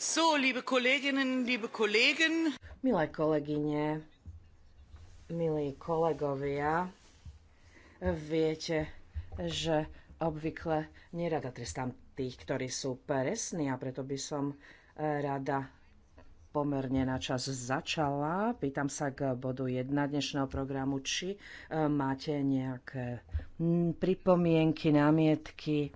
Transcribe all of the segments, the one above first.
So, liebe Kolleginnen, liebe Kollegen. Milé kolegyne, milí kolegovia, viete, že obvykle nerada trestám tých, ktorí sú presní a preto by som eh, rada pomerne na čas začala. Pýtam sa k bodu 1 dnešného programu, či eh, máte nejaké hm, pripomienky, námietky.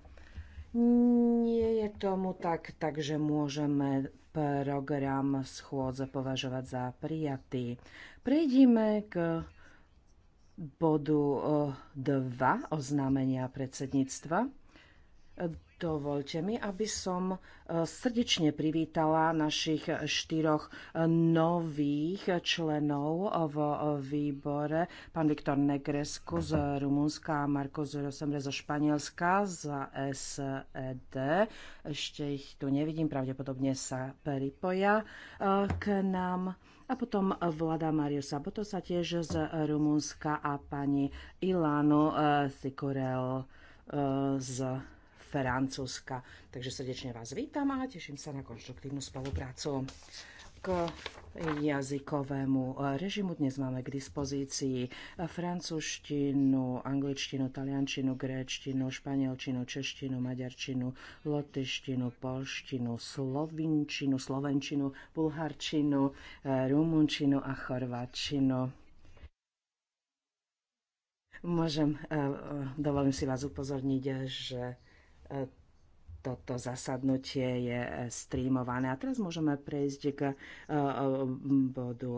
Nie je tomu tak, takže môžeme program schôdze považovať za prijatý. Prejdime k bodu 2 eh, oznámenia predsedníctva. Dovolte mi, aby som e, srdečne privítala našich štyroch nových členov v výbore. Pán Viktor Negresku z Rumunska a Marko Zurosemre zo Španielska za SED. Ešte ich tu nevidím, pravdepodobne sa pripoja e, k nám. A potom vlada Mariusa Botosa tiež z Rumunska a pani Ilánu e, Sikorel z Francúzska. Takže srdečne vás vítam a teším sa na konštruktívnu spoluprácu k jazykovému eh, režimu. Dnes máme k dispozícii eh, francúzštinu, angličtinu, taliančinu, gréčtinu, španielčinu, češtinu, maďarčinu, lotyštinu, polštinu, slovinčinu, slovenčinu, bulharčinu, eh, rumunčinu a chorvačinu. Môžem, dovolím si vás upozorniť, že uh, toto zasadnutie je e, streamované. A teraz môžeme prejsť k e, e, bodu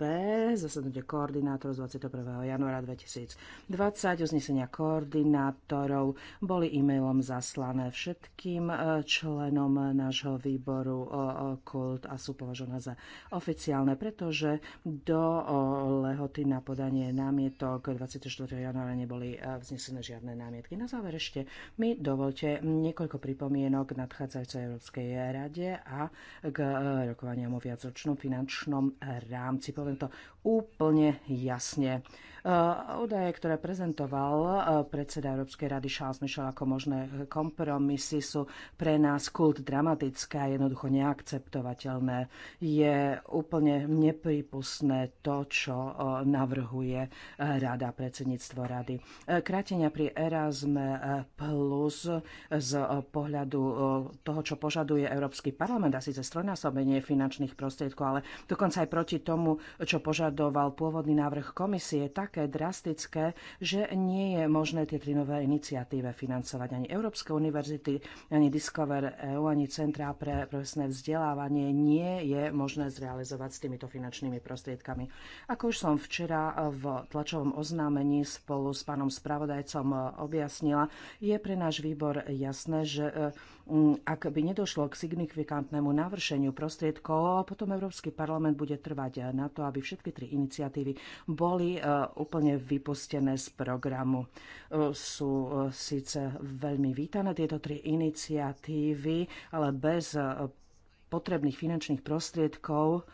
B, zasadnutie koordinátorov z 21. januára 2020. Uznesenia koordinátorov boli e-mailom zaslané všetkým členom nášho výboru kult a sú považované za oficiálne, pretože do lehoty na podanie námietok 24. januára neboli vznesené žiadne námietky. Na záver ešte mi dovolte niekoľko niekoľko pripomienok k nadchádzajúcej Európskej rade a k e, rokovaniam o viacročnom finančnom rámci. Poviem to úplne jasne. Údaje, ktoré prezentoval predseda Európskej rady Charles Michel ako možné kompromisy, sú pre nás kult dramatické a jednoducho neakceptovateľné. Je úplne nepripustné to, čo navrhuje rada, predsedníctvo rady. Krátenia pri Erasme plus z pohľadu toho, čo požaduje Európsky parlament, a síce strojnásobenie finančných prostriedkov, ale dokonca aj proti tomu, čo požadoval pôvodný návrh komisie, tak také drastické, že nie je možné tie tri nové iniciatíve financovať ani Európske univerzity, ani Discover EU, ani Centrá pre profesné vzdelávanie. Nie je možné zrealizovať s týmito finančnými prostriedkami. Ako už som včera v tlačovom oznámení spolu s pánom spravodajcom objasnila, je pre náš výbor jasné, že Mm, ak by nedošlo k signifikantnému navršeniu prostriedkov, potom Európsky parlament bude trvať eh, na to, aby všetky tri iniciatívy boli eh, úplne vypustené z programu. Eh, sú síce veľmi vítané tieto tri iniciatívy, ale bez potrebných finančných prostriedkov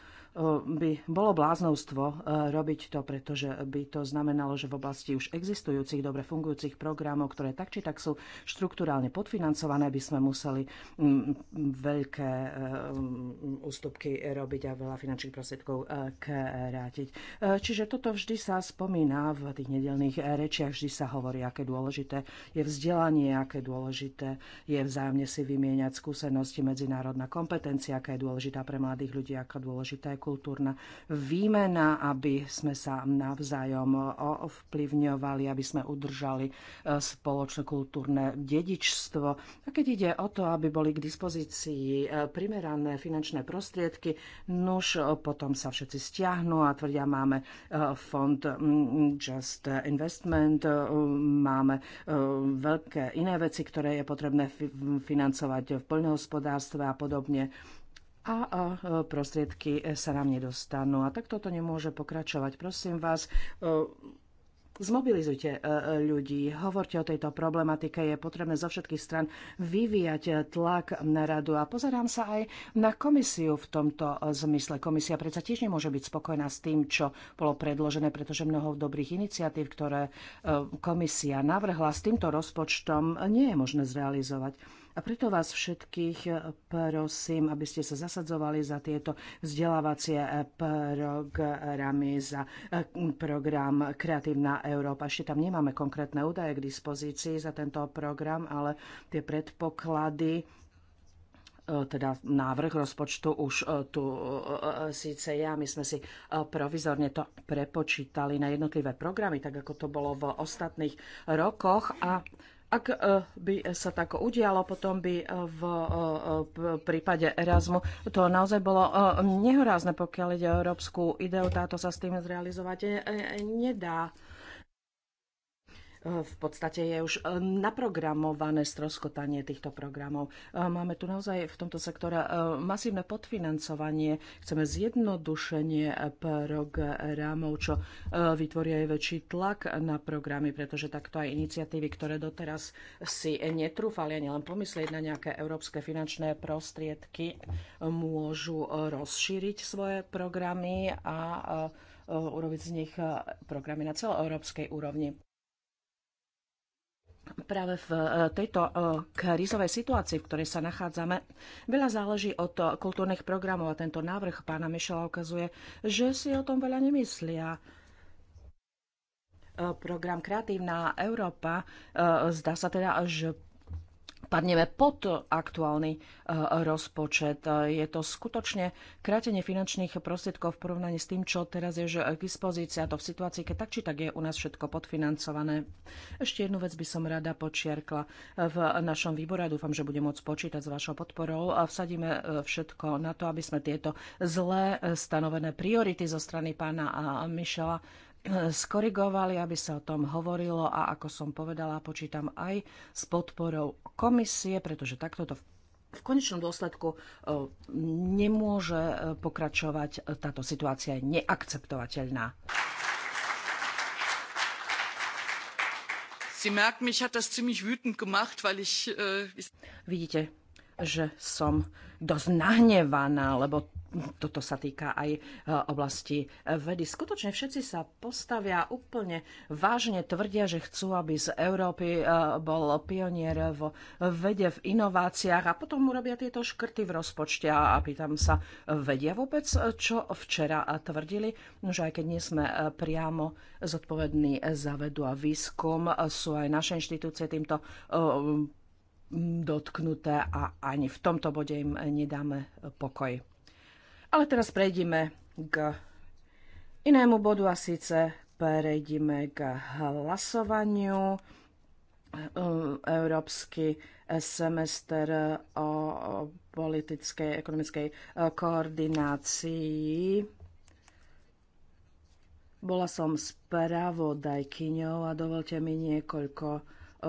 by bolo bláznovstvo e, robiť to, pretože by to znamenalo, že v oblasti už existujúcich dobre fungujúcich programov, ktoré tak či tak sú štruktúrálne podfinancované, by sme museli mm, veľké e, mm, ústupky robiť a veľa finančných prostriedkov e, krátiť. Čiže toto vždy sa spomína v tých nedelných rečiach, vždy sa hovorí, aké dôležité je vzdelanie, aké dôležité je vzájomne si vymieňať skúsenosti, medzinárodná kompetencia, aká je dôležitá pre mladých ľudí, aká dôležitá je kultúrna výmena, aby sme sa navzájom ovplyvňovali, aby sme udržali eh, spoločné kultúrne dedičstvo. A keď ide o to, aby boli k dispozícii eh, primerané finančné prostriedky, nuž eh, potom sa všetci stiahnu a tvrdia, máme fond mm, Just Investment, máme veľké iné veci, ktoré je potrebné financovať v poľnohospodárstve a podobne a e, prostriedky e, sa nám nedostanú. A tak toto nemôže pokračovať. Prosím vás, e, Zmobilizujte ľudí, hovorte o tejto problematike, je potrebné zo všetkých stran vyvíjať tlak na radu a pozerám sa aj na komisiu v tomto zmysle. Komisia predsa tiež nemôže byť spokojná s tým, čo bolo predložené, pretože mnoho dobrých iniciatív, ktoré komisia navrhla s týmto rozpočtom, nie je možné zrealizovať. A preto vás všetkých eh, prosím, aby ste sa zasadzovali za tieto vzdelávacie eh, programy, za eh, program Kreatívna Európa. Ešte tam nemáme konkrétne údaje k dispozícii za tento program, ale tie predpoklady teda návrh rozpočtu už tu síce ja, my sme si provizorne to prepočítali na jednotlivé programy, tak ako to bolo v ostatných rokoch a ak e, by sa tak udialo, potom by e, v e, prípade Erasmu to naozaj bolo nehorázne, pokiaľ ide o európsku ideu, táto sa s tým zrealizovať nedá v podstate je už eh, naprogramované stroskotanie týchto programov. Eh, Máme tu naozaj v tomto sektore eh, masívne podfinancovanie, chceme zjednodušenie programov, čo vytvorí aj väčší tlak na programy, pretože takto aj iniciatívy, ktoré doteraz si netrúfali ani len pomyslieť na nejaké európske finančné prostriedky, môžu rozšíriť svoje programy a urobiť z nich programy na celoeurópskej úrovni. Práve v e, tejto e, krízovej situácii, v ktorej sa nachádzame, veľa záleží od e, kultúrnych programov a tento návrh pána Mišela ukazuje, že si o tom veľa nemyslia program Kreatívna Európa. Zdá sa teda, že padneme pod aktuálny e, rozpočet. Je to skutočne krátenie finančných prostriedkov v porovnaní s tým, čo teraz je e, k dispozícii a to v situácii, keď tak či tak je u nás všetko podfinancované. Ešte jednu vec by som rada počiarkla v našom výbore. Dúfam, že budem môcť počítať s vašou podporou a e, vsadíme všetko na to, aby sme tieto zlé stanovené priority zo strany pána Mišela skorigovali, aby sa o tom hovorilo a ako som povedala, počítam aj s podporou komisie, pretože takto to v konečnom dôsledku e, nemôže e, pokračovať. E, táto situácia je neakceptovateľná. Vidíte, že som dosť nahnevaná, lebo toto sa týka aj e, oblasti e, vedy. Skutočne všetci sa postavia úplne vážne, tvrdia, že chcú, aby z Európy e, bol pionier v vede, v inováciách a potom urobia tieto škrty v rozpočte a pýtam sa, vedia vôbec, čo včera tvrdili, že aj keď nie sme priamo zodpovední za vedu a výskum, sú aj naše inštitúcie týmto dotknuté a ani v tomto bode im nedáme pokoj. Ale teraz prejdime k inému bodu a síce prejdime k hlasovaniu. Európsky semester o politickej, ekonomickej koordinácii. Bola som spravodajkyňou a dovolte mi niekoľko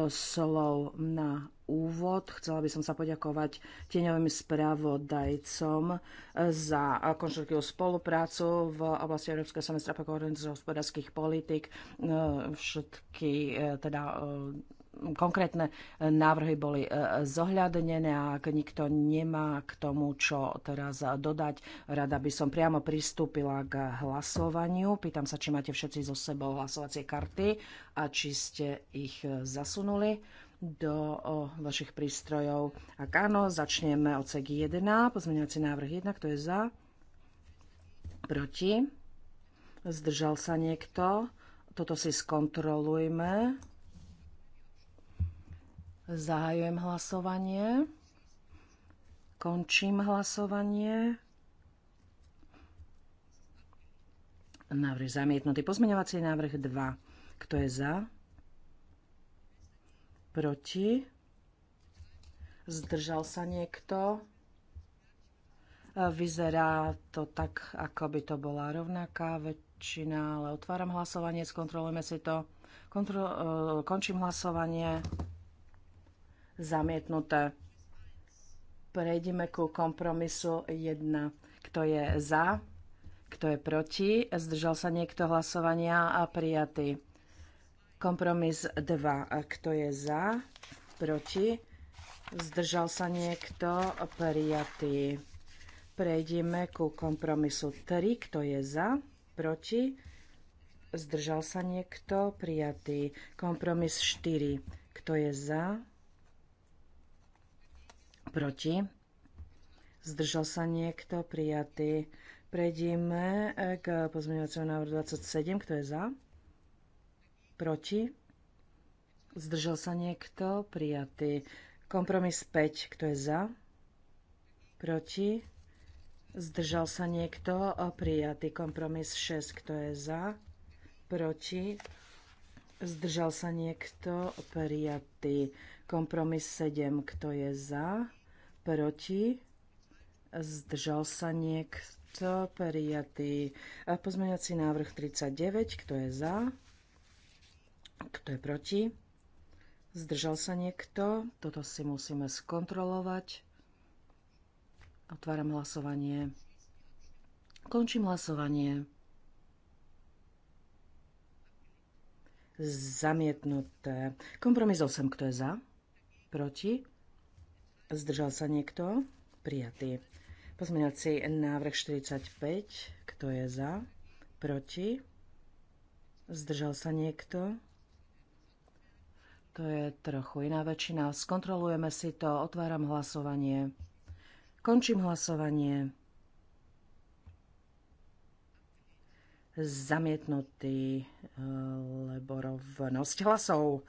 slov na úvod. Chcela by som sa poďakovať tieňovým spravodajcom za konštruktívnu spoluprácu v oblasti Európskeho semestra pre koordináciu hospodárskych politik. Všetky eh, teda eh, konkrétne návrhy boli eh, zohľadnené a ak nikto nemá k tomu, čo teraz dodať, rada by som priamo pristúpila k hlasovaniu. Pýtam sa, či máte všetci so sebou hlasovacie karty a či ste ich zasunuli do vašich prístrojov. Ak áno, začneme od ceg 1, pozmeňovací návrh 1, kto je za, proti, zdržal sa niekto, toto si skontrolujme. Zahajujem hlasovanie. Končím hlasovanie. Návrh zamietnutý. Pozmeňovací návrh 2. Kto je za? Proti? Zdržal sa niekto? E, vyzerá to tak, ako by to bola rovnaká väčšina, ale otváram hlasovanie, skontrolujeme si to. Kontro- e, končím hlasovanie. Zamietnuté. Prejdeme ku kompromisu 1. Kto je za? Kto je proti? Zdržal sa niekto hlasovania a prijatý. Kompromis 2. Kto je za? Proti? Zdržal sa niekto? Prijatý. Prejdime ku kompromisu 3. Kto je za? Proti? Zdržal sa niekto? Prijatý. Kompromis 4. Kto je za? Proti? Zdržal sa niekto? Prijatý. Prejdime eh, k pozmeňovacímu návrhu 27. Kto je za? Proti? Zdržal sa niekto? Prijatý. Kompromis 5. Kto je za? Proti? Zdržal sa niekto? Prijatý. Kompromis 6. Kto je za? Proti? Zdržal sa niekto? Prijatý. Kompromis 7. Kto je za? Proti? Zdržal sa niekto? Prijatý. Pozmeňovací návrh 39. Kto je za? Kto je proti? Zdržal sa niekto? Toto si musíme skontrolovať. Otváram hlasovanie. Končím hlasovanie. Zamietnuté. Kompromis 8. Kto je za? Proti? Zdržal sa niekto? Prijatý. Pozmeňací návrh 45. Kto je za? Proti? Zdržal sa niekto? To je trochu iná väčšina. Skontrolujeme si to. Otváram hlasovanie. Končím hlasovanie. Zamietnutý, eh, lebo rovnosť hlasov.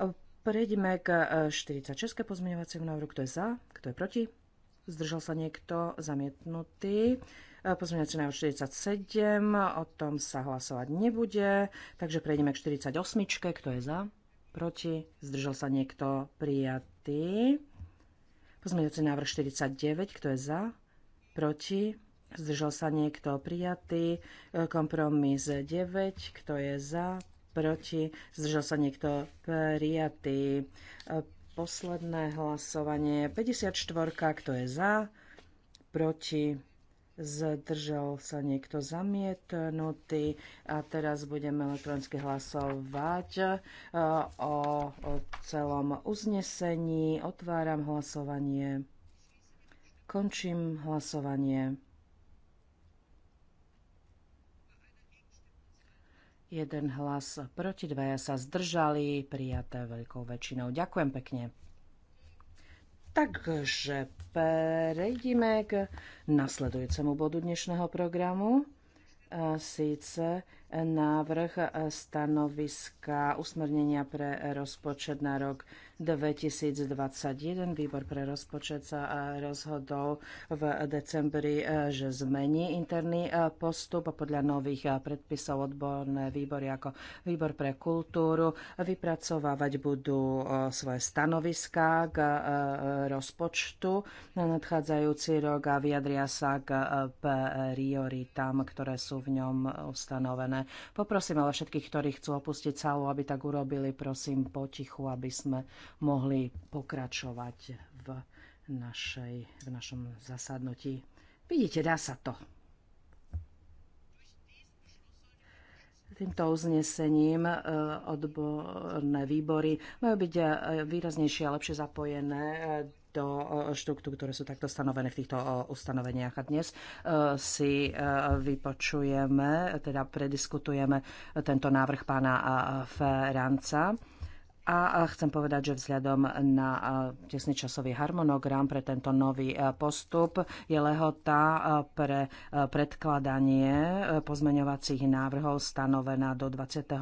Eh, prejdeme k 46. Eh, pozmeňovaciemu návrhu. Kto je za? Kto je proti? Zdržal sa niekto? Zamietnutý. Pozmeňovací návrh 47. O tom sa hlasovať nebude. Takže prejdeme k 48. Kto je za? proti, zdržal sa niekto prijatý. Pozmeňujúci návrh 49, kto je za, proti, zdržal sa niekto prijatý. Kompromis 9, kto je za, proti, zdržal sa niekto prijatý. Posledné hlasovanie 54, kto je za, proti, zdržal sa niekto zamietnutý. A teraz budeme elektronicky hlasovať e, o celom uznesení. Otváram hlasovanie. Končím hlasovanie. Jeden hlas proti, dvaja sa zdržali, prijaté veľkou väčšinou. Ďakujem pekne. Takže prejdime k nasledujúcemu bodu dnešného programu. sice návrh stanoviska usmernenia pre rozpočet na rok 2021. Výbor pre rozpočet sa e, rozhodol v decembri, e, že zmení interný e, postup a podľa nových predpisov odborné výbory ako výbor pre kultúru vypracovávať budú svoje stanoviská k rozpočtu na nadchádzajúci rok a vyjadria sa k prioritám, ktoré sú v ňom ustanovené. Poprosím ale všetkých, ktorí chcú opustiť sálu, aby tak urobili, prosím, potichu, aby sme mohli pokračovať v, našej, v našom zasadnutí. Vidíte, dá sa to. Týmto uznesením e, odborné výbory majú byť e, výraznejšie a lepšie zapojené týchto eh, štruktúr, ktoré sú takto stanovené v týchto eh, ustanoveniach. A dnes eh, si vypočujeme, teda prediskutujeme tento návrh pána Feranca a chcem povedať, že vzhľadom na tesný časový harmonogram pre tento nový postup je lehota pre predkladanie e, pozmeňovacích návrhov stanovená do 21.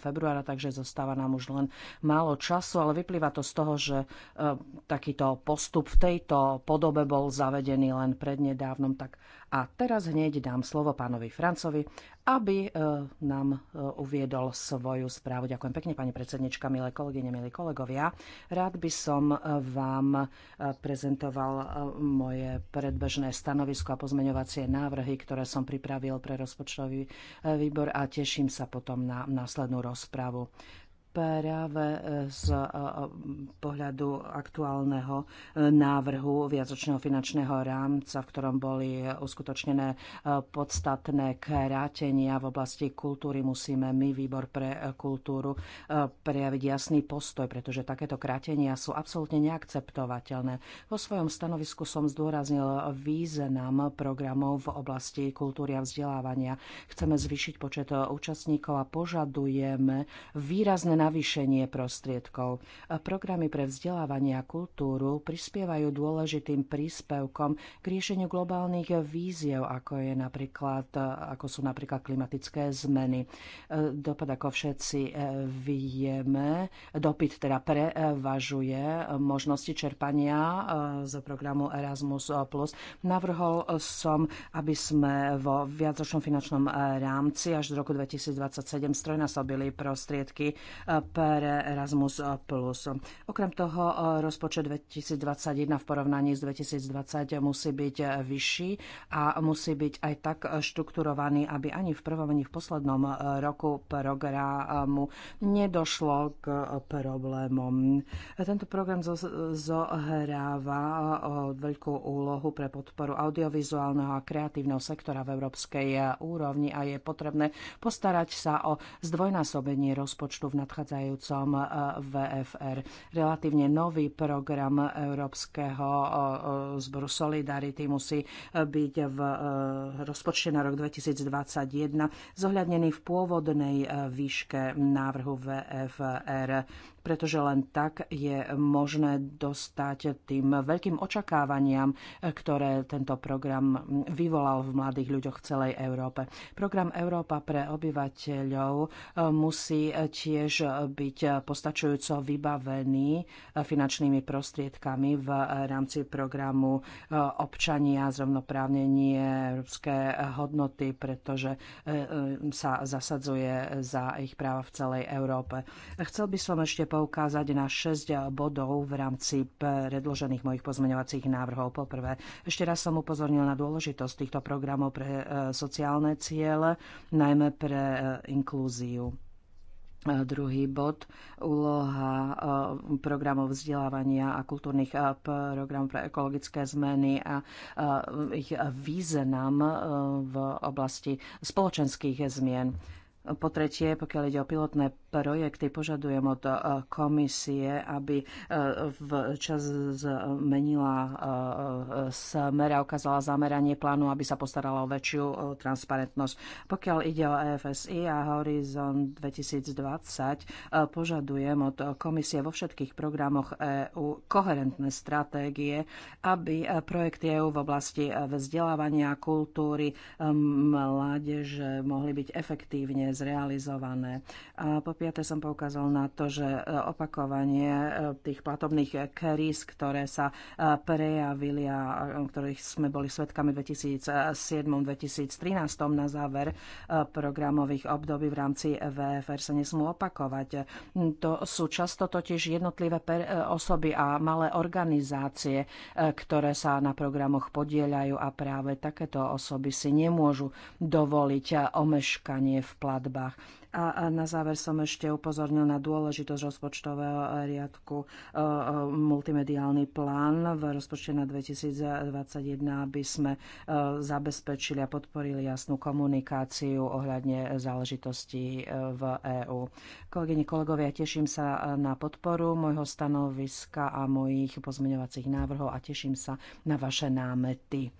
februára, takže zostáva nám už len málo času, ale vyplýva to z toho, že e, takýto postup v tejto podobe bol zavedený len prednedávnom, tak a teraz hneď dám slovo pánovi Francovi, aby e, nám e, uviedol svoju správu. Ďakujem pekne, pani predsednička, milé kolegyne, milí kolegovia. Rád by som e, vám prezentoval moje predbežné stanovisko a pozmeňovacie návrhy, ktoré som pripravil pre rozpočtový výbor a teším sa potom na následnú rozpravu práve e, z e, e, pohľadu aktuálneho návrhu viacočného finančného rámca, v ktorom boli uskutočnené podstatné krátenia v oblasti kultúry, musíme my, Výbor pre kultúru, prejaviť jasný postoj, pretože takéto krátenia sú absolútne neakceptovateľné. Vo svojom stanovisku som zdôraznil význam programov v oblasti kultúry a vzdelávania. Chceme zvýšiť počet účastníkov a požadujeme výrazné navýšenie prostriedkov. Programy pre vzdelávanie a kultúru prispievajú dôležitým príspevkom k riešeniu globálnych víziev, ako, je napríklad, ako sú napríklad klimatické zmeny. Dopad, ako všetci eh, vieme, dopyt teda prevažuje možnosti čerpania eh, z programu Erasmus+. Navrhol som, aby sme vo viacročnom finančnom eh, rámci až do roku 2027 strojnásobili prostriedky per Erasmus+. Okrem toho rozpočet 2021 v porovnaní s 2020 musí byť vyšší a musí byť aj tak štrukturovaný, aby ani v prvom, ani v poslednom roku programu nedošlo k problémom. Tento program zohráva veľkú úlohu pre podporu audiovizuálneho a kreatívneho sektora v európskej úrovni a je potrebné postarať sa o zdvojnásobenie rozpočtu v nadchádzajúcich predchádzajúcom e, VFR. Relatívne nový program Európskeho e, e, zboru Solidarity musí byť v rozpočte na rok 2021 zohľadnený v pôvodnej výške návrhu VFR pretože len tak je možné dostať tým veľkým očakávaniam, ktoré tento program vyvolal v mladých ľuďoch v celej Európe. Program Európa pre obyvateľov eh, musí tiež byť postačujúco vybavený eh, finančnými prostriedkami v rámci programu eh, občania, zrovnoprávnenie, európske hodnoty, pretože sa zasadzuje za ich práva v celej Európe. Chcel by som ešte poukázať na 6 bodov v rámci predložených mojich pozmeňovacích návrhov. Poprvé, ešte raz som upozornil na dôležitosť týchto programov pre e, sociálne ciele, najmä pre e, inklúziu. E, druhý bod, úloha programov vzdelávania a kultúrnych programov pre ekologické zmeny a ich význam v oblasti spoločenských zmien. Po tretie, pokiaľ ide o pilotné projekty. Požadujem od eh, komisie, aby eh, včas zmenila eh, smer a ukázala zameranie plánu, aby sa postarala o väčšiu transparentnosť. Pokiaľ ide o EFSI a Horizon 2020, požadujem od komisie vo všetkých programoch EU koherentné stratégie, aby projekty EU v oblasti vzdelávania, kultúry, mládeže mohli byť efektívne zrealizované. A popier- 5. som poukázal na to, že e, opakovanie e, tých platobných kríz, ktoré sa e, prejavili a ktorých sme boli svetkami v 2007-2013 na záver programových období v rámci VFR sa nesmú opakovať. To sú často totiž jednotlivé osoby a malé organizácie, ktoré sa na programoch podielajú a práve takéto osoby si nemôžu dovoliť omeškanie v platbách. A na záver som ešte upozornil na dôležitosť rozpočtového riadku e, e, multimediálny plán v rozpočte na 2021, aby sme e, zabezpečili a podporili jasnú komunikáciu ohľadne záležitostí v EÚ. Kolegyne, kolegovia, teším sa na podporu môjho stanoviska a mojich pozmeňovacích návrhov a teším sa na vaše námety.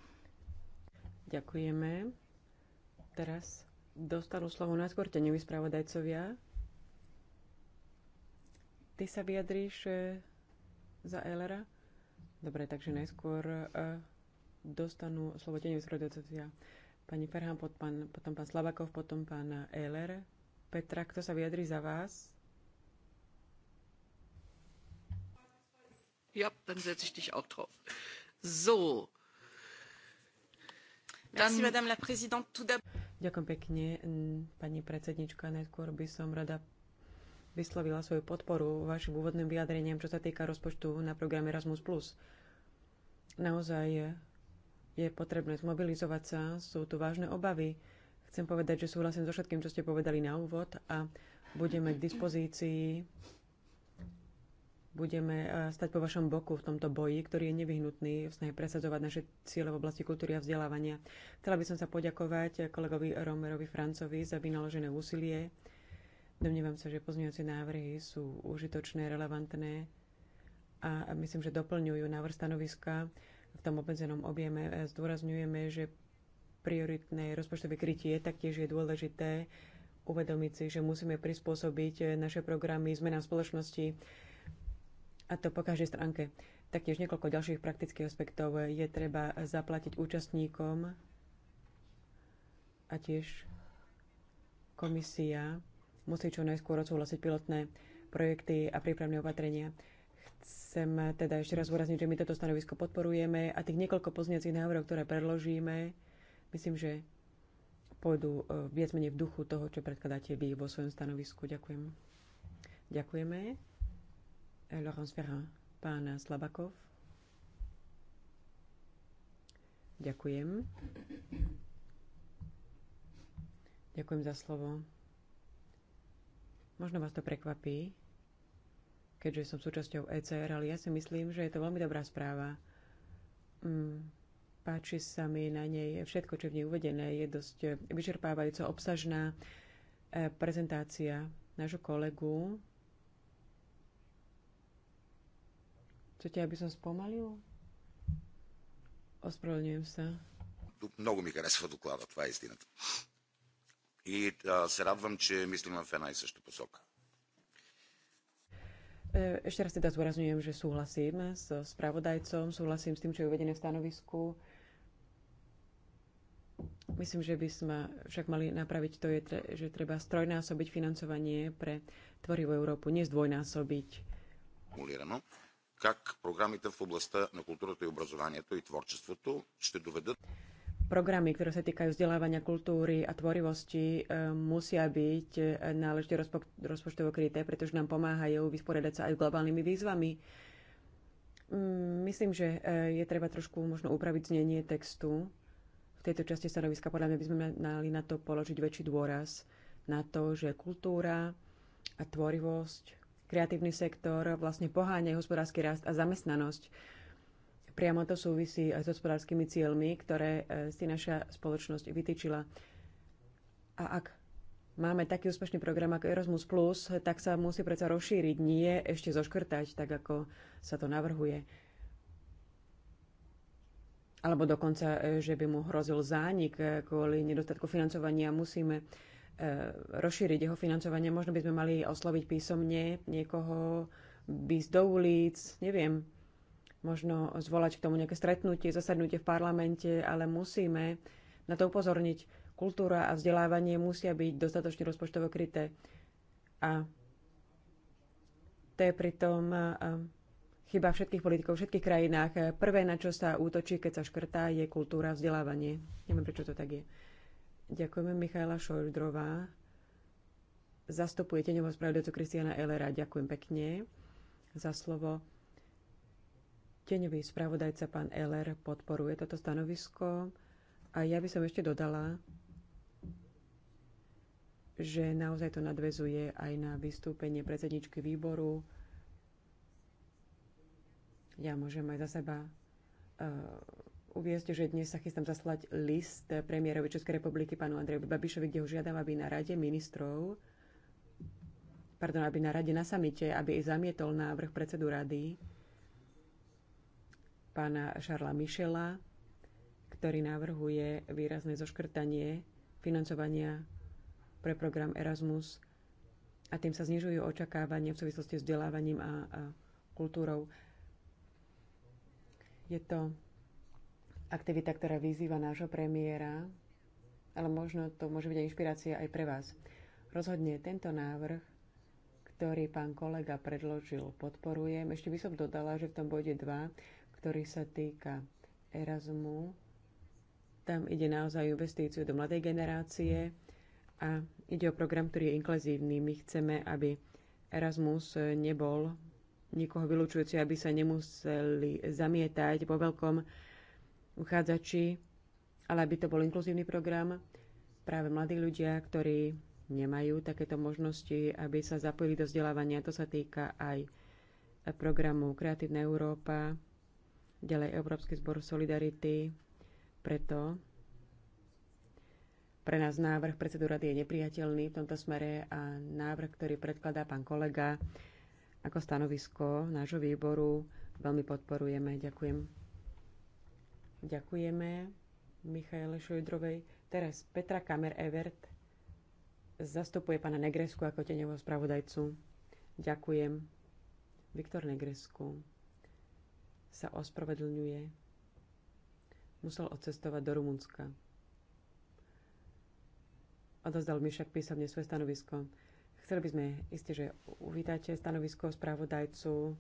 Ďakujeme. Teraz dostanú slovo najskôr tenevi spravodajcovia. Ty sa vyjadríš e, za Elera? Dobre, takže najskôr e, dostanú slovo tenevi spravodajcovia. Pani Ferhan, potom, pán Slabakov, potom pán Eler. Petra, kto sa vyjadrí za vás? Ja, dann setze ich dich auch drauf. So. Dann... Merci, Madame la Présidente. Tout d'abord Ďakujem pekne, pani predsednička. Najskôr by som rada vyslovila svoju podporu vašim úvodným vyjadreniam, čo sa týka rozpočtu na program Erasmus+. Naozaj je potrebné zmobilizovať sa, sú tu vážne obavy. Chcem povedať, že súhlasím so všetkým, čo ste povedali na úvod a budeme k dispozícii budeme eh, stať po vašom boku v tomto boji, ktorý je nevyhnutný v snahe presadzovať naše ciele v oblasti kultúry a vzdelávania. Chcela by som sa poďakovať eh, kolegovi Romerovi Francovi za vynaložené úsilie. Domnievam sa, že pozmeňujúce návrhy sú užitočné, relevantné a myslím, že doplňujú návrh stanoviska v tom obmedzenom objeme. Eh, zdôrazňujeme, že prioritné rozpočtové krytie taktiež je dôležité uvedomiť si, že musíme prispôsobiť naše programy zmenám spoločnosti, a to po každej stránke. Taktiež niekoľko ďalších praktických aspektov je treba zaplatiť účastníkom a tiež komisia musí čo najskôr odsúhlasiť pilotné projekty a prípravné opatrenia. Chcem teda ešte raz zúrazniť, že my toto stanovisko podporujeme a tých niekoľko pozniacich návrhov, ktoré predložíme, myslím, že pôjdu e, viac menej v duchu toho, čo predkladáte vy vo svojom stanovisku. Ďakujem. Ďakujeme. Laurence Ferrand, pán Slabakov. Ďakujem. Ďakujem za slovo. Možno vás to prekvapí, keďže som súčasťou ECR, ale ja si myslím, že je to veľmi dobrá správa. Mm, páči sa mi na nej všetko, čo je v nej uvedené. Je dosť eh, vyčerpávajúco obsažná eh, prezentácia nášho kolegu Chcete, aby som spomalil? Ospravedlňujem sa. Много ми харесва доклада, това е истината. И а, се радвам, че мислим в една и съща посока. Ešte raz teda zdôrazňujem, že súhlasím so spravodajcom, súhlasím s tým, čo je uvedené v stanovisku. Myslím, že by sme však mali napraviť to, je, že treba strojnásobiť financovanie pre Tvorivú Európu, nezdvojnásobiť. Mulierano как програмите в областта на културата и образованието и творчеството ще доведат Programy, ktoré sa týkajú vzdelávania kultúry a tvorivosti, musia byť náležite rozpočtovo kryté, pretože nám pomáhajú vysporiadať sa aj s globálnymi výzvami. Mm, myslím, že e, je treba trošku možno upraviť znenie textu. V tejto časti stanoviska podľa mňa by sme mali na to položiť väčší dôraz na to, že kultúra a tvorivosť Kreatívny sektor vlastne poháňa hospodársky rast a zamestnanosť. Priamo to súvisí aj s hospodárskymi cieľmi, ktoré e, si naša spoločnosť vytýčila. A ak máme taký úspešný program ako Erasmus+, tak sa musí predsa rozšíriť, nie ešte zoškrtať, tak ako sa to navrhuje. Alebo dokonca, e, že by mu hrozil zánik e, kvôli nedostatku financovania. Musíme E, rozšíriť jeho financovanie. Možno by sme mali osloviť písomne niekoho, ísť do ulic, neviem, možno zvolať k tomu nejaké stretnutie, zasadnutie v parlamente, ale musíme na to upozorniť. Kultúra a vzdelávanie musia byť dostatočne rozpočtovo kryté. A to je pritom e, chyba všetkých politikov všetkých krajinách. Prvé, na čo sa útočí, keď sa škrtá, je kultúra a vzdelávanie. Neviem, prečo to tak je. Ďakujeme Michaela Šojdrová. Zastupujete neho spravodajcu Kristiana Elera. Ďakujem pekne za slovo. Teňový spravodajca pán Eller podporuje toto stanovisko a ja by som ešte dodala, že naozaj to nadvezuje aj na vystúpenie predsedničky výboru. Ja môžem aj za seba uh, uviezť, že dnes sa chystám zaslať list premiérovi Českej republiky pánu Andrejovi Babišovi, kde ho žiadam, aby na rade ministrov, pardon, aby na rade na samite, aby zamietol návrh predsedu rady pána Šarla Mišela, ktorý navrhuje výrazné zoškrtanie financovania pre program Erasmus a tým sa znižujú očakávania v súvislosti s vzdelávaním a, a kultúrou. Je to aktivita, ktorá vyzýva nášho premiéra, ale možno to môže byť aj inšpirácia aj pre vás. Rozhodne tento návrh, ktorý pán kolega predložil, podporujem. Ešte by som dodala, že v tom bode 2, ktorý sa týka Erasmu, tam ide naozaj investíciu do mladej generácie a ide o program, ktorý je inkluzívny. My chceme, aby Erasmus nebol nikoho vylúčujúci, aby sa nemuseli zamietať po veľkom uchádzači, ale aby to bol inkluzívny program, práve mladí ľudia, ktorí nemajú takéto možnosti, aby sa zapojili do vzdelávania. To sa týka aj programu Kreatívna Európa, ďalej Európsky zbor Solidarity. Preto pre nás návrh predsedu rady je nepriateľný v tomto smere a návrh, ktorý predkladá pán kolega ako stanovisko nášho výboru, veľmi podporujeme. Ďakujem. Ďakujeme Michaele Šojdrovej. Teraz Petra Kamer-Evert zastupuje pána Negresku ako teňového spravodajcu. Ďakujem. Viktor Negresku sa ospravedlňuje. Musel odcestovať do Rumunska. Odozdal mi však písomne svoje stanovisko. Chceli by sme isté, že uvítate stanovisko spravodajcu.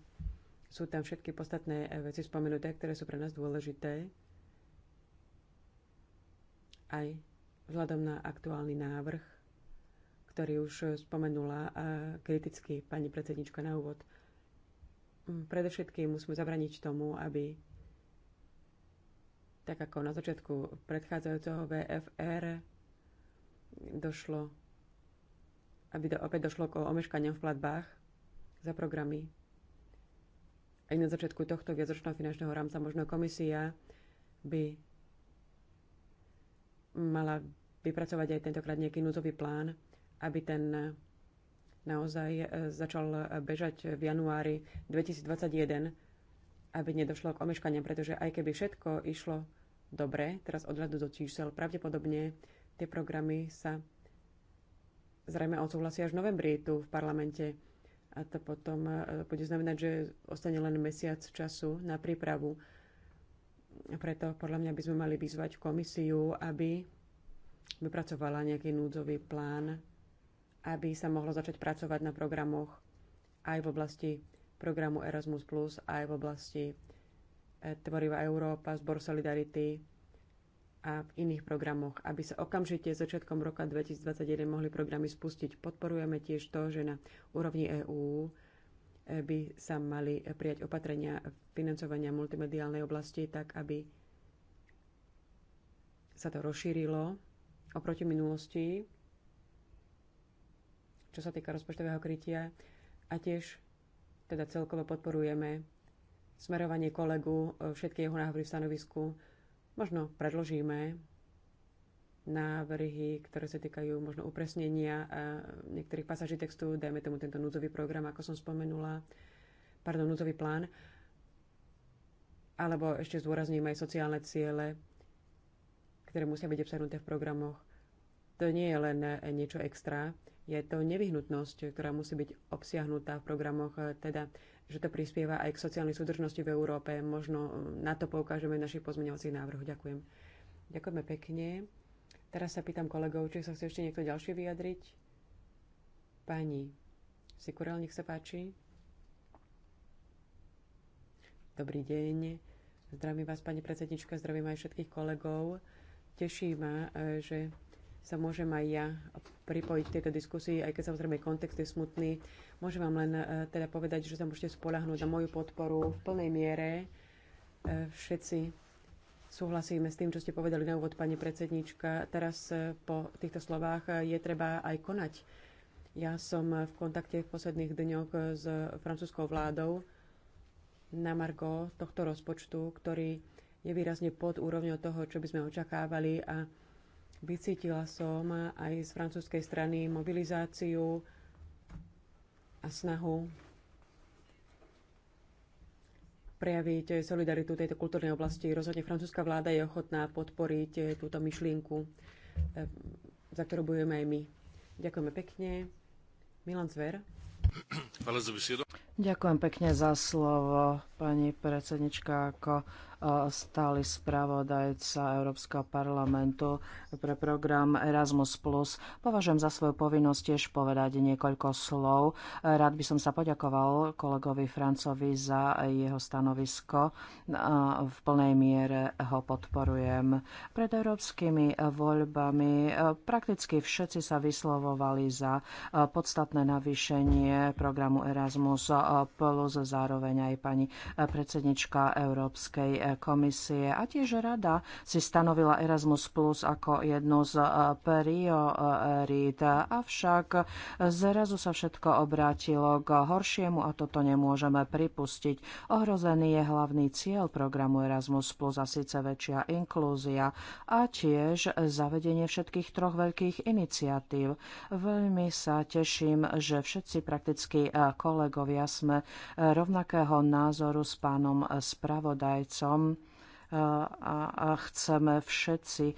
Sú tam všetky podstatné veci spomenuté, ktoré sú pre nás dôležité aj vzhľadom na aktuálny návrh, ktorý už spomenula kriticky pani predsednička na úvod. Mm, predovšetkým musíme zabraniť tomu, aby tak ako na začiatku predchádzajúceho VFR došlo, aby do, opäť došlo k omeškaniam v platbách za programy. Aj na začiatku tohto viacročného finančného rámca možno komisia by mala vypracovať aj tentokrát nejaký núzový plán, aby ten naozaj e, začal bežať v januári 2021, aby nedošlo k omeškaniam, pretože aj keby všetko išlo dobre, teraz odhľadu do čísel, pravdepodobne tie programy sa zrejme odsúhlasia až v novembri tu v parlamente a to potom e, bude znamenať, že ostane len mesiac času na prípravu preto podľa mňa by sme mali vyzvať komisiu, aby vypracovala nejaký núdzový plán, aby sa mohlo začať pracovať na programoch aj v oblasti programu Erasmus+, aj v oblasti e, Tvorivá Európa, Zbor Solidarity a v iných programoch, aby sa okamžite začiatkom roka 2021 mohli programy spustiť. Podporujeme tiež to, že na úrovni EÚ by sa mali prijať opatrenia financovania multimediálnej oblasti tak, aby sa to rozšírilo oproti minulosti, čo sa týka rozpočtového krytia. A tiež teda celkovo podporujeme smerovanie kolegu, všetky jeho návrhy v stanovisku možno predložíme návrhy, ktoré sa týkajú možno upresnenia e, niektorých pasaží textu, dajme tomu tento núdzový program, ako som spomenula, pardon, núdzový plán, alebo ešte zúrazním aj sociálne ciele, ktoré musia byť obsahnuté v programoch. To nie je len e, niečo extra, je to nevyhnutnosť, ktorá musí byť obsiahnutá v programoch, e, teda že to prispieva aj k sociálnej súdržnosti v Európe. Možno na to poukážeme v našich pozmeňovacích návrhoch. Ďakujem. Ďakujeme pekne. Teraz sa pýtam kolegov, či sa chce ešte niekto ďalší vyjadriť. Pani Sikurel, nech sa páči. Dobrý deň. Zdravím vás, pani predsednička, zdravím aj všetkých kolegov. Teší ma, že sa môžem aj ja pripojiť k tejto diskusii, aj keď samozrejme kontext je smutný. Môžem vám len eh, teda povedať, že sa môžete spolahnúť na moju podporu v plnej miere. Eh, všetci Súhlasíme s tým, čo ste povedali na úvod, pani predsednička. Teraz eh, po týchto slovách eh, je treba aj konať. Ja som v kontakte v posledných dňoch eh, s francúzskou vládou na Margo tohto rozpočtu, ktorý je výrazne pod úrovňou toho, čo by sme očakávali a vycítila som aj z francúzskej strany mobilizáciu a snahu prejaviť solidaritu tejto kultúrnej oblasti. Rozhodne francúzska vláda je ochotná podporiť túto myšlienku, eh, za ktorú bojujeme aj my. Ďakujeme pekne. Milan Zver. Ďakujem pekne za slovo, pani predsednička. Ako stály spravodajca Európskeho parlamentu pre program Erasmus+. Považujem za svoju povinnosť tiež povedať niekoľko slov. Rád by som sa poďakoval kolegovi Francovi za jeho stanovisko. V plnej miere ho podporujem. Pred európskymi voľbami prakticky všetci sa vyslovovali za podstatné navýšenie programu Erasmus plus zároveň aj pani predsednička Európskej komisie. A tiež rada si stanovila Erasmus Plus ako jednu z e, priorít. Avšak zrazu sa všetko obrátilo k horšiemu a toto nemôžeme pripustiť. Ohrozený je hlavný cieľ programu Erasmus Plus a síce väčšia inklúzia a tiež zavedenie všetkých troch veľkých iniciatív. Veľmi sa teším, že všetci prakticky e, kolegovia sme e, rovnakého názoru s pánom spravodajcom a chceme všetci e,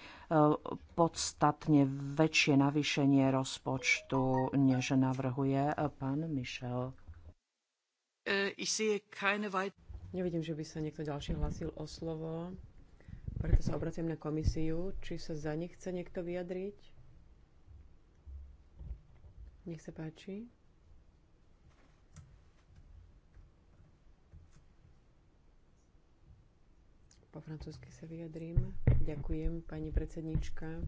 podstatne väčšie navýšenie rozpočtu, než navrhuje pán Mišel. E, Nevidím, že by sa niekto ďalší hlasil o slovo, preto sa obraciam na komisiu. Či sa za nich chce niekto vyjadriť? Nech sa páči. Po francúzsky sa vyjadrím. Ďakujem, pani predsednička,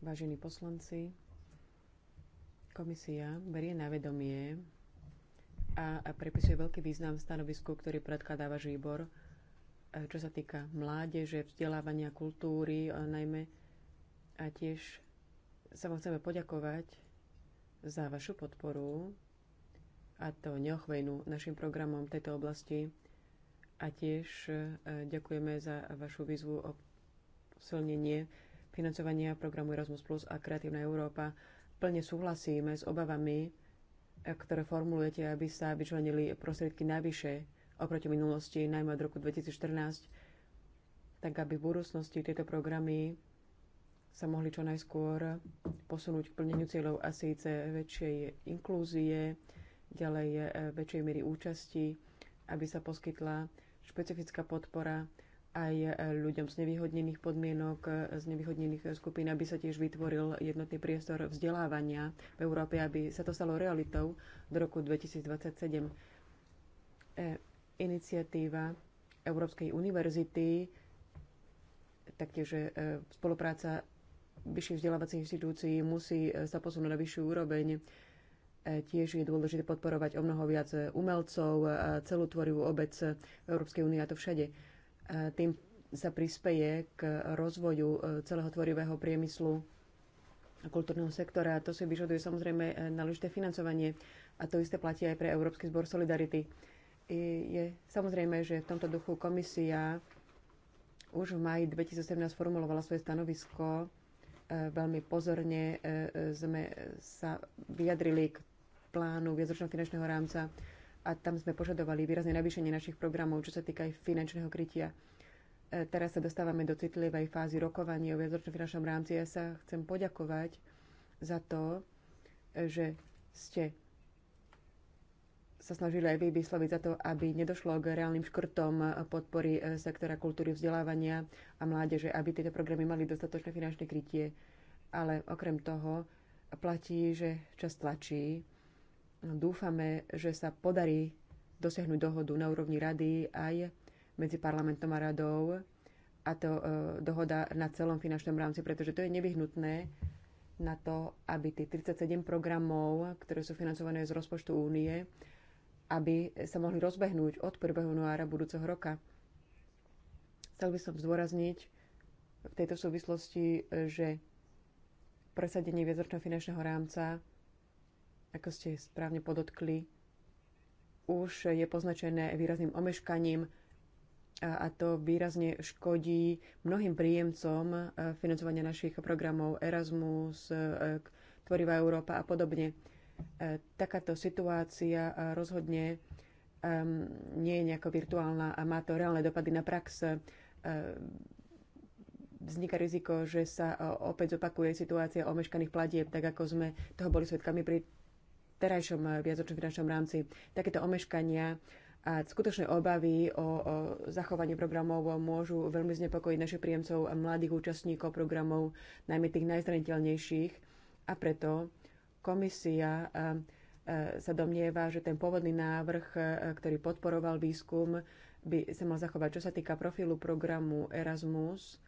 vážení poslanci. Komisia berie na vedomie a, a prepisuje veľký význam stanovisku, ktorý predkladá váš výbor, e, čo sa týka mládeže, vzdelávania kultúry, a e, najmä a tiež sa vám chceme poďakovať za vašu podporu a to neochvejnú našim programom v tejto oblasti. A tiež e, ďakujeme za vašu výzvu o silnenie financovania programu Erasmus Plus a Kreatívna Európa. Plne súhlasíme s obavami, e, ktoré formulujete, aby sa vyčlenili prostriedky navyše oproti minulosti, najmä od roku 2014, tak aby v budúcnosti tieto programy sa mohli čo najskôr posunúť k plneniu cieľov a síce väčšej inklúzie, ďalej e, väčšej miery účasti, aby sa poskytla špecifická podpora aj e, ľuďom z nevýhodnených podmienok, e, z nevyhodnených e, skupín, aby sa tiež vytvoril jednotný priestor vzdelávania v Európe, aby sa to stalo realitou do roku 2027. E, iniciatíva Európskej univerzity, taktiež e, spolupráca vyšších vzdelávacích inštitúcií musí sa posunúť na vyššiu úroveň Tiež je dôležité podporovať o mnoho viac umelcov, celú tvorivú obec v Európskej únie a to všade. Tým sa prispeje k rozvoju e, celého tvorivého priemyslu a kultúrneho sektora. To si vyžaduje samozrejme e, náležité financovanie a to isté platí aj pre Európsky zbor Solidarity. Je samozrejme, že v tomto duchu komisia už v maji 2018 formulovala svoje stanovisko. E, veľmi pozorne sme sa vyjadrili k plánu viacročného finančného rámca a tam sme požadovali výrazne navýšenie našich programov, čo sa týka aj finančného krytia. E, teraz sa dostávame do citlivej fázy rokovania o viacročnom finančnom rámci. Ja sa chcem poďakovať za to, že ste sa snažili aj vy vysloviť za to, aby nedošlo k reálnym škrtom podpory e, sektora kultúry, vzdelávania a mládeže, aby tieto programy mali dostatočné finančné krytie. Ale okrem toho platí, že čas tlačí Dúfame, že sa podarí dosiahnuť dohodu na úrovni rady aj medzi parlamentom a radou a to e, dohoda na celom finančnom rámci, pretože to je nevyhnutné na to, aby tých 37 programov, ktoré sú financované z rozpočtu únie, aby sa mohli rozbehnúť od 1. januára budúceho roka. Chcel by som zdôrazniť v tejto súvislosti, že presadenie viacročného finančného rámca ako ste správne podotkli, už je poznačené výrazným omeškaním a, a to výrazne škodí mnohým príjemcom e, financovania našich programov Erasmus, e, Tvorivá Európa a podobne. E, takáto situácia rozhodne nie je nejako virtuálna a má to reálne dopady na prax. Vzniká riziko, že sa opäť zopakuje situácia omeškaných platieb, tak ako sme toho boli svetkami pri terajšom eh, viacročnom finančnom rámci. Takéto omeškania a skutočné obavy o, o zachovanie programov môžu veľmi znepokojiť našich príjemcov a mladých účastníkov programov, najmä tých najzraniteľnejších. A preto komisia eh, eh, sa domnieva, že ten pôvodný návrh, ktorý podporoval výskum, by sa mal zachovať. Čo sa týka profilu programu Erasmus,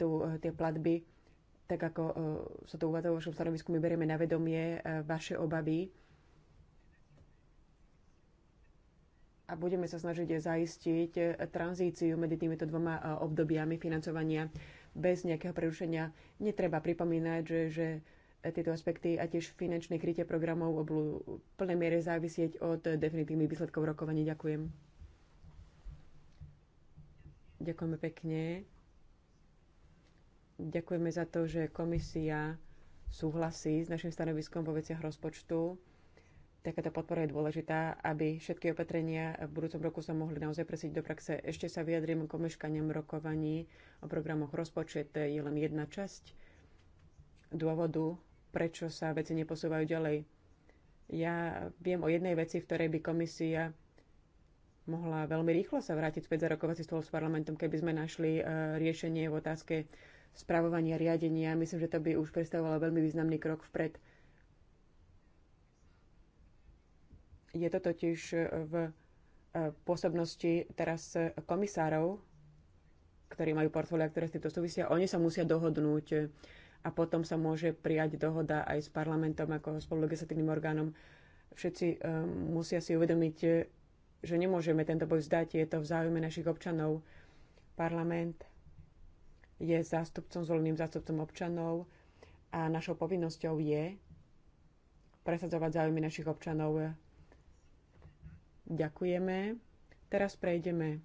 tu tie platby tak ako e, sa to uvádza vo vašom stanovisku, my berieme na vedomie e, vaše obavy a budeme sa snažiť zaistiť e, tranzíciu medzi týmito dvoma obdobiami financovania bez nejakého prerušenia. Netreba pripomínať, že, že tieto aspekty a tiež finančné krytie programov budú v plnej miere závisieť od definitívnych výsledkov rokovania. Ďakujem. Ďakujeme pekne. Ďakujeme za to, že komisia súhlasí s našim stanoviskom vo veciach rozpočtu. Takáto podpora je dôležitá, aby všetky opatrenia v budúcom roku sa mohli naozaj presiť do praxe. Ešte sa vyjadrím k omeškaniam rokovaní o programoch rozpočet. Je len jedna časť dôvodu, prečo sa veci neposúvajú ďalej. Ja viem o jednej veci, v ktorej by komisia mohla veľmi rýchlo sa vrátiť späť za rokovací stôl s parlamentom, keby sme našli eh, riešenie v otázke spravovania riadenia. Myslím, že to by už predstavovalo veľmi významný krok vpred. Je to totiž e, v e, pôsobnosti teraz e, komisárov, ktorí majú portfólia, ktoré s týmto súvisia. Oni sa musia dohodnúť a potom sa môže prijať dohoda aj s parlamentom ako spolulegislatívnym orgánom. Všetci musia si uvedomiť, že nemôžeme tento boj vzdať. Je to v záujme našich občanov. Parlament je zástupcom, zvoleným zástupcom občanov a našou povinnosťou je presadzovať záujmy našich občanov. Ďakujeme. Teraz prejdeme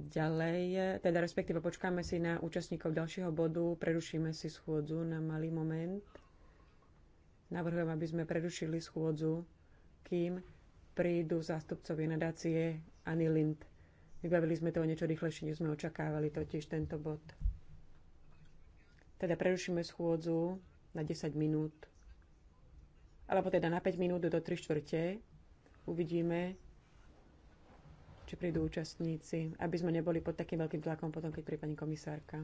ďalej, teda respektíve počkáme si na účastníkov ďalšieho bodu, prerušíme si schôdzu na malý moment. Navrhujem, aby sme prerušili schôdzu, kým prídu zástupcovi nadácie Anny Lind. Vybavili sme to o niečo rýchlejšie, než sme očakávali totiž tento bod. Teda prerušíme schôdzu na 10 minút, alebo teda na 5 minút do 3 čtvrte. Uvidíme, či prídu účastníci, aby sme neboli pod takým veľkým tlakom potom, keď príde pani komisárka.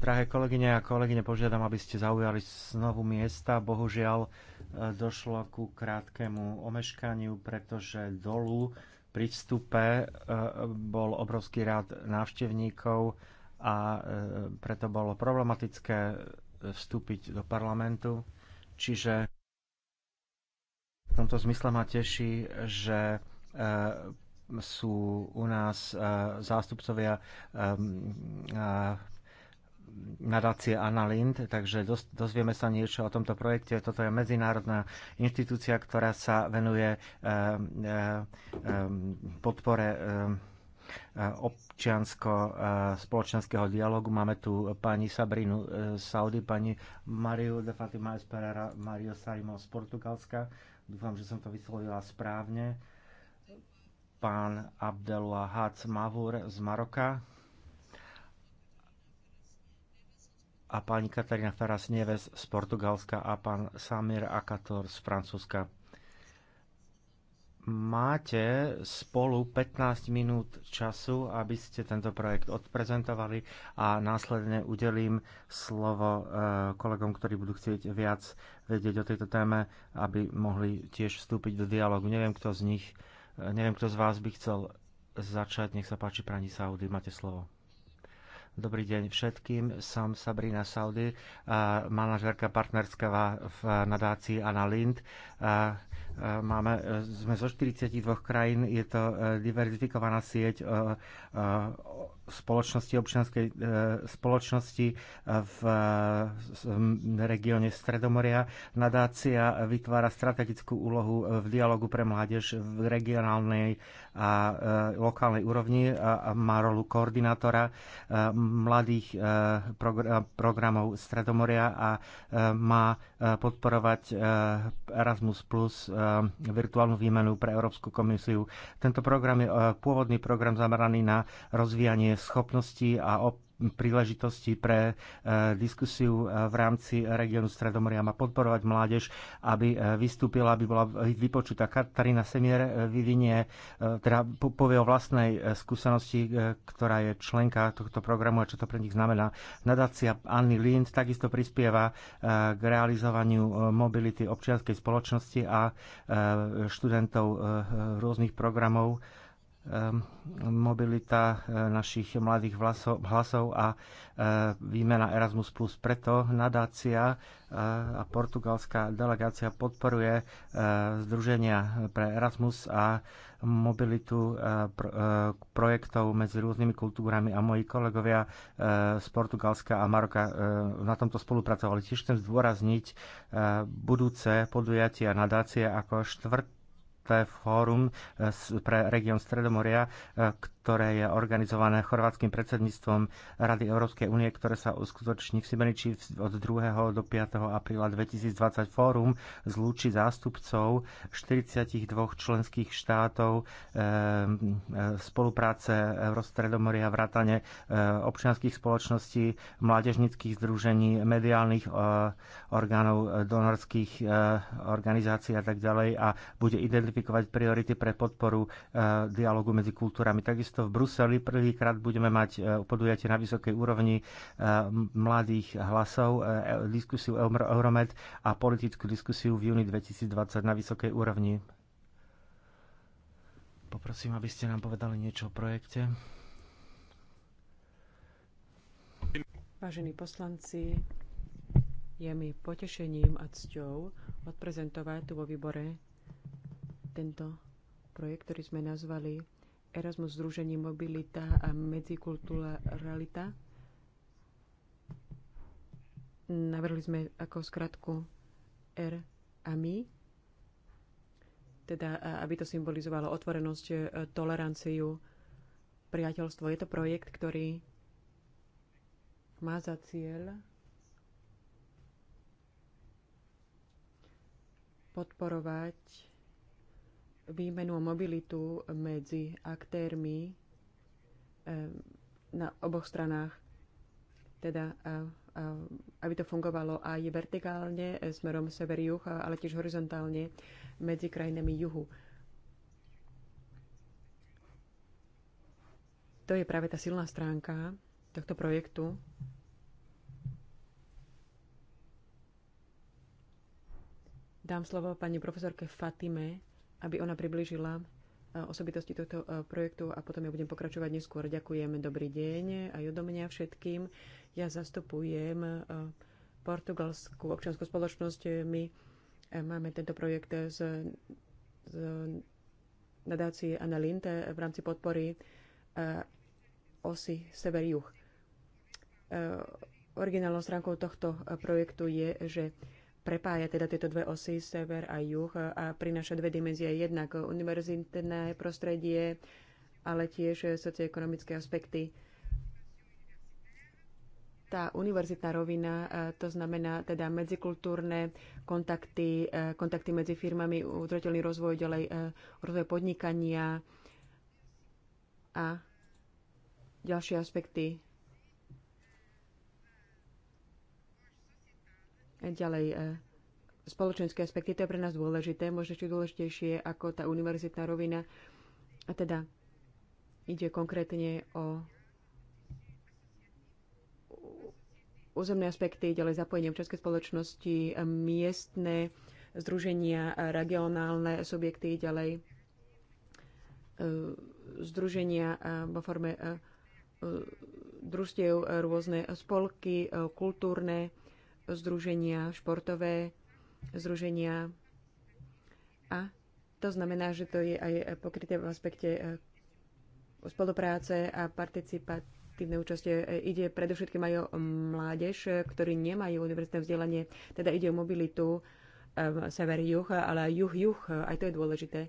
Drahé kolegyne a kolegyne, požiadam, aby ste zaujali znovu miesta. Bohužiaľ, e, došlo ku krátkému omeškaniu, pretože dolu pri vstupe e, bol obrovský rád návštevníkov a e, preto bolo problematické vstúpiť do parlamentu. Čiže v tomto zmysle ma teší, že sú u nás e, zástupcovia e, e, nadácie Analind, takže dozvieme sa niečo o tomto projekte. Toto je medzinárodná inštitúcia, ktorá sa venuje podpore občiansko-spoločenského dialogu. Máme tu pani Sabrinu Saudi, pani Mariu de Fatima Esperera, Mario Saimo z Portugalska. Dúfam, že som to vyslovila správne pán Abdelwahad Mavur z Maroka a pani Katarína Feras Neves z Portugalska a pán Samir Akator z Francúzska. Máte spolu 15 minút času, aby ste tento projekt odprezentovali a následne udelím slovo eh, kolegom, ktorí budú chcieť viac vedieť o tejto téme, aby mohli tiež vstúpiť do dialogu. Neviem, kto z nich E, neviem, kto z vás by chcel začať. Nech sa páči, Prani Saudy, máte slovo. Dobrý deň všetkým. Som Sabrina Saudy, e, manažerka partnerská v nadácii Anna Lind. A e, E, máme, e, sme zo 42 krajín, je to e, diverzifikovaná sieť spoločnosti, občianskej spoločnosti v regióne Stredomoria. Nadácia vytvára strategickú úlohu v dialogu pre mládež v regionálnej a lokálnej úrovni a má rolu koordinátora mladých programov Stredomoria a má podporovať Erasmus plus virtuálnu výmenu pre Európsku komisiu. Tento program je e, pôvodný program zameraný na rozvíjanie schopností a príležitosti pre e, diskusiu e, v rámci regiónu Stredomoria má podporovať mládež, aby e, vystúpila, aby bola vypočutá. Katarína Semier vyvinie, teda povie o vlastnej skúsenosti, ktorá je členka tohto programu a čo to pre nich znamená. Nadácia Anny Lind takisto prispieva k realizovaniu mobility občianskej spoločnosti a študentov rôznych programov mobilita eh, našich mladých hlasov a eh, výmena Erasmus+. plus. Preto nadácia eh, a portugalská delegácia podporuje Združenia pre Erasmus a mobilitu projektov medzi rôznymi kultúrami a moji kolegovia z Portugalska a Maroka na tomto spolupracovali. Tiež chcem zdôrazniť budúce podujatia nadácie ako štvrt WWF Fórum eh, pre región Stredomoria, eh, ktoré je organizované chorvátskym predsedníctvom Rady Európskej únie, ktoré sa uskutoční v Sibeniči od 2. do 5. apríla 2020. Fórum zlúči zástupcov 42 členských štátov eh, eh, spolupráce Eurostredomoria vrátane eh, občianských spoločností, mládežnických združení, mediálnych orgánov, donorských organizácií a tak ďalej a bude identifikovať priority pre podporu dialogu medzi kultúrami. Takisto takisto v Bruseli prvýkrát budeme mať e, podujatie na vysokej úrovni e, mladých hlasov, e, diskusiu Euromed a politickú diskusiu v júni 2020 na vysokej úrovni. Poprosím, aby ste nám povedali niečo o projekte. Vážení poslanci, je mi potešením a cťou odprezentovať tu vo výbore tento projekt, ktorý sme nazvali Erasmus Združenie Mobilita a Medzikulturalita. Navrhli sme ako skratku R a my, teda aby to symbolizovalo otvorenosť, e, toleranciu, priateľstvo. Je to projekt, ktorý má za cieľ podporovať výmenu a mobilitu medzi aktérmi eh, na oboch stranách. Teda eh, eh, aby to fungovalo aj vertikálne smerom sever-juh, ale tiež horizontálne medzi krajinami juhu. To je práve tá silná stránka tohto projektu. Dám slovo pani profesorke Fatime aby ona približila e, osobitosti tohto e, projektu a potom ja budem pokračovať neskôr. Ďakujem, dobrý deň aj odo mňa všetkým. Ja zastupujem e, portugalskú občianskú spoločnosť. My máme tento projekt z, z nadácie Anna Linte v rámci podpory osy Sever-Juh. Originálnou stránkou tohto projektu je, že prepája teda tieto dve osy, sever a juh, a prináša dve dimenzie. Jednak univerzitné prostredie, ale tiež socioekonomické aspekty. Tá univerzitná rovina, to znamená teda medzikultúrne kontakty, kontakty medzi firmami, udržateľný rozvoj, ďalej rozvoj podnikania a ďalšie aspekty Ďalej, e, spoločenské aspekty, to je pre nás dôležité, možno ešte dôležitejšie ako tá univerzitná rovina. A teda ide konkrétne o územné aspekty, ďalej zapojenie občianskej spoločnosti, miestne združenia, regionálne subjekty, ďalej e, združenia e, vo forme družstiev, rôzne spolky, kultúrne združenia, športové združenia. A to znamená, že to je aj pokryté v aspekte e, spolupráce a participatívnej účasti. E, ide predovšetkým aj o mládež, e, ktorí nemajú univerzitné vzdelanie, teda ide o mobilitu sever-juh, ale aj juh-juh, aj to je dôležité.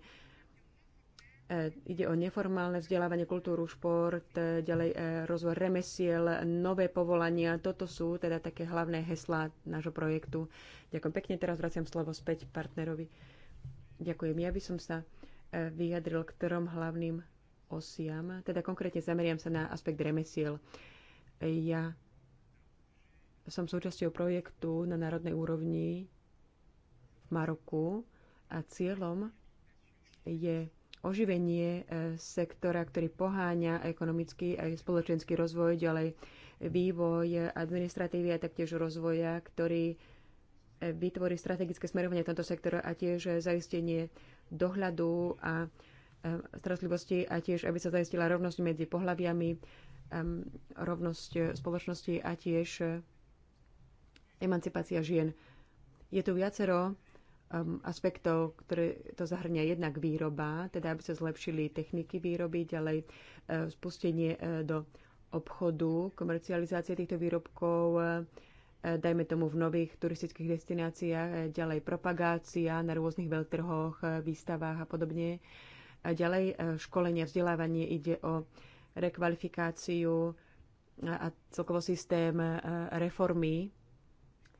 E, ide o neformálne vzdelávanie, kultúru, šport, e, ďalej e, rozvoj remesiel, nové povolania. Toto sú teda také hlavné heslá nášho projektu. Ďakujem pekne, teraz vraciam slovo späť partnerovi. Ďakujem. Ja by som sa vyjadril k ktorom hlavným osiam, teda konkrétne zameriam sa na aspekt remesiel. Ja som súčasťou projektu na národnej úrovni v Maroku a cieľom je oživenie e, sektora, ktorý poháňa ekonomický aj spoločenský rozvoj, ďalej vývoj administratívy a taktiež rozvoja, ktorý e, vytvorí strategické smerovanie tomto sektora a tiež zaistenie dohľadu a e, starostlivosti a tiež, aby sa zaistila rovnosť medzi pohľaviami, rovnosť spoločnosti a tiež emancipácia žien. Je tu viacero Um, aspektov, ktoré to zahrňa jednak výroba, teda aby sa zlepšili techniky výroby, ďalej uh, spustenie uh, do obchodu, komercializácie týchto výrobkov, uh, dajme tomu v nových turistických destináciách, ďalej propagácia na rôznych veľtrhoch, výstavách a podobne. A ďalej školenie, vzdelávanie ide o rekvalifikáciu a celkovo systém reformy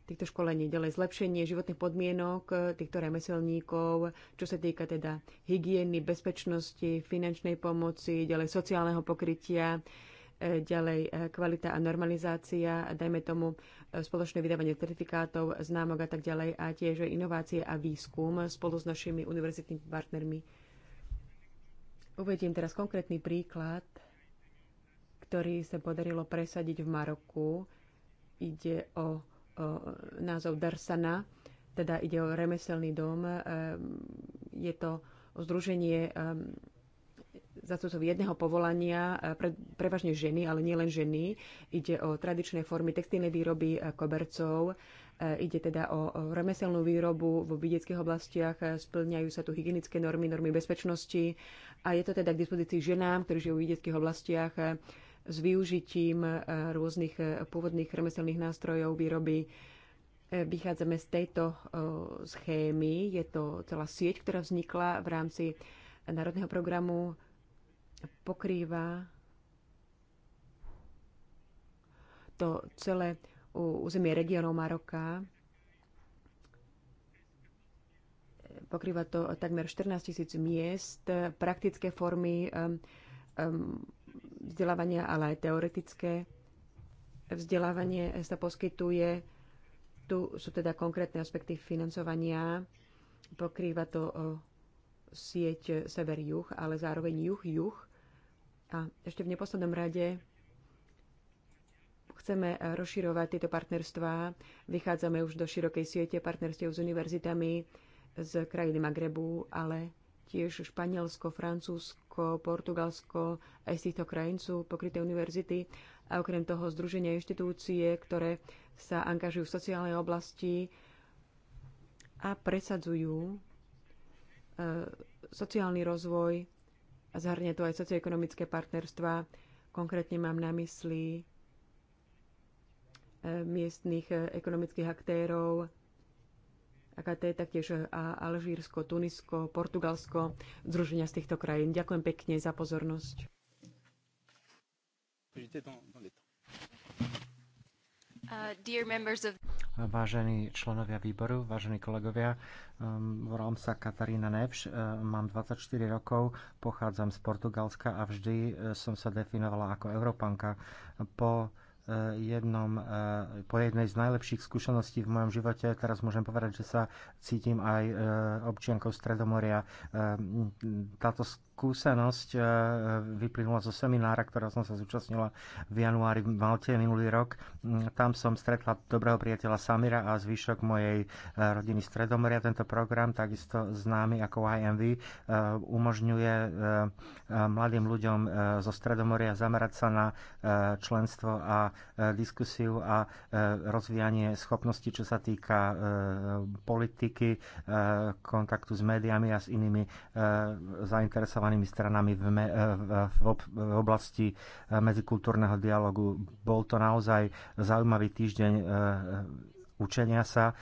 týchto školení. Ďalej zlepšenie životných podmienok eh, týchto remeselníkov, čo sa týka teda hygieny, bezpečnosti, finančnej pomoci, ďalej sociálneho pokrytia, eh, ďalej eh, kvalita a normalizácia, dajme tomu spoločné vydávanie certifikátov, známok a tak ďalej a tiež inovácie a výskum spolu s našimi univerzitnými partnermi. Uvediem teraz konkrétny príklad, ktorý sa podarilo presadiť v Maroku. Ide o E, názov Darsana, teda ide o remeselný dom. E, je to združenie e, zastupcov jedného povolania, pre, prevažne ženy, ale nielen ženy. Ide o tradičné formy textilnej výroby kobercov, ide teda o remeselnú výrobu vo vidieckých oblastiach, splňajú sa tu hygienické normy, normy bezpečnosti a je to teda k dispozícii ženám, ktorí žijú v vidieckých oblastiach s využitím e, rôznych e, pôvodných remeselných nástrojov výroby. E, vychádzame z tejto schémy. Je to celá sieť, ktorá vznikla v rámci národného programu. Pokrýva to celé územie regionov Maroka. Pokrýva to takmer 14 tisíc miest, praktické formy vzdelávania, ale aj teoretické vzdelávanie sa poskytuje. Tu sú teda konkrétne aspekty financovania. Pokrýva to sieť sever-juh, ale zároveň juh-juh. A ešte v neposlednom rade chceme rozširovať tieto partnerstvá. Vychádzame už do širokej siete partnerstiev s univerzitami z krajiny Magrebu, ale tiež Španielsko, Francúzsko, Španielsko, Portugalsko, aj z týchto krajín sú pokryté univerzity a okrem toho združenia inštitúcie, ktoré sa angažujú v sociálnej oblasti a presadzujú e, sociálny rozvoj a zahrňa to aj socioekonomické partnerstva. Konkrétne mám na mysli e, miestných e, ekonomických aktérov, to je taktiež e, Alžírsko, Tunisko, Portugalsko, združenia z týchto krajín. Ďakujem pekne za pozornosť. Uh, vážení členovia výboru, vážení kolegovia, um, volám sa Katarína Nevš, uh, mám 24 rokov, pochádzam z Portugalska a vždy uh, som sa definovala ako Európanka. Po Eh, jednom, eh, po jednej z najlepších skúseností v mojom živote. Teraz môžem povedať, že sa cítim aj eh, občiankou Stredomoria. Táto skúsenosť eh, vyplynula zo seminára, ktorého som sa zúčastnila v januári v Malte minulý rok. Mm, tam som stretla dobrého priateľa Samira a zvyšok mojej eh, rodiny Stredomoria. Tento program, takisto známy ako IMV, eh, umožňuje mladým ľuďom zo Stredomoria zamerať sa na členstvo a diskusiu a rozvíjanie schopností, čo sa týka politiky, kontaktu s médiami a s inými zainteresovanými zainteresovanými stranami v, me, e, v, e, v oblasti e, medzikultúrneho dialogu. Bol to naozaj zaujímavý týždeň učenia sa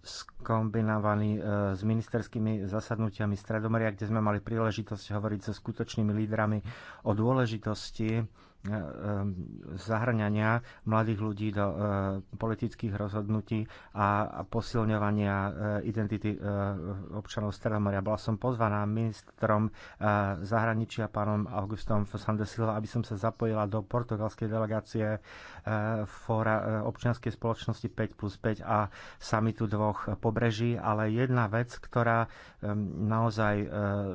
skombinovaný s ministerskými zasadnutiami Stredomeria, kde sme mali príležitosť hovoriť so skutočnými lídrami o dôležitosti Eh, eh, zahrňania mladých ľudí do eh, politických rozhodnutí a posilňovania identity občanov Stredomoria. Bola som pozvaná ministrom zahraničia pánom Augustom Sandesilom, aby som sa zapojila do portugalskej delegácie fóra e, občianskej spoločnosti 5 plus 5 a samitu dvoch pobreží, ale jedna vec, ktorá e, naozaj e,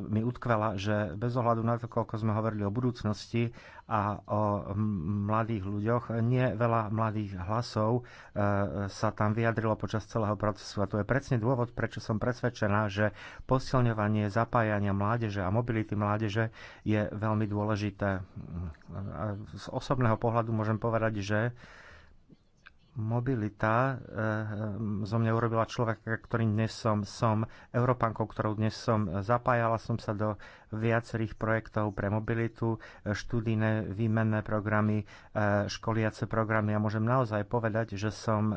mi utkvela, že bez ohľadu na to, koľko sme hovorili o budúcnosti a o mladých ľuďoch, nie veľa mladých hlasov sa tam vyjadrilo počas celého procesu. A to je presne dôvod, prečo som presvedčená, že posilňovanie zapájania mládeže a mobility mládeže je veľmi dôležité. Z osobného pohľadu môžem povedať, že že mobilita eh, eh, zo mňa urobila človeka, ktorým dnes som. Som Európankou, ktorou dnes som. Zapájala som sa do viacerých projektov pre mobilitu, eh, študijné výmenné programy, školiace programy a môžem naozaj povedať, že som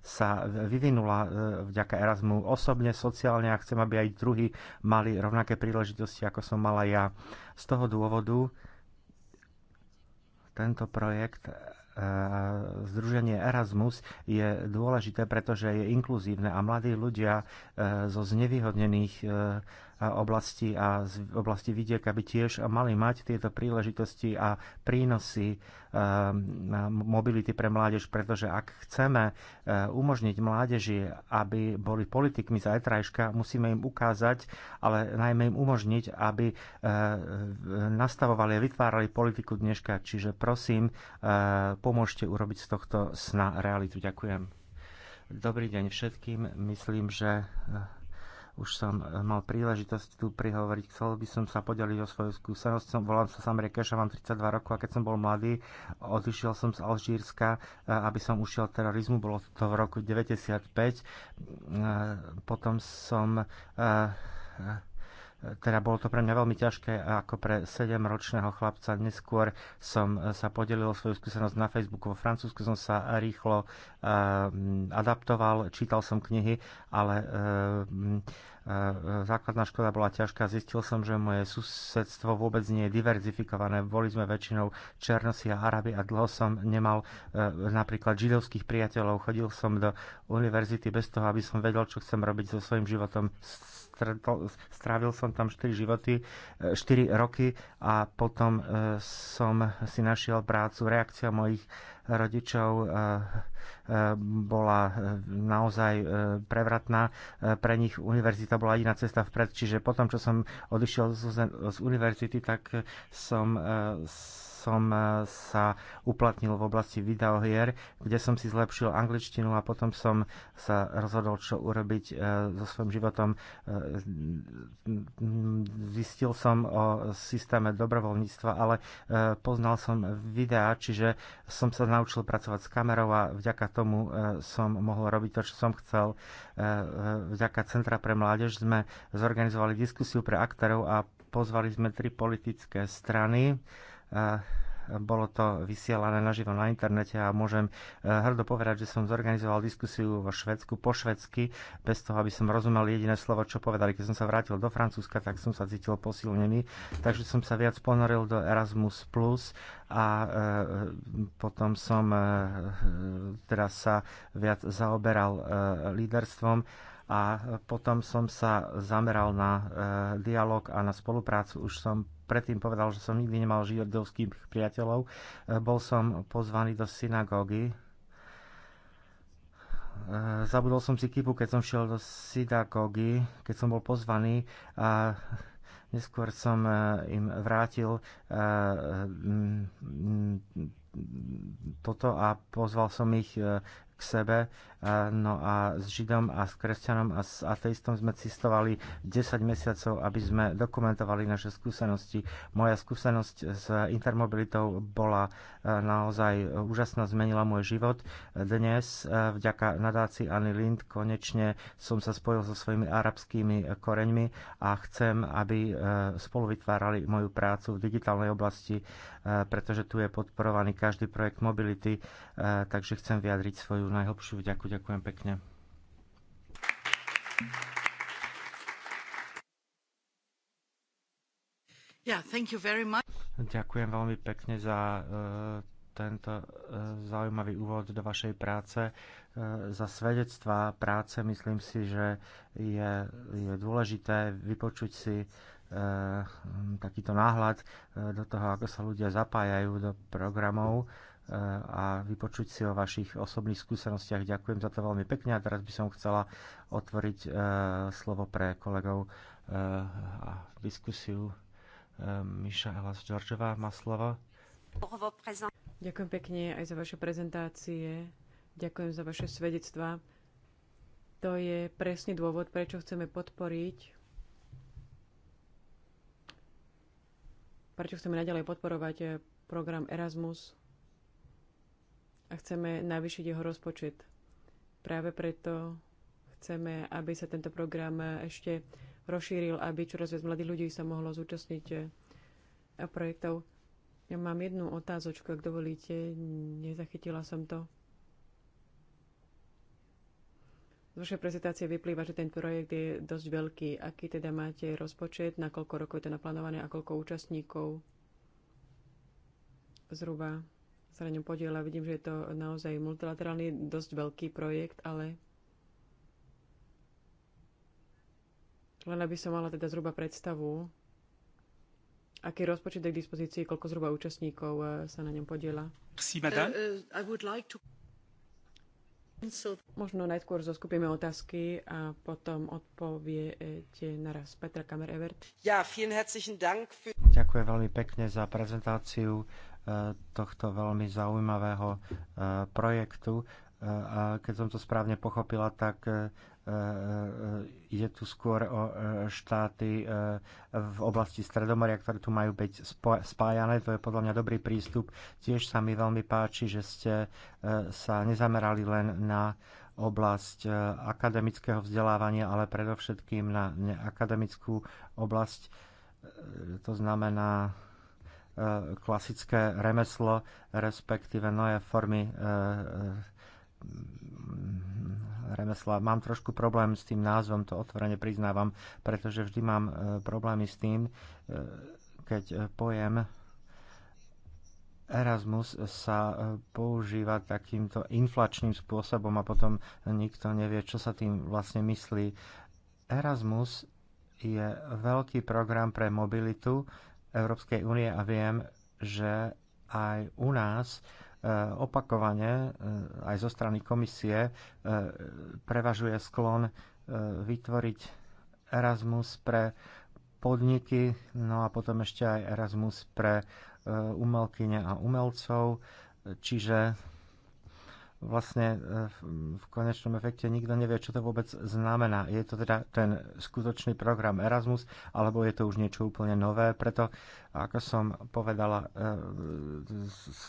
sa vyvinula vďaka Erasmu osobne, sociálne a chcem, aby aj druhí mali rovnaké príležitosti, ako som mala ja. Z toho dôvodu tento projekt Združenie Erasmus je dôležité, pretože je inkluzívne a mladí ľudia e, zo znevýhodnených e, oblasti a z oblasti vidieka by tiež mali mať tieto príležitosti a prínosy eh, mobility pre mládež, pretože ak chceme eh, umožniť mládeži, aby boli politikmi zajtrajška, musíme im ukázať, ale najmä im umožniť, aby eh, nastavovali a vytvárali politiku dneška. Čiže prosím, pomôžte urobiť z tohto sna realitu. Ďakujem. Dobrý deň všetkým. Myslím, že už som eh, mal príležitosť tu prihovoriť. Chcel by som sa podeliť o svoju skúsenosť. Som, volám sa Rekeš a mám 32 rokov a keď som bol mladý, odišiel som z Alžírska, eh, aby som ušiel terorizmu. Bolo to v roku 95. Eh, potom som teda bolo to pre mňa veľmi ťažké ako pre 7-ročného chlapca. Neskôr som e, sa podelil svoju skúsenosť na Facebooku vo Francúzsku, som sa rýchlo e, adaptoval, čítal som knihy, ale e, základná škoda bola ťažká. Zistil som, že moje susedstvo vôbec nie je diverzifikované. Boli sme väčšinou Černosi a Arabi a dlho som nemal napríklad židovských priateľov. Chodil som do univerzity bez toho, aby som vedel, čo chcem robiť so svojím životom strávil som tam 4 životy, 4 e, roky a potom e, som si našiel prácu. Reakcia mojich rodičov e, bola naozaj prevratná. Pre nich univerzita bola jediná cesta vpred, čiže potom, čo som odišiel z univerzity, tak som som eh, sa uplatnil v oblasti videohier, kde som si zlepšil angličtinu a potom som sa rozhodol, čo urobiť eh, so svojím životom. Eh, zistil som o systéme dobrovoľníctva, ale poznal som videá, čiže som sa naučil pracovať s kamerou a vďaka tomu som mohol robiť to, čo som chcel. Vďaka Centra pre mládež sme zorganizovali diskusiu pre aktérov a pozvali sme tri politické strany bolo to vysielané naživo na internete a môžem e, hrdo povedať, že som zorganizoval diskusiu vo Švedsku po švedsky, bez toho, aby som rozumel jediné slovo, čo povedali. Keď som sa vrátil do Francúzska, tak som sa cítil posilnený, takže som sa viac ponoril do Erasmus+, Plus a e, potom som e, teda sa viac zaoberal líderstvom a potom som sa zameral na dialog a na spoluprácu. Už som predtým povedal, že som nikdy nemal židovských priateľov. E, bol som pozvaný do synagógy. E, zabudol som si kypu, keď som šiel do synagógy, keď som bol pozvaný a neskôr som e, im vrátil toto a pozval som ich sebe. E, no a s Židom a s kresťanom a s ateistom sme cestovali 10 mesiacov, aby sme dokumentovali naše skúsenosti. Moja skúsenosť s intermobilitou bola e, naozaj úžasná, zmenila môj život. Dnes e, vďaka nadácii Anny Lind konečne som sa spojil so svojimi arabskými koreňmi a chcem, aby spolu vytvárali moju prácu v digitálnej oblasti, pretože tu je podporovaný každý projekt mobility, takže chcem vyjadriť svoju najhlbšiu vďaku. Ďakujem pekne. Yeah, thank you very much. Ďakujem veľmi pekne za uh, tento e, zaujímavý úvod do vašej práce. E, za svedectvá práce myslím si, že je, je dôležité vypočuť si takýto náhľad do toho, ako sa ľudia zapájajú do programov. E, a vypočuť si o vašich osobných skúsenostiach. Ďakujem za to veľmi pekne a teraz by som chcela otvoriť e, slovo pre kolegov e, a diskusiu. Miša Elas Georgeva má slovo. Ďakujem pekne aj za vaše prezentácie. Ďakujem za vaše svedectvá. To je presne dôvod, prečo chceme podporiť prečo chceme naďalej podporovať program Erasmus a chceme navýšiť jeho rozpočet. Práve preto chceme, aby sa tento program ešte rozšíril, aby čoraz viac mladých ľudí sa mohlo zúčastniť eh, projektov. Ja mám jednu otázočku, ak dovolíte, nezachytila som to. Z vašej prezentácie vyplýva, že ten projekt je dosť veľký. Aký teda máte rozpočet, na koľko rokov je to naplánované a koľko účastníkov? Zhruba sa na ňom podiela. Vidím, že je to naozaj multilaterálny, dosť veľký projekt, ale len aby som mala teda zhruba predstavu, aký rozpočet je k dispozícii, koľko zhruba účastníkov eh, sa na ňom podiela. Uh, uh, sí, Možno najskôr zoskupíme otázky a potom odpoviete naraz. Petra Kamer-Evert. Ja, Ďakujem veľmi pekne za prezentáciu tohto veľmi zaujímavého e, projektu. E, a keď som to správne pochopila, tak ide e, tu skôr o štáty v oblasti Stredomoria, ktoré tu majú byť spájané. To je podľa mňa dobrý prístup. Tiež sa mi veľmi páči, že ste sa nezamerali len na oblasť akademického vzdelávania, ale predovšetkým na akademickú oblasť. To znamená E, klasické remeslo, respektíve nové formy e, e, remesla. Mám trošku problém s tým názvom, to otvorene priznávam, pretože vždy mám problémy s tým, keď pojem Erasmus sa používa takýmto inflačným spôsobom a potom nikto nevie, čo sa tým vlastne myslí. Erasmus je veľký program pre mobilitu, Európskej únie a viem, že aj u nás e, opakovane e, aj zo strany komisie e, prevažuje sklon vytvoriť Erasmus pre podniky, no a potom ešte aj Erasmus pre umelkyne a umelcov, čiže vlastne e, v konečnom efekte nikto nevie, čo to vôbec znamená. Je to teda ten skutočný program Erasmus, alebo je to už niečo úplne nové. Preto, ako som povedala, e,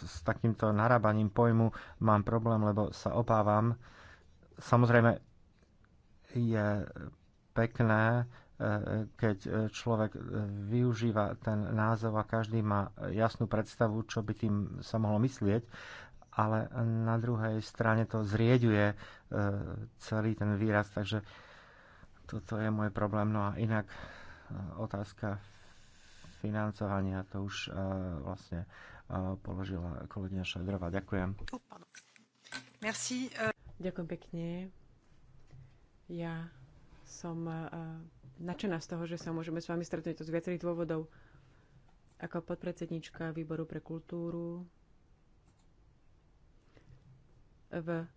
s takýmto narábaním pojmu mám problém, lebo sa obávam. Samozrejme, je pekné, e, keď človek využíva ten názov a každý má jasnú predstavu, čo by tým sa mohlo myslieť, ale na druhej strane to zrieďuje e, celý ten výraz, takže toto je môj problém. No a inak e, otázka financovania, to už e, vlastne položila kolegyňa Šedrova. Ďakujem. Oh, Merci. Ďakujem pekne. Ja som nadšená z toho, že sa môžeme s vami stretnúť to z viacerých dôvodov. Ako podpredsednička výboru pre kultúru v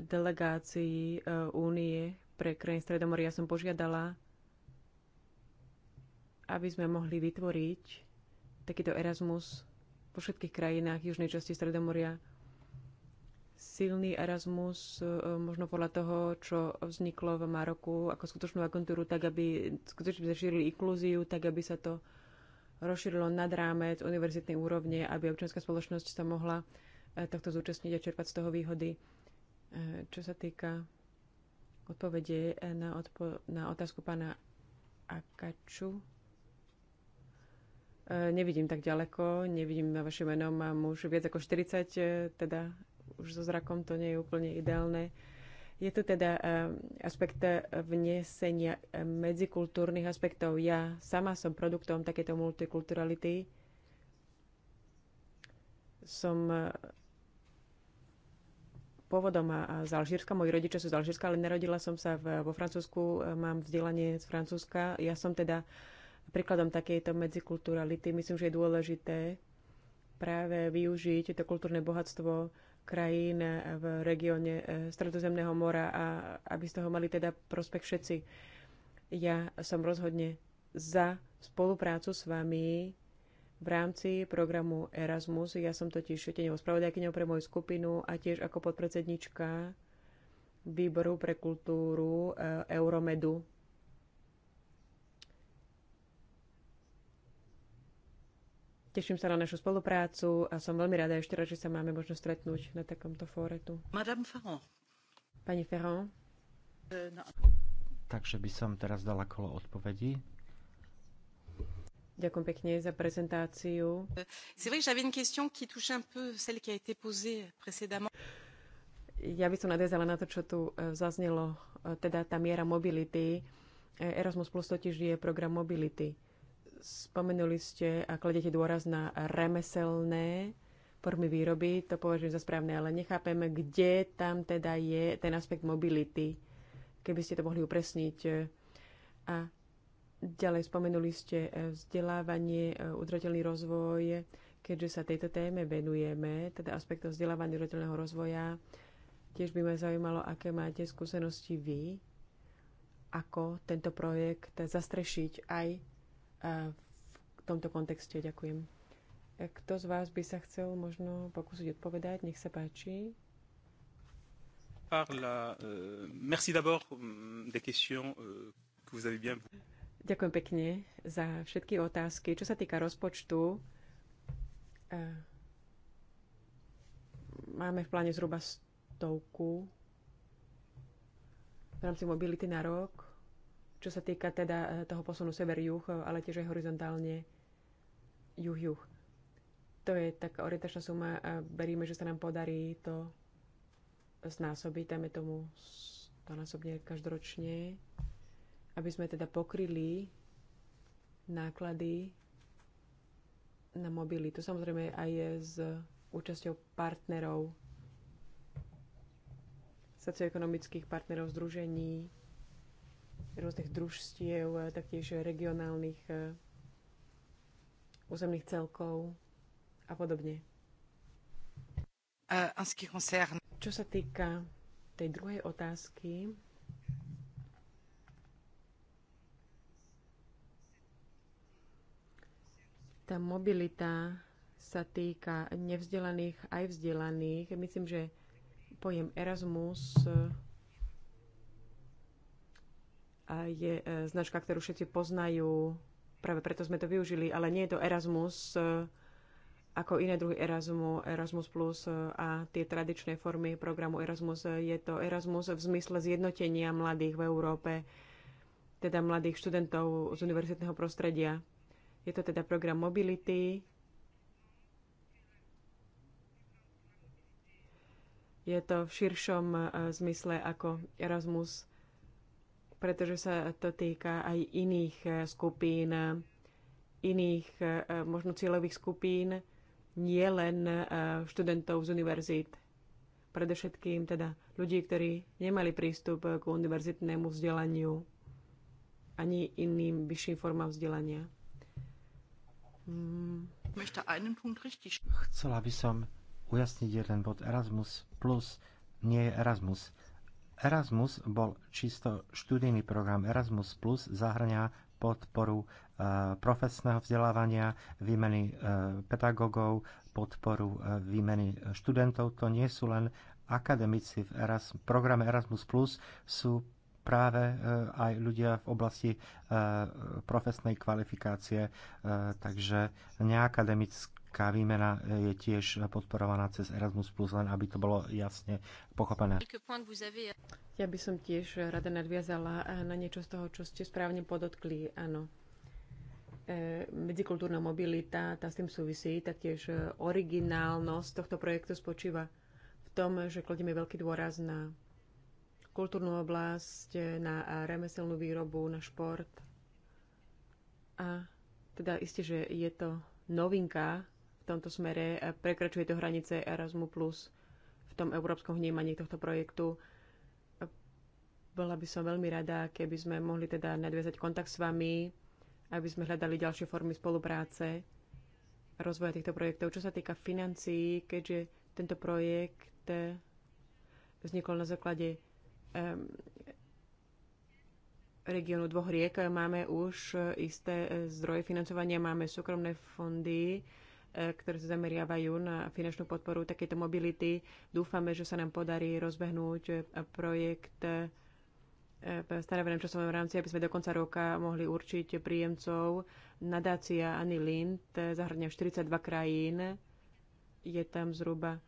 delegácii e, Únie pre krajiny Stredomoria som požiadala, aby sme mohli vytvoriť takýto Erasmus vo všetkých krajinách južnej časti Stredomoria. Silný Erasmus, e, možno podľa toho, čo vzniklo v Maroku ako skutočnú agentúru, tak aby skutočne zašírili inklúziu, tak aby sa to rozšírilo nad rámec univerzitnej úrovne, aby občianská spoločnosť sa mohla E, tohto zúčastniť a čerpať z toho výhody. E, čo sa týka odpovede na, odpo- na otázku pána Akaču, e, nevidím tak ďaleko, nevidím na vaše meno, mám už viac ako 40, teda už so zrakom to nie je úplne ideálne. Je tu teda aspekt vnesenia medzikultúrnych aspektov. Ja sama som produktom takéto multikulturality. Som pôvodom a z Alžírska. Moji rodičia sú z Alžírska, ale narodila som sa v, vo Francúzsku, e, mám vzdelanie z Francúzska. Ja som teda príkladom takejto medzikulturality. Myslím, že je dôležité práve využiť to kultúrne bohatstvo krajín v regióne e, Stredozemného mora a aby z toho mali teda prospech všetci. Ja som rozhodne za spoluprácu s vami v rámci programu Erasmus. Ja som totiž tenevou spravodajkyňou pre moju skupinu a tiež ako podpredsednička výboru pre kultúru eh, Euromedu. Teším sa na našu spoluprácu a som veľmi rada ešte raz, že sa máme možno stretnúť na takomto fóre tu. Madame Ferrand. Pani Ferrand. Eh, no. Takže by som teraz dala kolo odpovedí. Ďakujem pekne za prezentáciu. Ja by som nadviazala na to, čo tu e, zaznelo, e, teda tá miera mobility. E, Erasmus Plus totiž je program mobility. Spomenuli ste a kladete dôraz na remeselné formy výroby, to považujem za správne, ale nechápem, kde tam teda je ten aspekt mobility, keby ste to mohli upresniť. A Ďalej spomenuli ste e, vzdelávanie, e, udržateľný rozvoj. Keďže sa tejto téme venujeme, teda aspektov vzdelávania udržateľného rozvoja, tiež by ma zaujímalo, aké máte skúsenosti vy, ako tento projekt zastrešiť aj e, v tomto kontexte. Ďakujem. Kto z vás by sa chcel možno pokúsiť odpovedať? Nech sa páči. Par la, euh, merci d'abord mm, des questions euh, que vous avez bien... Ďakujem pekne za všetky otázky. Čo sa týka rozpočtu, e, máme v pláne zhruba stovku v rámci mobility na rok, čo sa týka teda e, toho posunu sever-juh, e, ale tiež aj horizontálne juh-juh. To je taká orientačná suma a veríme, že sa nám podarí to znásobiť, dajme tomu stonásobne násobne každoročne aby sme teda pokryli náklady na To Samozrejme aj je s účasťou partnerov, socioekonomických partnerov, združení, rôznych družstiev, taktiež regionálnych e, územných celkov a podobne. E, Čo sa týka tej druhej otázky, Tá mobilita sa týka nevzdelaných aj vzdelaných. Myslím, že pojem Erasmus je e, značka, ktorú všetci poznajú. Práve preto sme to využili, ale nie je to Erasmus e, ako iné druhy Erasmu, Erasmus Plus e, a tie tradičné formy programu Erasmus. Je to Erasmus v zmysle zjednotenia mladých v Európe, teda mladých študentov z univerzitného prostredia. Je to teda program mobility. Je to v širšom e, zmysle ako Erasmus, pretože sa to týka aj iných e, skupín, iných e, možno cieľových skupín, nie len študentov z univerzít. Predovšetkým teda ľudí, ktorí nemali prístup k univerzitnému vzdelaniu ani iným vyšším formám vzdelania. Mm. Chcela by som ujasniť jeden bod. Erasmus plus nie je Erasmus. Erasmus bol čisto študijný program. Erasmus plus zahrňa podporu e, profesného vzdelávania, výmeny e, pedagógov, podporu e, výmeny študentov. To nie sú len akademici v Erasmus, programe Erasmus Plus sú práve e, aj ľudia v oblasti e, profesnej kvalifikácie, e, takže neakademická výmena je tiež podporovaná cez Erasmus+, len aby to bolo jasne pochopené. Ja by som tiež rada nadviazala na niečo z toho, čo ste správne podotkli. Áno, medzikultúrna mobilita, tá s tým súvisí, taktiež originálnosť tohto projektu spočíva v tom, že kladieme veľký dôraz na kultúrnu oblasť, na remeselnú výrobu, na šport. A teda isté, že je to novinka v tomto smere, prekračuje to hranice Erasmus, v tom európskom vnímaní tohto projektu. Bola by som veľmi rada, keby sme mohli teda nadviazať kontakt s vami, aby sme hľadali ďalšie formy spolupráce a rozvoja týchto projektov. Čo sa týka financií, keďže tento projekt eh, vznikol na základe regiónu dvoch riek máme už isté e, zdroje financovania, máme súkromné fondy, e, ktoré sa zameriavajú na finančnú podporu takéto mobility. Dúfame, že sa nám podarí rozbehnúť e, projekt v stanovenom časovom rámci, aby sme do konca roka mohli určiť príjemcov. Nadácia Ani Lind zahrňa 42 krajín. Je tam zhruba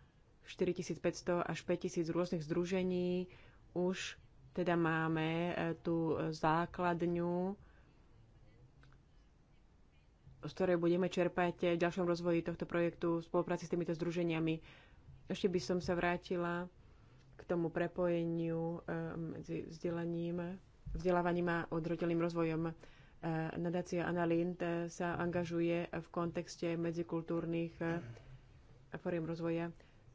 4500 až 5000 rôznych združení, už teda máme e, tú základňu, z ktorej budeme čerpať e, v ďalšom rozvoji tohto projektu v spolupráci s týmito združeniami. Ešte by som sa vrátila k tomu prepojeniu e, medzi vzdelaním, vzdelávaním a odrodelým rozvojom. Nadácia Analind sa angažuje v kontexte medzikultúrnych fóriem rozvoja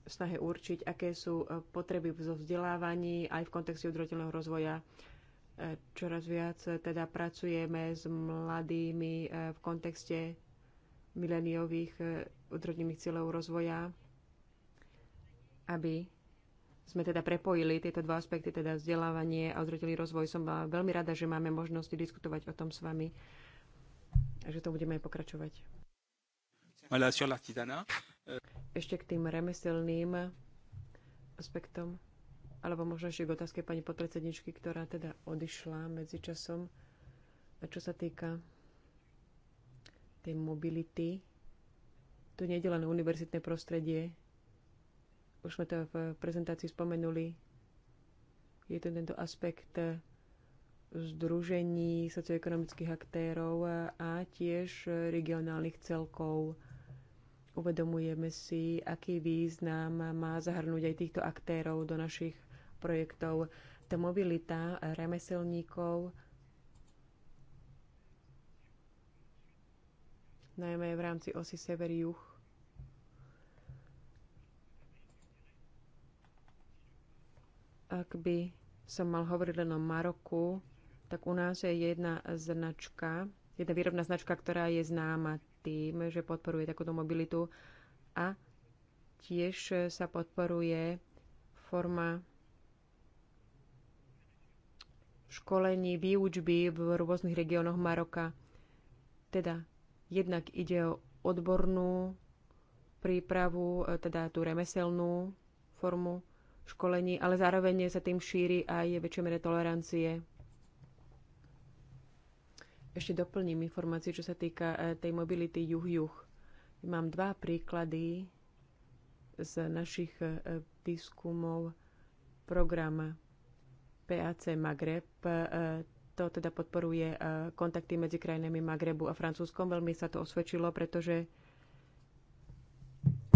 snahe určiť, aké sú e, potreby vo vzdelávaní aj v kontexte udržateľného rozvoja. E, čoraz viac e, teda pracujeme s mladými v kontexte mileniových udržateľných cieľov rozvoja, aby sme teda prepojili tieto dva aspekty, teda vzdelávanie a udržateľný rozvoj. Som veľmi rada, že máme možnosť diskutovať o tom s vami a že to budeme aj pokračovať. Voilà, sur l'artisanat. Ešte k tým remeselným aspektom, alebo možno ešte k otázke pani podpredsedničky, ktorá teda odišla medzi časom. A čo sa týka tej mobility, tu nie je len univerzitné prostredie, už sme to v prezentácii spomenuli, je to tento aspekt združení socioekonomických aktérov a tiež regionálnych celkov. Uvedomujeme si, aký význam má zahrnúť aj týchto aktérov do našich projektov. Tá mobilita remeselníkov, najmä v rámci osy sever-juh, ak by som mal hovoriť len o Maroku, tak u nás je jedna značka, jedna výrobná značka, ktorá je známa tým, že podporuje takúto mobilitu a tiež sa podporuje forma školení, výučby v rôznych regiónoch Maroka. Teda jednak ide o odbornú prípravu, e, teda tú remeselnú formu školení, ale zároveň sa tým šíri aj väčšie mere tolerancie ešte doplním informáciu, čo sa týka e, tej mobility juh-juh. Mám dva príklady z našich e, výskumov program PAC Magreb. E, to teda podporuje kontakty medzi krajinami Magrebu a Francúzskom. Veľmi sa to osvedčilo, pretože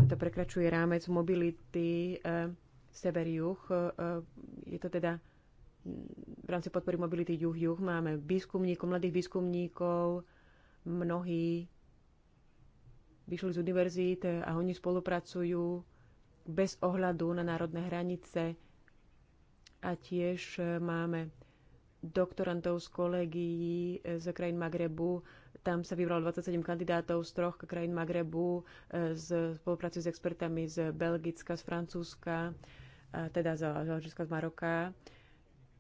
to prekračuje rámec mobility sever-juh. Je to teda v rámci podpory mobility juh-juh máme výskumníkov, mladých výskumníkov, mnohí vyšli z univerzít a oni spolupracujú bez ohľadu na národné hranice. A tiež máme doktorantov z kolegií z krajín Magrebu. Tam sa vybralo 27 kandidátov z troch krajín Magrebu eh, z spolupráci s expertami z Belgicka, z Francúzska, eh, teda z Alžírska, z Maroka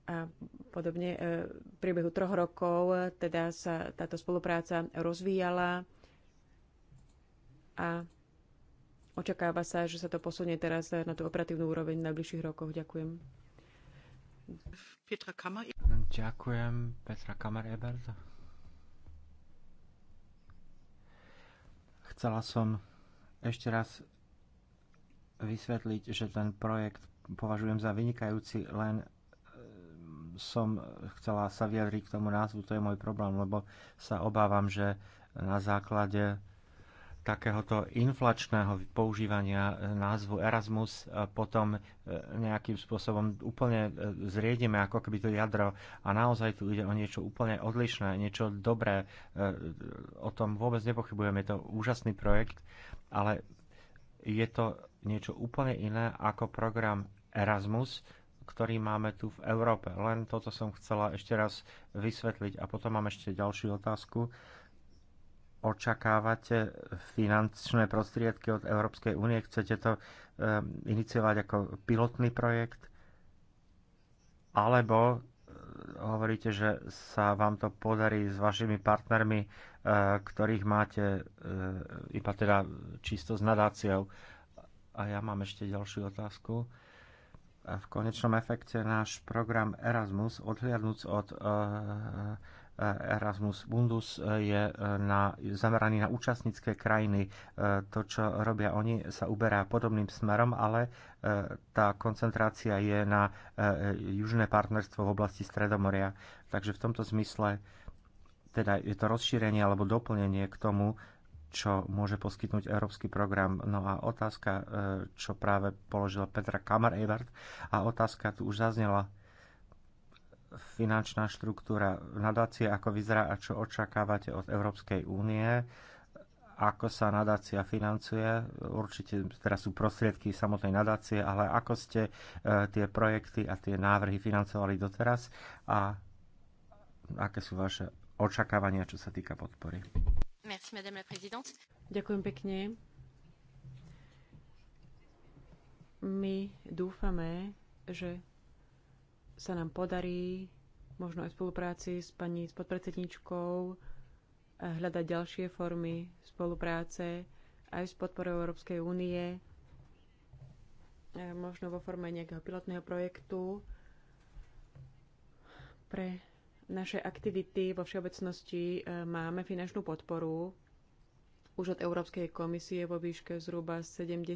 a podobne. E, v priebehu troch rokov e, teda sa táto spolupráca rozvíjala a očakáva sa, že sa to posunie teraz na tú operatívnu úroveň v najbližších rokoch. Ďakujem. Petra Kammer. Ďakujem, Petra Kammer-Ebert. Chcela som ešte raz vysvetliť, že ten projekt považujem za vynikajúci len som chcela sa vyjadriť k tomu názvu, to je môj problém, lebo sa obávam, že na základe takéhoto inflačného používania názvu Erasmus e, potom e, nejakým spôsobom úplne e, zriedime ako keby to jadro a naozaj tu ide o niečo úplne odlišné, niečo dobré. O tom vôbec nepochybujem, je to úžasný projekt, ale je to niečo úplne iné ako program Erasmus, ktorý máme tu v Európe. Len toto som chcela ešte raz vysvetliť. A potom mám ešte ďalšiu otázku. Očakávate finančné prostriedky od Európskej únie? Chcete to ehm, iniciovať ako pilotný projekt? Alebo eh, hovoríte, že sa vám to podarí s vašimi partnermi, eh, ktorých máte eh, iba teda čisto s nadáciou. A ja mám ešte ďalšiu otázku v konečnom efekte náš program Erasmus, odhliadnúc od eh, eh, Erasmus Mundus eh, je na, zameraný na účastnícke krajiny. To, čo robia oni, sa uberá podobným smerom, ale tá koncentrácia je na južné partnerstvo v oblasti Stredomoria. Takže v tomto zmysle teda je to rozšírenie alebo doplnenie k tomu, čo môže poskytnúť Európsky program. No a otázka, e, čo práve položila Petra Kamar Ebert a otázka tu už zaznela finančná štruktúra nadácie, ako vyzerá a čo očakávate od Európskej únie, ako sa nadácia financuje, určite teraz sú prostriedky samotnej nadácie, ale ako ste e, tie projekty a tie návrhy financovali doteraz a aké sú vaše očakávania, čo sa týka podpory. Merci, madame la présidente. Ďakujem pekne. My dúfame, že sa nám podarí možno aj v spolupráci s pani s podpredsedničkou hľadať ďalšie formy spolupráce aj s podporou Európskej únie, e, možno vo forme nejakého pilotného projektu pre naše aktivity vo všeobecnosti e, máme finančnú podporu už od Európskej komisie vo výške zhruba 70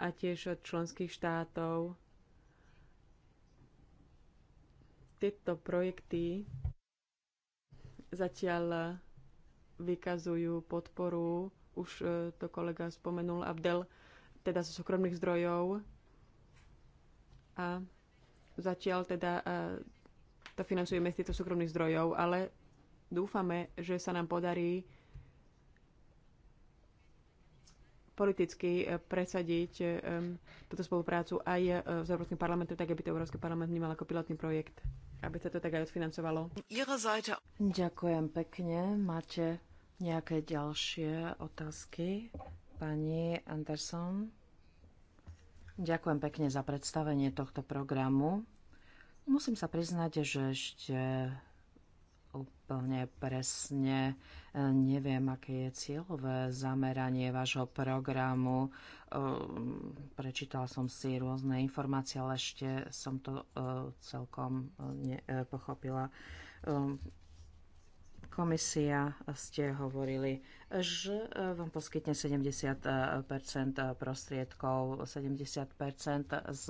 a tiež od členských štátov. Tieto projekty zatiaľ vykazujú podporu, už e, to kolega spomenul, Abdel, teda zo súkromných zdrojov. A zatiaľ teda e, to financujeme z týchto súkromných zdrojov, ale dúfame, že sa nám podarí politicky eh, presadiť eh, túto spoluprácu aj eh, s Európskym parlamentom, tak aby to Európsky parlament vnímal ako pilotný projekt, aby sa to tak aj odfinancovalo. Ďakujem pekne. Máte nejaké ďalšie otázky? Pani Anderson? Ďakujem pekne za predstavenie tohto programu. Musím sa priznať, že ešte úplne presne e, neviem, aké je cieľové zameranie vášho programu. E, Prečítala som si rôzne informácie, ale ešte som to e, celkom nepochopila komisia ste hovorili, že e, vám poskytne 70 e, e, prostriedkov, 70 z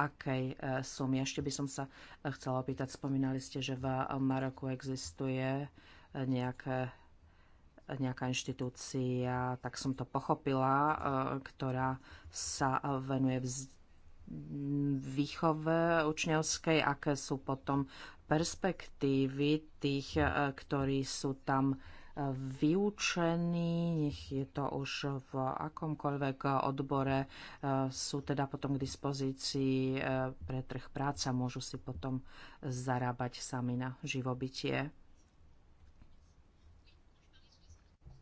akej sumy. Ešte by som sa chcela opýtať, spomínali ste, že v Maroku existuje nejaké nejaká inštitúcia, tak som to pochopila, ktorá sa venuje výchove učňovskej, aké sú potom perspektívy tých, e, ktorí sú tam e, vyučení, nech je to už v akomkoľvek odbore, e, sú teda potom k dispozícii pre trh práca, môžu si potom zarábať sami na živobytie.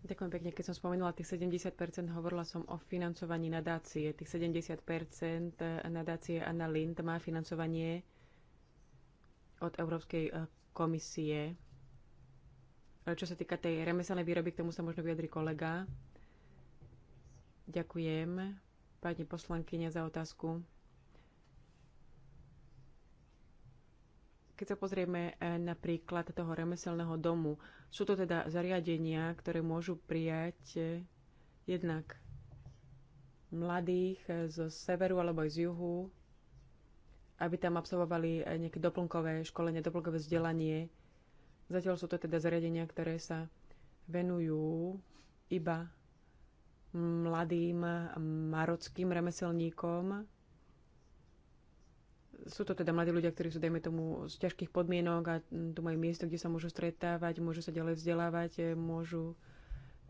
Ďakujem pekne. Keď som spomenula tých 70%, hovorila som o financovaní nadácie. Tých 70% nadácie Anna Lind má financovanie od Európskej e, komisie. E, čo sa týka tej remeselnej výroby, k tomu sa možno vyjadri kolega. Ďakujem, pani poslankyňa, za otázku. Keď sa pozrieme e, napríklad toho remeselného domu, sú to teda zariadenia, ktoré môžu prijať jednak mladých zo severu alebo aj z juhu, aby tam absolvovali aj nejaké doplnkové školenie, doplnkové vzdelanie. Zatiaľ sú to teda zariadenia, ktoré sa venujú iba mladým marockým remeselníkom. Sú to teda mladí ľudia, ktorí sú, dajme tomu, z ťažkých podmienok a tu majú miesto, kde sa môžu stretávať, môžu sa ďalej vzdelávať, môžu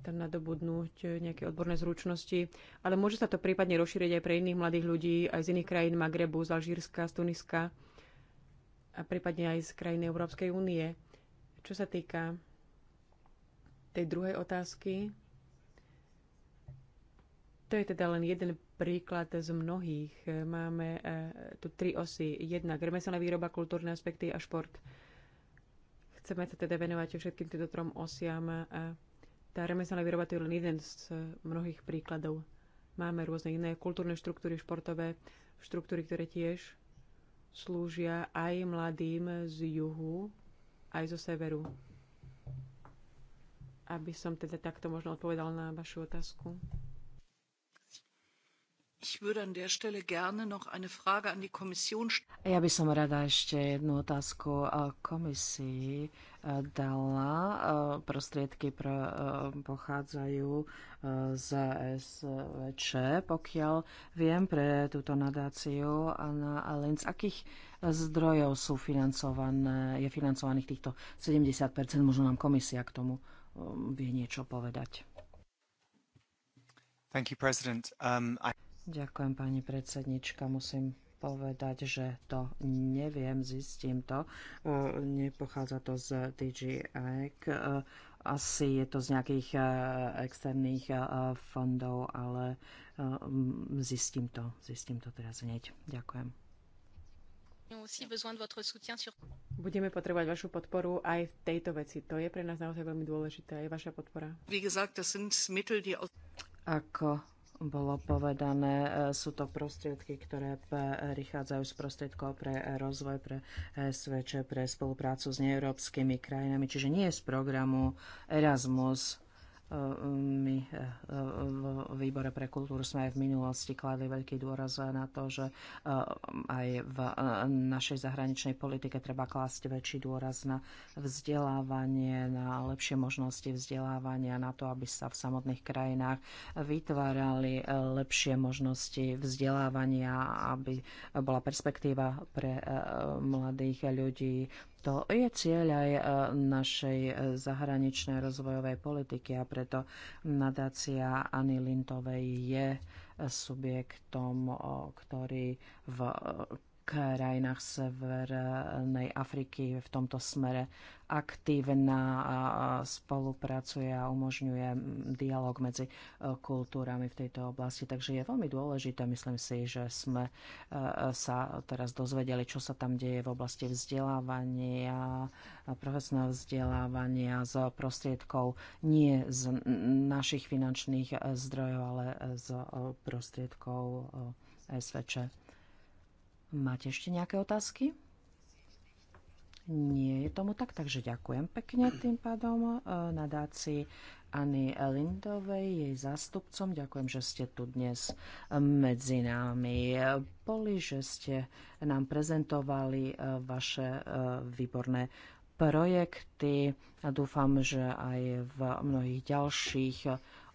tam nadobudnúť nejaké odborné zručnosti, ale môže sa to prípadne rozšíriť aj pre iných mladých ľudí, aj z iných krajín Magrebu, z Alžírska, z Tuniska a prípadne aj z krajiny Európskej únie. Čo sa týka tej druhej otázky, to je teda len jeden príklad z mnohých. Máme e, tu tri osy. Jedna remeselná výroba, kultúrne aspekty a šport. Chceme sa teda venovať všetkým týmto trom osiam. A e, tá remeselná výroba to je len jeden z e, mnohých príkladov. Máme rôzne iné kultúrne štruktúry, športové štruktúry, ktoré tiež slúžia aj mladým z juhu, aj zo severu. Aby som teda takto možno odpovedal na vašu otázku. Ja by som rada ešte jednu otázku komisii e, dala. E, prostriedky pre, e, pochádzajú z SVČ, pokiaľ viem, pre túto nadáciu a na Lens. Akých zdrojov sú financované, je financovaných týchto 70%? Možno nám komisia k tomu vie niečo povedať. Thank you, President. Um, I... Ďakujem, pani predsednička. Musím povedať, že to neviem, zistím to. E, nepochádza to z DG e, Asi je to z nejakých e, externých fondov, ale zistím to. Zistím to teraz hneď. Ďakujem. Budeme potrebovať vašu podporu aj v tejto veci. To je pre nás naozaj veľmi dôležité, Je vaša podpora. Ako bolo povedané, e, sú to prostriedky, ktoré prichádzajú z prostriedkov pre rozvoj, pre e, SVČ, pre spoluprácu s neeurópskymi krajinami, čiže nie z programu Erasmus my eh, v výbore pre kultúru sme aj v minulosti kladli veľký dôraz na to, že eh, aj v eh, našej zahraničnej politike treba klásť väčší dôraz na vzdelávanie, na lepšie možnosti vzdelávania, na to, aby sa v samotných krajinách vytvárali lepšie možnosti vzdelávania, aby bola perspektíva pre mladých ľudí. To je cieľ aj e, našej e, zahraničnej rozvojovej politiky a preto nadácia Ani Lintovej je e, subjektom, ktorý v krajinách Severnej Afriky v tomto smere aktívna a spolupracuje a umožňuje dialog medzi e, kultúrami v tejto oblasti. Takže je veľmi dôležité, myslím si, že sme e, sa teraz dozvedeli, čo sa tam deje v oblasti vzdelávania, profesného vzdelávania z prostriedkov nie z našich finančných e, zdrojov, ale z prostriedkov SVČ. Máte ešte nejaké otázky? Nie je tomu tak, takže ďakujem pekne tým pádom eh, nadácii Ani Lindovej, jej zástupcom. Ďakujem, že ste tu dnes eh, medzi nami eh, boli, že ste nám prezentovali vaše výborné projekty. a Dúfam, že aj v mnohých ďalších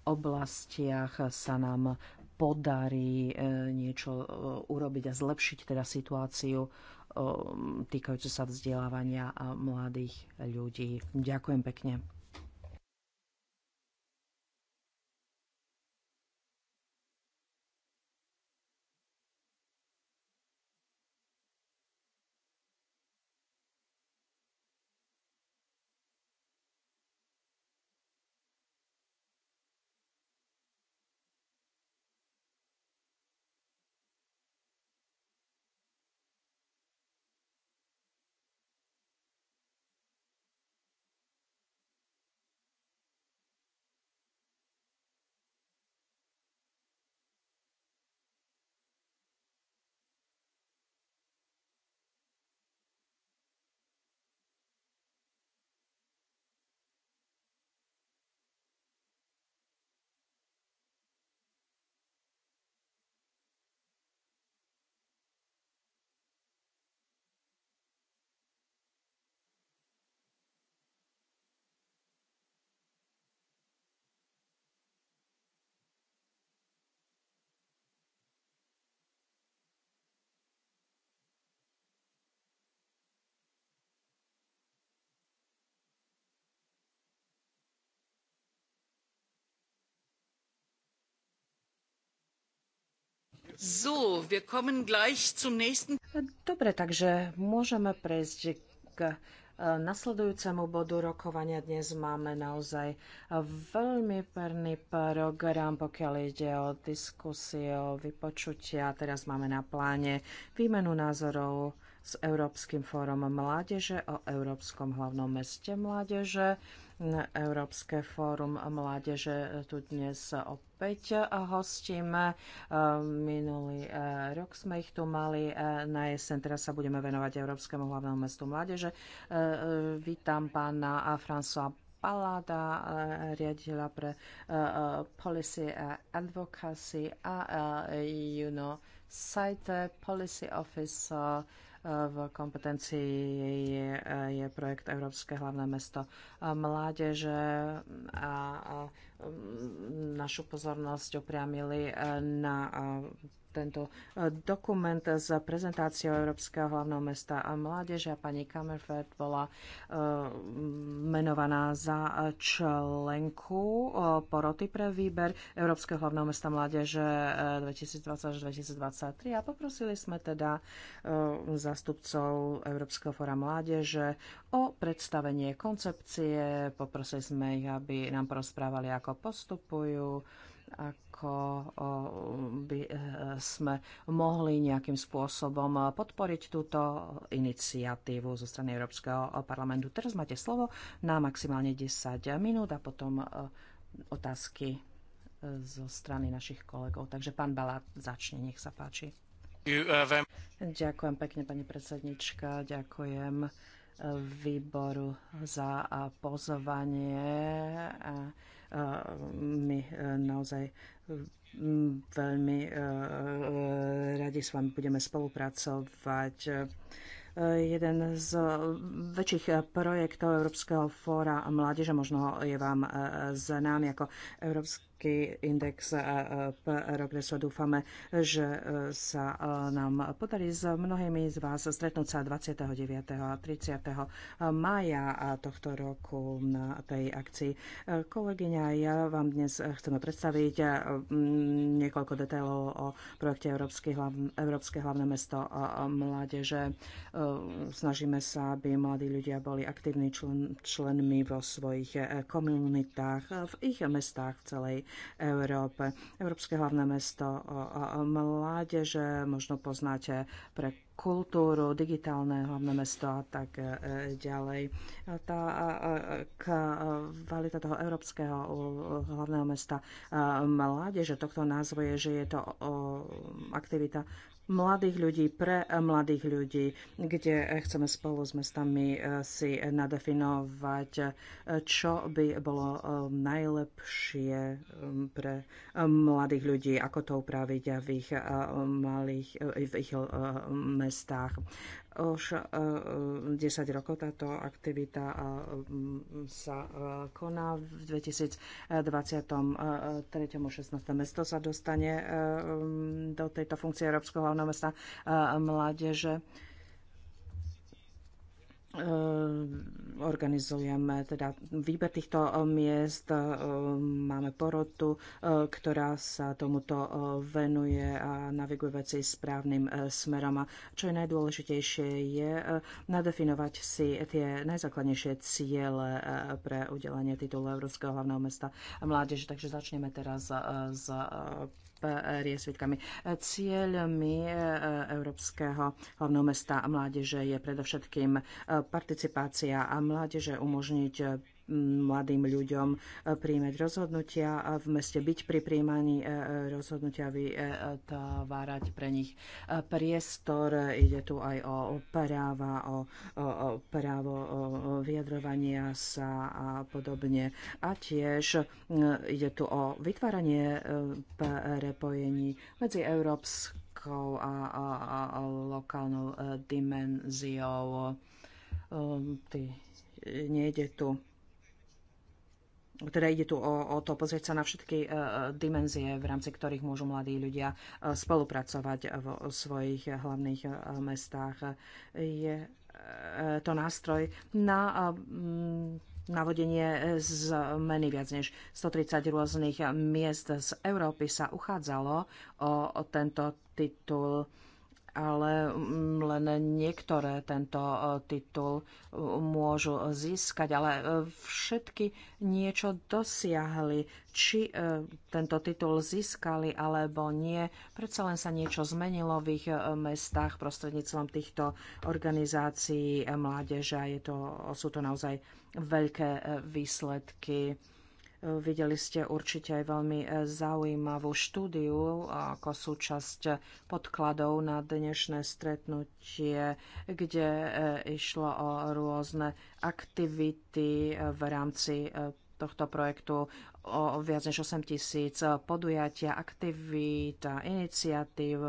oblastiach sa nám podarí e, niečo e, urobiť a zlepšiť teda situáciu e, týkajúce sa vzdelávania mladých ľudí. Ďakujem pekne. Dobre, takže môžeme prejsť k eh, nasledujúcemu bodu rokovania dnes máme naozaj veľmi perný program, pokiaľ ide o diskusie, o vypočutia. Teraz máme na pláne výmenu názorov s Európskym fórom mládeže o Európskom hlavnom meste mládeže. Európske fórum mládeže tu dnes opäť hostíme. Minulý eh, rok sme ich tu mali eh, na jesen, teraz sa budeme venovať Európskemu hlavnému mestu mládeže. Eh, vítam pána François Paláda, riaditeľa pre Policy Advocacy a Juno you know, Site Policy Office v kompetencii je, je projekt Európske hlavné mesto mládeže a našu pozornosť opriamili eh, na eh, tento eh, dokument s prezentáciou Európskeho hlavného mesta a mládeže a pani Kamerfeld bola eh, menovaná za členku eh, poroty pre výber Európskeho hlavného mesta mládeže 2020 až 2023 a poprosili sme teda zástupcov Európskeho fóra mládeže o predstavenie koncepcie, poprosili sme ich, aby nám porozprávali, ako postupujú, ako ako by e, sme mohli nejakým spôsobom podporiť túto iniciatívu zo strany Európskeho parlamentu. Teraz máte slovo na maximálne 10 minút a potom e, otázky e, zo strany našich kolegov. Takže pán Balát, začne, nech sa páči. Ďakujem pekne, pani predsednička. Ďakujem výboru za pozvanie. My naozaj Mm, veľmi e, e, radi s vami budeme spolupracovať e, jeden z väčších projektov Európskeho fóra mládeže, možno je vám známy ako Európsky európsky index progresu. Dúfame, že e, sa e, nám podarí s mnohými z vás stretnúť sa 29. a 30. mája tohto roku na tej akcii. E, kolegyňa, ja vám dnes chceme predstaviť niekoľko detailov o projekte Európske hlavné, Európske hlavné mesto mládeže. Snažíme sa, aby mladí ľudia boli aktívni člen, členmi vo svojich komunitách, v ich mestách v celej Európe. Európske hlavné mesto mládeže, možno poznáte pre kultúru, digitálne hlavné mesto a tak e, ďalej. Tá kvalita toho európskeho hlavného mesta mládeže tohto názvu je, že je to aktivita mladých ľudí pre mladých ľudí, kde eh, chceme spolu s mestami eh, si nadefinovať, eh, čo by bolo najlepšie pre mladých ľudí, ako to upraviť v ich malých, v ich mestách. Už 10 e, e, rokov táto aktivita e, sa koná. V 2023. 16. mesto sa dostane do tejto funkcie Európskeho hlavného mesta mládeže. Ehm, organizujeme teda výber týchto eh, miest, eh, máme porotu, eh, ktorá sa tomuto venuje a naviguje veci správnym smerom. A čo je najdôležitejšie je nadefinovať si tie najzákladnejšie ciele pre udelenie titulu Európskeho hlavného mesta mládeže. Takže začneme teraz s priesvitkami. Cieľmi e, Európskeho hlavného mesta mládeže je predovšetkým e, participácia a mládeže umožniť mladým ľuďom e, príjmať rozhodnutia a v meste byť pri príjmaní e, e, rozhodnutia vytvárať pre nich priestor. Ide tu aj o práva, o, o, o právo vyjadrovania sa a podobne. A tiež ide tu o vytváranie prepojení medzi európskou a, a, a lokálnou dimenziou. Ty, nejde tu teda ide tu o, o to pozrieť sa na všetky e, e, dimenzie, v rámci ktorých môžu mladí ľudia e, spolupracovať v svojich hlavných mestách. Je to nástroj na navodenie zmeny viac než 130 rôznych miest z Európy sa uchádzalo o tento titul ale mm, len niektoré tento e, titul e, môžu získať, ale e, všetky niečo dosiahli. Či tento titul získali alebo nie, predsa len sa niečo zmenilo v ich mestách prostredníctvom týchto organizácií mládeže a je to, sú to naozaj veľké výsledky. Videli ste určite aj veľmi e, zaujímavú štúdiu e, ako súčasť podkladov na dnešné stretnutie, kde e, išlo o rôzne aktivity v rámci tohto projektu o viac než 8 tisíc podujatia, aktivít a iniciatív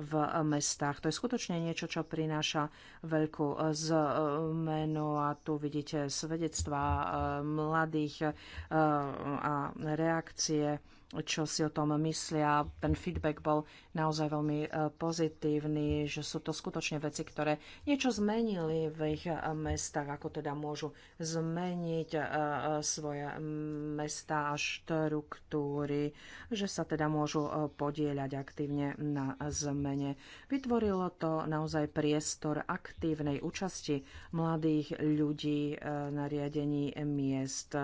v mestách. To je skutočne niečo, čo prináša veľkú zmenu a tu vidíte svedectvá eh, mladých eh, a reakcie čo si o tom myslia. Ten feedback bol naozaj veľmi e, pozitívny, že sú to skutočne veci, ktoré niečo zmenili v ich e, mestách, ako teda môžu zmeniť e, svoje mesta a štruktúry, že sa teda môžu podieľať aktívne na zmene. Vytvorilo to naozaj priestor aktívnej účasti mladých ľudí na riadení miest.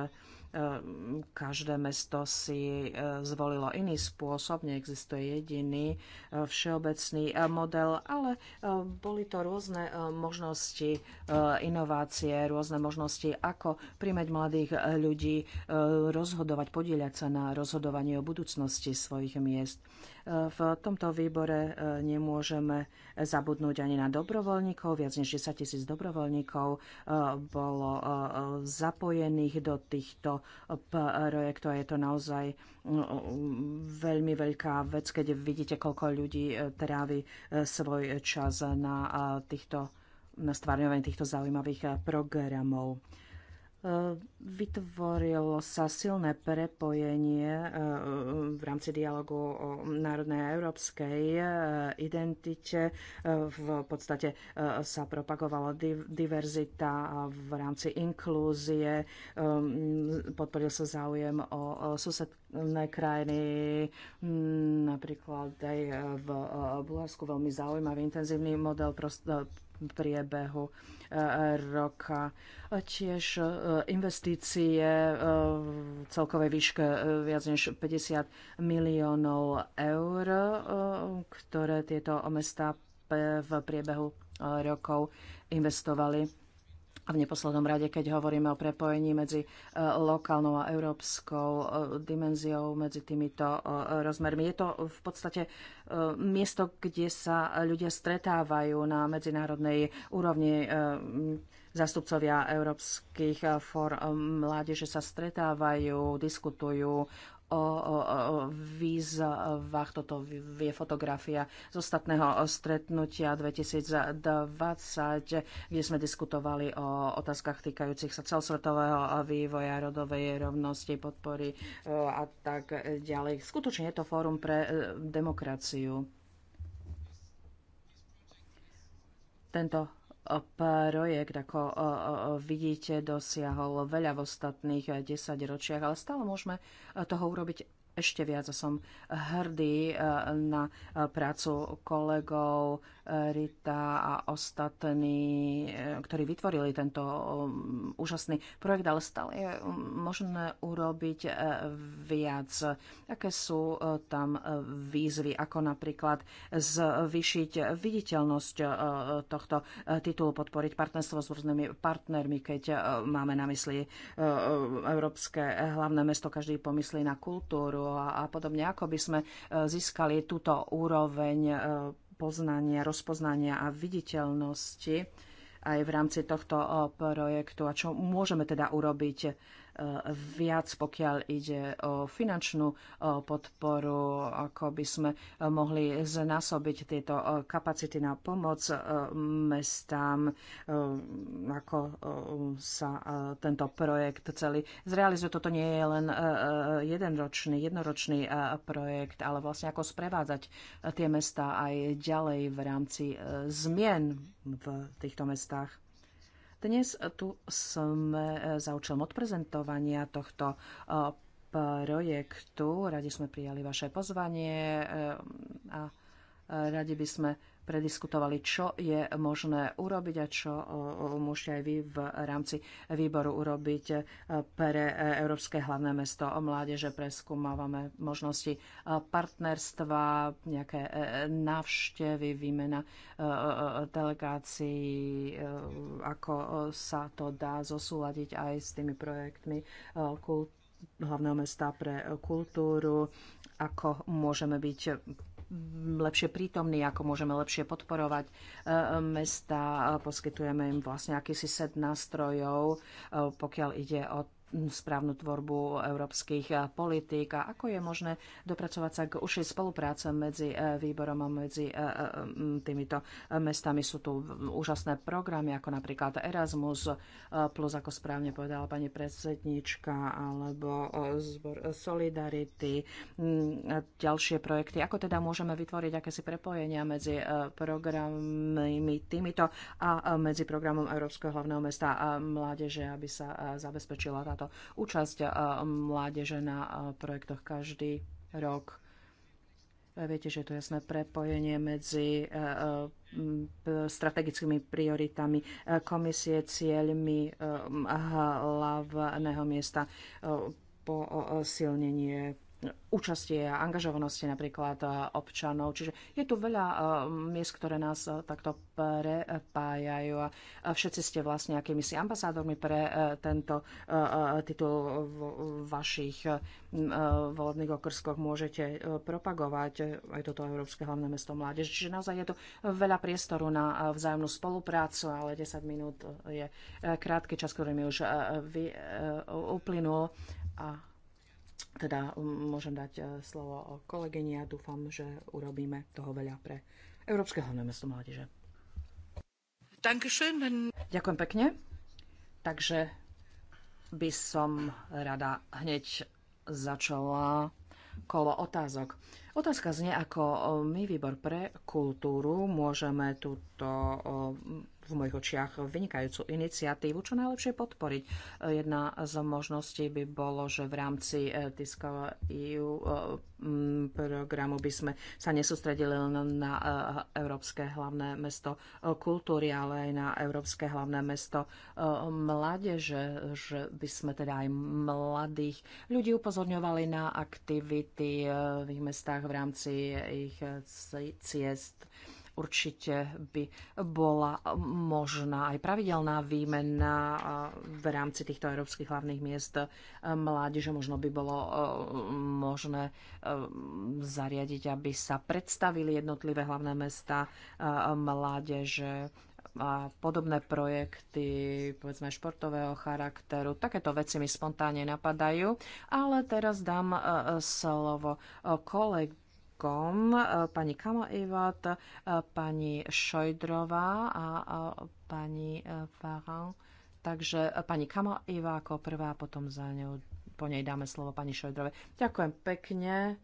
Ehm, každé mesto si e, zvolilo iný spôsob, neexistuje jediný e, všeobecný e, model, ale boli to rôzne možnosti inovácie, rôzne možnosti, ako primeť mladých ľudí rozhodovať, podieľať sa na rozhodovaní o budúcnosti svojich miest v tomto výbore e, nemôžeme zabudnúť ani na dobrovoľníkov. Viac než 10 tisíc dobrovoľníkov e, bolo e, zapojených do týchto projektov je to naozaj veľmi veľká vec, keď vidíte, koľko ľudí trávi svoj čas na týchto na stvárňovanie týchto zaujímavých programov. Vytvorilo sa silné prepojenie e, v rámci dialogu o národnej a európskej e, identite. E, v podstate sa propagovala diverzita v rámci inklúzie, podporil sa záujem o susedné krajiny, napríklad aj v Bulharsku veľmi zaujímavý intenzívny model priebehu e, roka. Tiež e, investície e, v celkovej výške viac než 50 miliónov eur, ktoré tieto mesta v priebehu rokov investovali. A v neposlednom rade, keď hovoríme o prepojení medzi e, lokálnou a európskou e, dimenziou, medzi týmito e, rozmermi, je to v podstate miesto, kde sa ľudia stretávajú na medzinárodnej úrovni zastupcovia európskych for mládeže sa stretávajú, diskutujú o, o, o výzvach. Toto je fotografia z ostatného stretnutia 2020, kde sme diskutovali o otázkach týkajúcich sa celosvetového vývoja, rodovej rovnosti, podpory e, a tak ďalej. Skutočne je to fórum pre e, demokraciu. Tento projekt, ako vidíte, dosiahol veľa v ostatných eh, desaťročiach, ale stále môžeme eh, toho urobiť ešte viac. Som hrdý e, na e, prácu kolegov e, Rita a ostatní, ktorí vytvorili tento um, úžasný projekt, ale stále je um, možné urobiť viac. Aké sú tam výzvy, ako napríklad zvyšiť viditeľnosť tohto titulu, podporiť partnerstvo s rôznymi partnermi, keď máme na mysli Európske hlavné mesto, každý pomyslí na kultúru, a, a podobne. Ako by sme e, získali túto úroveň e, poznania, rozpoznania a viditeľnosti aj v rámci tohto e, projektu a čo môžeme teda urobiť viac, pokiaľ ide o finančnú podporu, ako by sme mohli znásobiť tieto kapacity na pomoc mestám, ako sa tento projekt celý zrealizuje. Toto nie je len jedenročný, jednoročný projekt, ale vlastne ako sprevádzať tie mesta aj ďalej v rámci zmien v týchto mestách. Dnes tu sme e, za účelom odprezentovania tohto e, projektu. Radi sme prijali vaše pozvanie e, a radi by sme prediskutovali, čo je možné urobiť a čo e, môžete aj vy v rámci výboru urobiť e, pre e, Európske hlavné mesto o mládeže. Preskúmávame možnosti partnerstva, nejaké návštevy, výmena delegácií, ako sa to dá zosúľadiť aj s tými projektmi hlavného mesta pre kultúru, ako môžeme byť lepšie prítomní, ako môžeme lepšie podporovať e, mesta. Poskytujeme im vlastne akýsi set nástrojov, e, pokiaľ ide o správnu tvorbu európskych eh, politík a ako je možné dopracovať sa k užšej spolupráce medzi eh, výborom a medzi eh, mm, týmito mestami. Sú tu úžasné programy, ako napríklad Erasmus, plus ako správne povedala pani predsednička, alebo zbor Solidarity, mm, ďalšie projekty. Ako teda môžeme vytvoriť akési prepojenia medzi programmi týmito a medzi programom Európskeho hlavného mesta a mládeže, aby sa zabezpečila táto to účasť mládeže na projektoch každý rok. E, viete, že je to jasné prepojenie medzi e, e, strategickými prioritami komisie, cieľmi hlavného miesta silnenie účasti a angažovanosti napríklad eh, občanov. Čiže je tu veľa eh, miest, ktoré nás eh, takto prepájajú a všetci ste vlastne akými si ambasádormi pre tento titul v vašich volebných okrskoch môžete propagovať aj toto Európske hlavné mesto mládež. Čiže naozaj je tu veľa priestoru na vzájomnú spoluprácu, ale 10 minút je krátky čas, ktorý mi už uplynul. A teda um, môžem dať e, slovo kolegyni a dúfam, že urobíme toho veľa pre Európske hlavné mesto mládeže. Ďakujem pekne. Takže by som rada hneď začala kolo otázok. Otázka znie, ako e, my, výbor pre kultúru, môžeme túto e, v mojich očiach vynikajúcu iniciatívu, čo najlepšie podporiť. Jedna z možností by bolo, že v rámci Discover eh, EU eh, mm, programu by sme sa nesústredili len na eh, Európske hlavné mesto kultúry, ale aj na Európske hlavné mesto mládeže, že by sme teda aj mladých ľudí upozorňovali na aktivity v ich mestách v rámci ich ciest Určite by bola možná aj pravidelná výmena v rámci týchto európskych hlavných miest mládeže. Možno by bolo možné zariadiť, aby sa predstavili jednotlivé hlavné mesta mládeže, a podobné projekty, povedzme športového charakteru. Takéto veci mi spontánne napadajú, ale teraz dám slovo kolegu Ruskom, eh, pani Kamoivot, eh, pani Šojdrová a pani eh, Faran. Takže pani Iva ako prvá, potom za ňou, po nej dáme slovo pani Šojdrove. Ďakujem pekne.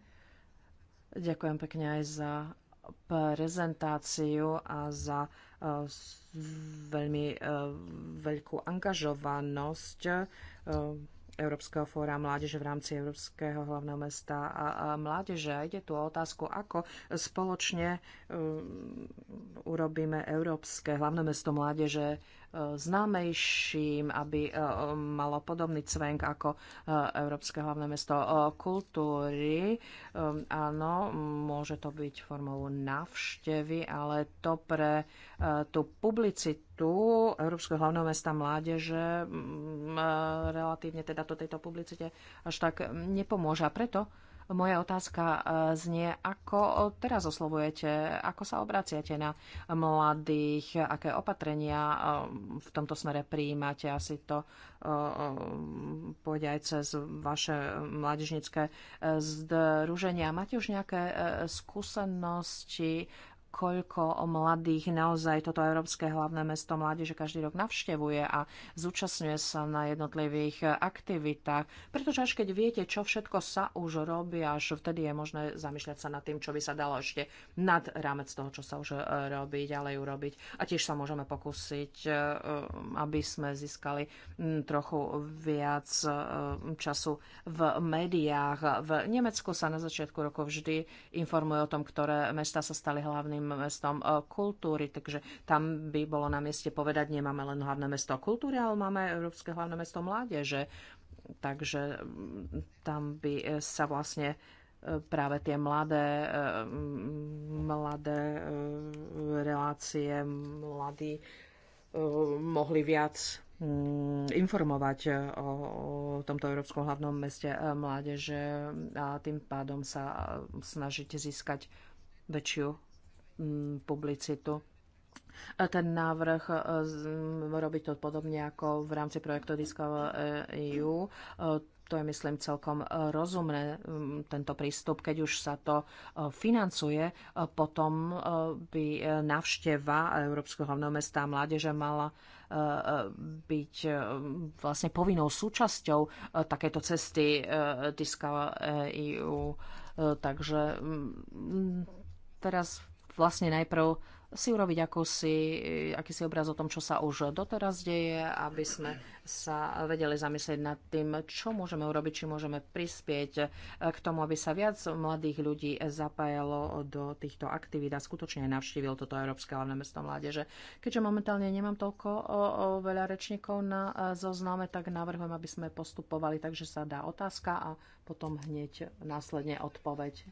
Ďakujem pekne aj za prezentáciu a za veľmi veľkú angažovanosť Európskeho fóra mládeže v rámci Európskeho hlavného mesta a mládeže. A ide tu o otázku, ako spoločne um, urobíme Európske hlavné mesto mládeže známejším, aby e, malo podobný cvenk ako e, Európske hlavné mesto e, kultúry. Áno, môže to byť formou návštevy, ale to pre tú publicitu tu Európskeho hlavného mesta mládeže relatívne teda to tejto publicite až tak nepomôže. A preto moja otázka e, znie, ako teraz oslovujete, ako sa obraciate na mladých, aké opatrenia e, v tomto smere prijímate. Asi to e, pôjde aj cez vaše mládežnické združenia. Máte už nejaké skúsenosti koľko mladých naozaj toto Európske hlavné mesto mládeže každý rok navštevuje a zúčastňuje sa na jednotlivých aktivitách. Pretože až keď viete, čo všetko sa už robí, až vtedy je možné zamýšľať sa nad tým, čo by sa dalo ešte nad rámec toho, čo sa už robí, ďalej urobiť. A tiež sa môžeme pokúsiť, e, aby sme získali trochu viac e, času v médiách. V Nemecku sa na začiatku rokov vždy informuje o tom, ktoré mesta sa stali hlavným mestom eh, kultúry, takže tam by bolo na mieste povedať, nemáme len hlavné mesto kultúry, ale máme Európske hlavné mesto mládeže. Takže mm, tam by eh, sa vlastne eh, práve tie mladé, mladé relácie, mladí mohli viac mm, informovať o, tomto Európskom hlavnom meste mládeže a tým pádom sa snažiť získať väčšiu Mm, publicitu. Ten návrh e, robí to podobne ako v rámci projektu Discover EU. E e, to je, myslím, celkom rozumné, mm, tento prístup. Keď už sa to financuje, potom by návšteva Európskeho hlavného mesta a mládeže mala byť vlastne povinnou súčasťou takéto cesty Discover EU. Takže mm, teraz vlastne najprv si urobiť akúsi, akýsi obraz o tom, čo sa už doteraz deje, aby sme sa vedeli zamyslieť nad tým, čo môžeme urobiť, či môžeme prispieť eh, k tomu, aby sa viac mladých ľudí zapájalo do týchto aktivít a skutočne aj navštívil toto Európske hlavné mesto mládeže. Keďže momentálne nemám toľko o, eh, o eh, veľa rečníkov na zozname, tak navrhujem, aby sme postupovali, takže sa dá otázka a potom hneď následne odpoveď.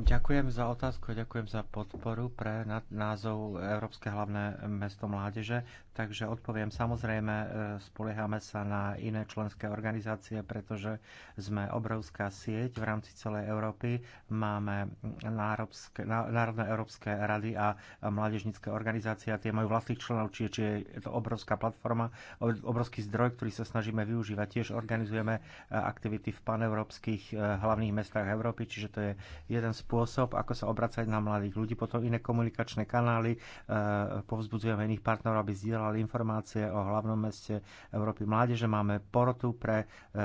Ďakujem za otázku, ďakujem za podporu pre názov Európske hlavné mesto mládeže takže odpoviem samozrejme, e, spoliehame sa na iné členské organizácie, pretože sme obrovská sieť v rámci celej Európy. Máme národské, Národné európske rady a mládežnícke organizácie a tie majú vlastných členov, čiže či je to obrovská platforma, obrovský zdroj, ktorý sa snažíme využívať. Tiež organizujeme e, aktivity v paneurópskych e, hlavných mestách Európy, čiže to je jeden spôsob, ako sa obracať na mladých ľudí. Potom iné komunikačné kanály, povzbudzujeme iných partnerov, aby zdieľali posielali informácie o hlavnom meste Európy mládeže. Máme porotu pre e, e,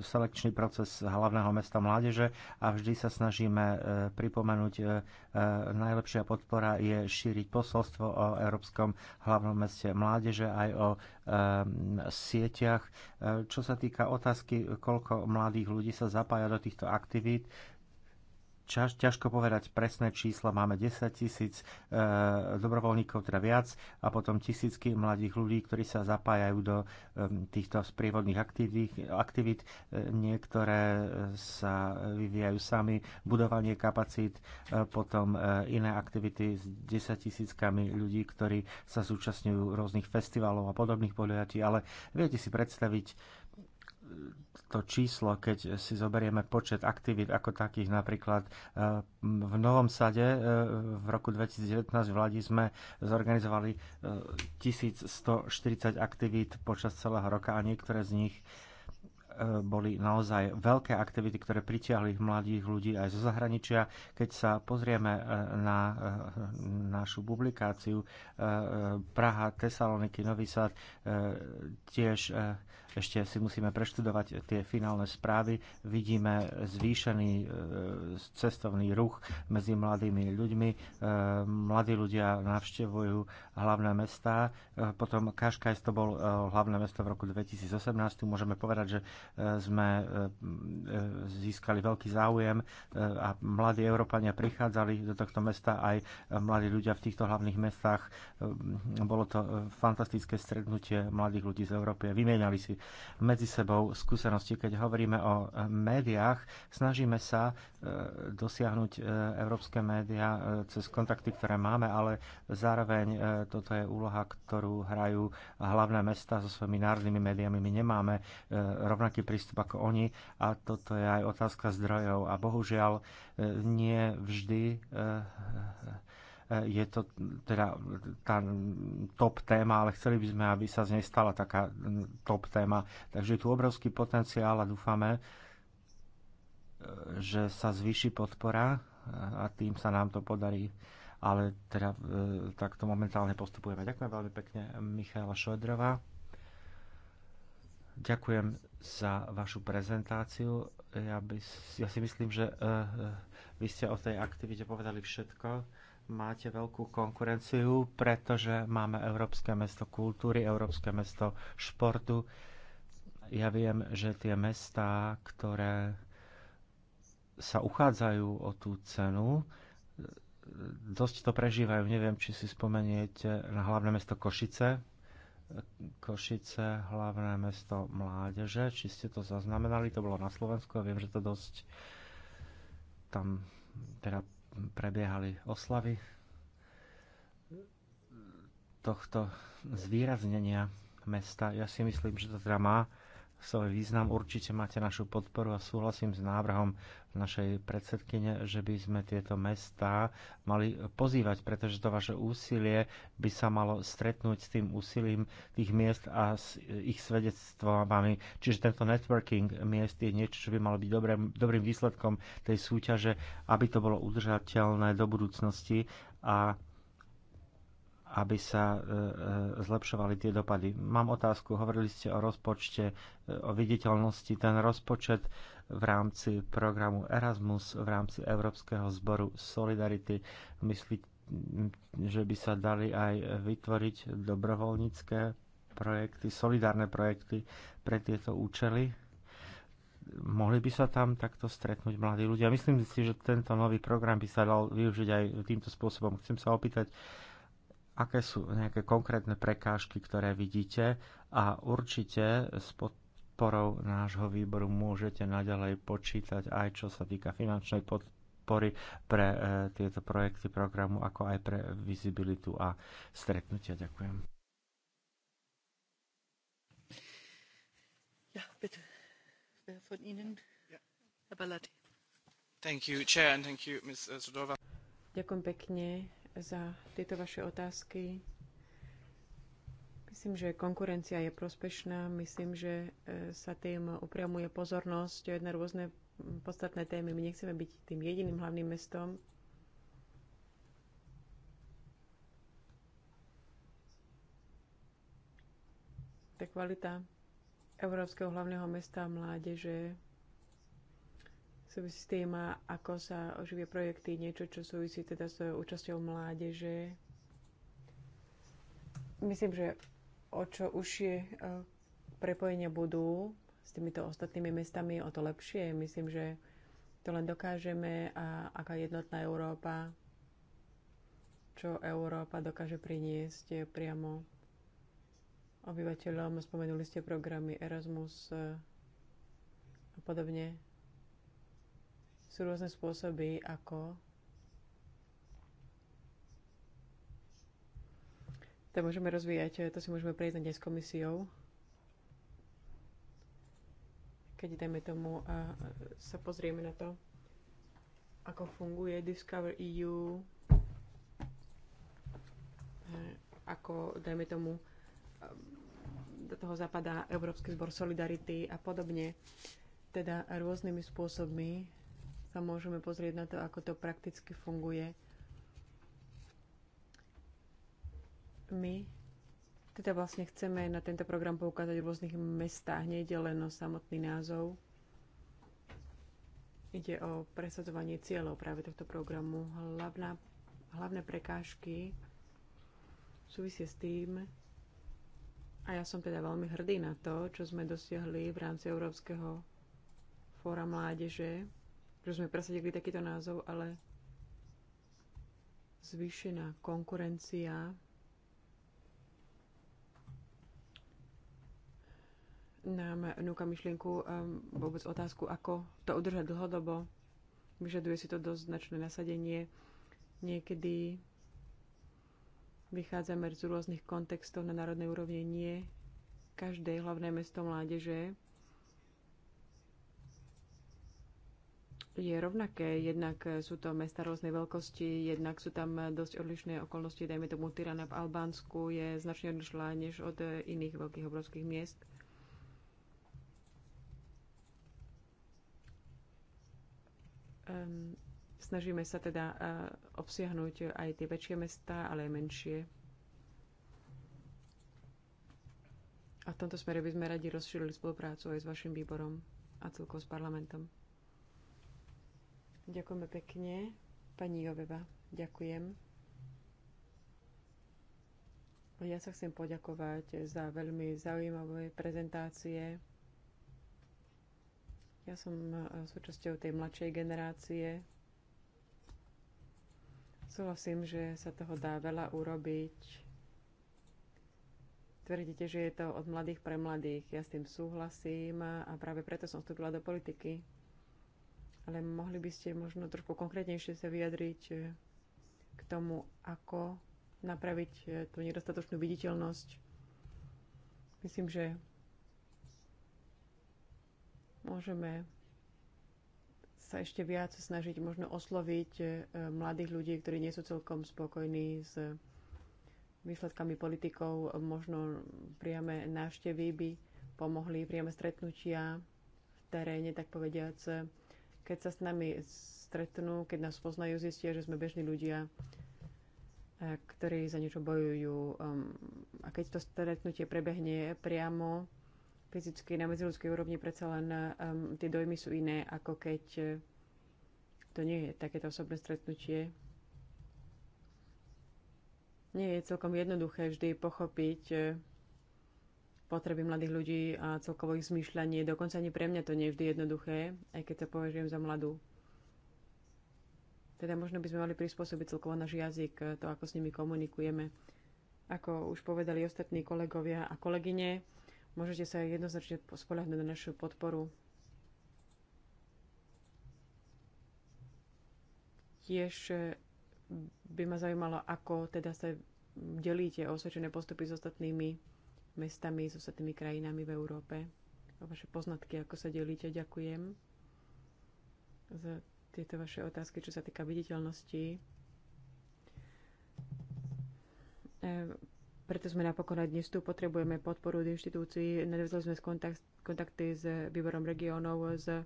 selekčný proces hlavného mesta mládeže a vždy sa snažíme e, pripomenúť, najlepšia podpora je šíriť posolstvo o Európskom hlavnom meste mládeže aj o sieťach. Čo sa týka otázky, koľko mladých ľudí sa zapája do týchto aktivít, čaž, ťažko povedať presné čísla. Máme 10 tisíc e, dobrovoľníkov, teda viac, a potom tisícky mladých ľudí, ktorí sa zapájajú do e, týchto sprievodných aktivít. aktivít. E, niektoré e, sa vyvíjajú sami, budovanie kapacít, e, potom e, iné aktivity s 10 tisíckami ľudí, ktorí sa zúčastňujú rôznych festivalov a podobných podujatí. Ale viete si predstaviť, to číslo, keď si zoberieme počet aktivít ako takých. Napríklad e, v Novom Sade e, v roku 2019 v Ladi sme zorganizovali 1140 e, aktivít počas celého roka a niektoré z nich boli naozaj veľké aktivity, ktoré pritiahli mladých ľudí aj zo zahraničia. Keď sa pozrieme na našu publikáciu Praha, Tesaloniky, Nový Sad, tiež ešte si musíme preštudovať tie finálne správy. Vidíme zvýšený e, cestovný ruch medzi mladými ľuďmi. E, mladí ľudia navštevujú hlavné mesta. E, potom Kaškajs to bol hlavné mesto v roku 2018. môžeme povedať, že sme získali veľký záujem a mladí Európania prichádzali do tohto mesta aj mladí ľudia v týchto hlavných mestách. Bolo to fantastické stretnutie mladých ľudí z Európy. Vymieniali si medzi sebou skúsenosti. Keď hovoríme o e, médiách, snažíme sa e, dosiahnuť e, európske médiá cez kontakty, ktoré máme, ale zároveň toto je úloha, ktorú hrajú hlavné mesta so svojimi národnými médiami. My nemáme rovnaký prístup ako oni a toto je aj otázka zdrojov. A bohužiaľ nie vždy E, je to teda tá top téma, ale chceli by sme, aby sa z nej stala taká top téma. Takže je tu obrovský potenciál a dúfame, e, že sa zvýši podpora e, a tým sa nám to podarí. Ale teda takto momentálne postupujeme. Ďakujem veľmi pekne Michála Šodrová. Ďakujem za vašu prezentáciu. Ja, by, ja si myslím, že vy ste o tej aktivite povedali všetko máte veľkú konkurenciu, pretože máme Európske mesto kultúry, Európske mesto športu. Ja viem, že tie mestá, ktoré sa uchádzajú o tú cenu, dosť to prežívajú. Neviem, či si spomeniete na hlavné mesto Košice. Košice, hlavné mesto mládeže. Či ste to zaznamenali? To bolo na Slovensku a viem, že to dosť tam teda prebiehali oslavy tohto zvýraznenia mesta. Ja si myslím, že to teda má svoj význam. Určite máte našu podporu a súhlasím s návrhom našej predsedkyne, že by sme tieto mestá mali pozývať, pretože to vaše úsilie by sa malo stretnúť s tým úsilím tých miest a s ich svedectvami. Čiže tento networking miest je niečo, čo by malo byť dobrým, dobrým výsledkom tej súťaže, aby to bolo udržateľné do budúcnosti a aby sa e, e, zlepšovali tie dopady. Mám otázku, hovorili ste o rozpočte, e, o viditeľnosti. Ten rozpočet v rámci programu Erasmus, v rámci Európskeho zboru Solidarity, myslíte, že by sa dali aj vytvoriť dobrovoľnícke projekty, solidárne projekty pre tieto účely? mohli by sa tam takto stretnúť mladí ľudia. Myslím si, že tento nový program by sa dal využiť aj týmto spôsobom. Chcem sa opýtať, aké sú nejaké konkrétne prekážky, ktoré vidíte a určite s podporou nášho výboru môžete naďalej počítať aj čo sa týka finančnej podpory pre e, tieto projekty programu, ako aj pre vizibilitu a stretnutia. Ďakujem. Ja, bitte. von Ihnen? Ja. Herr Thank you, Chair, and thank you, Ms. Zudova. Uh, Ďakujem pekne za tieto vaše otázky. Myslím, že konkurencia je prospešná. Myslím, že e, sa tým upriamuje pozornosť na rôzne podstatné témy. My nechceme byť tým jediným hlavným mestom, tá kvalita Európskeho hlavného mesta mládeže súvisí s tým, ako sa oživie projekty, niečo, čo súvisí teda s účasťou mládeže. Myslím, že o čo užšie e, prepojenia budú s týmito ostatnými mestami, o to lepšie. Myslím, že to len dokážeme a aká jednotná Európa, čo Európa dokáže priniesť priamo obyvateľom. Spomenuli ste programy Erasmus e, a podobne sú rôzne spôsoby, ako to môžeme rozvíjať. To si môžeme prejsť dnes s komisiou. Keď, dajme tomu, a sa pozrieme na to, ako funguje Discover EU, e, ako, dajme tomu, do toho zapadá Európsky zbor Solidarity a podobne. Teda rôznymi spôsobmi sa môžeme pozrieť na to, ako to prakticky funguje. My teda vlastne chceme na tento program poukázať v rôznych mestách, nejde len o samotný názov. Ide o presadzovanie cieľov práve tohto programu. Hlavná, hlavné prekážky súvisie s tým, a ja som teda veľmi hrdý na to, čo sme dosiahli v rámci Európskeho fóra mládeže, že sme presadili takýto názov, ale zvýšená konkurencia nám núka myšlienku um, vôbec otázku, ako to udržať dlhodobo. Vyžaduje si to dosť značné nasadenie. Niekedy vychádzame z rôznych kontextov na národnej úrovni. Nie každé hlavné mesto mládeže je rovnaké. Jednak sú to mesta rôznej veľkosti, jednak sú tam dosť odlišné okolnosti. Dajme tomu Tirana v Albánsku je značne odlišná než od iných veľkých obrovských miest. Um, snažíme sa teda uh, obsiahnuť aj tie väčšie mesta, ale aj menšie. A v tomto smere by sme radi rozšírili spoluprácu aj s vašim výborom a celkovo s parlamentom. Ďakujeme pekne. Pani Joveva, ďakujem. Ja sa chcem poďakovať za veľmi zaujímavé prezentácie. Ja som eh, súčasťou tej mladšej generácie. Súhlasím, že sa toho dá veľa urobiť. Tvrdíte, že je to od mladých pre mladých. Ja s tým súhlasím a práve preto som vstúpila do politiky ale mohli by ste možno trošku konkrétnejšie sa vyjadriť e, k tomu, ako napraviť e, tú nedostatočnú viditeľnosť. Myslím, že môžeme sa ešte viac snažiť možno osloviť e, mladých ľudí, ktorí nie sú celkom spokojní s výsledkami politikov, možno priame návštevy by pomohli, priame stretnutia v teréne, tak povediať. Keď sa s nami stretnú, keď nás poznajú, zistia, že sme bežní ľudia, ktorí za niečo bojujú. Um, a keď to stretnutie prebehne priamo, fyzicky na medziludskej úrovni predsa len um, tie dojmy sú iné, ako keď e, to nie je takéto osobné stretnutie. Nie je celkom jednoduché vždy pochopiť e, potreby mladých ľudí a celkovo ich zmýšľanie. Dokonca ani pre mňa to nie je vždy jednoduché, aj keď sa považujem za mladú. Teda možno by sme mali prispôsobiť celkovo náš jazyk, e, to, ako s nimi komunikujeme. Ako už povedali ostatní kolegovia a kolegyne, môžete sa jednoznačne spolahnuť na našu podporu. Tiež e, by ma zaujímalo, ako teda sa delíte osvedčené postupy s ostatnými mestami, s ostatnými krajinami v Európe. O vaše poznatky, ako sa delíte, ďakujem za tieto vaše otázky, čo sa týka viditeľnosti. E, preto sme napokon aj dnes tu, potrebujeme podporu od inštitúcií. Nadvezli sme kontakt, kontakty s výborom regiónov, s, e,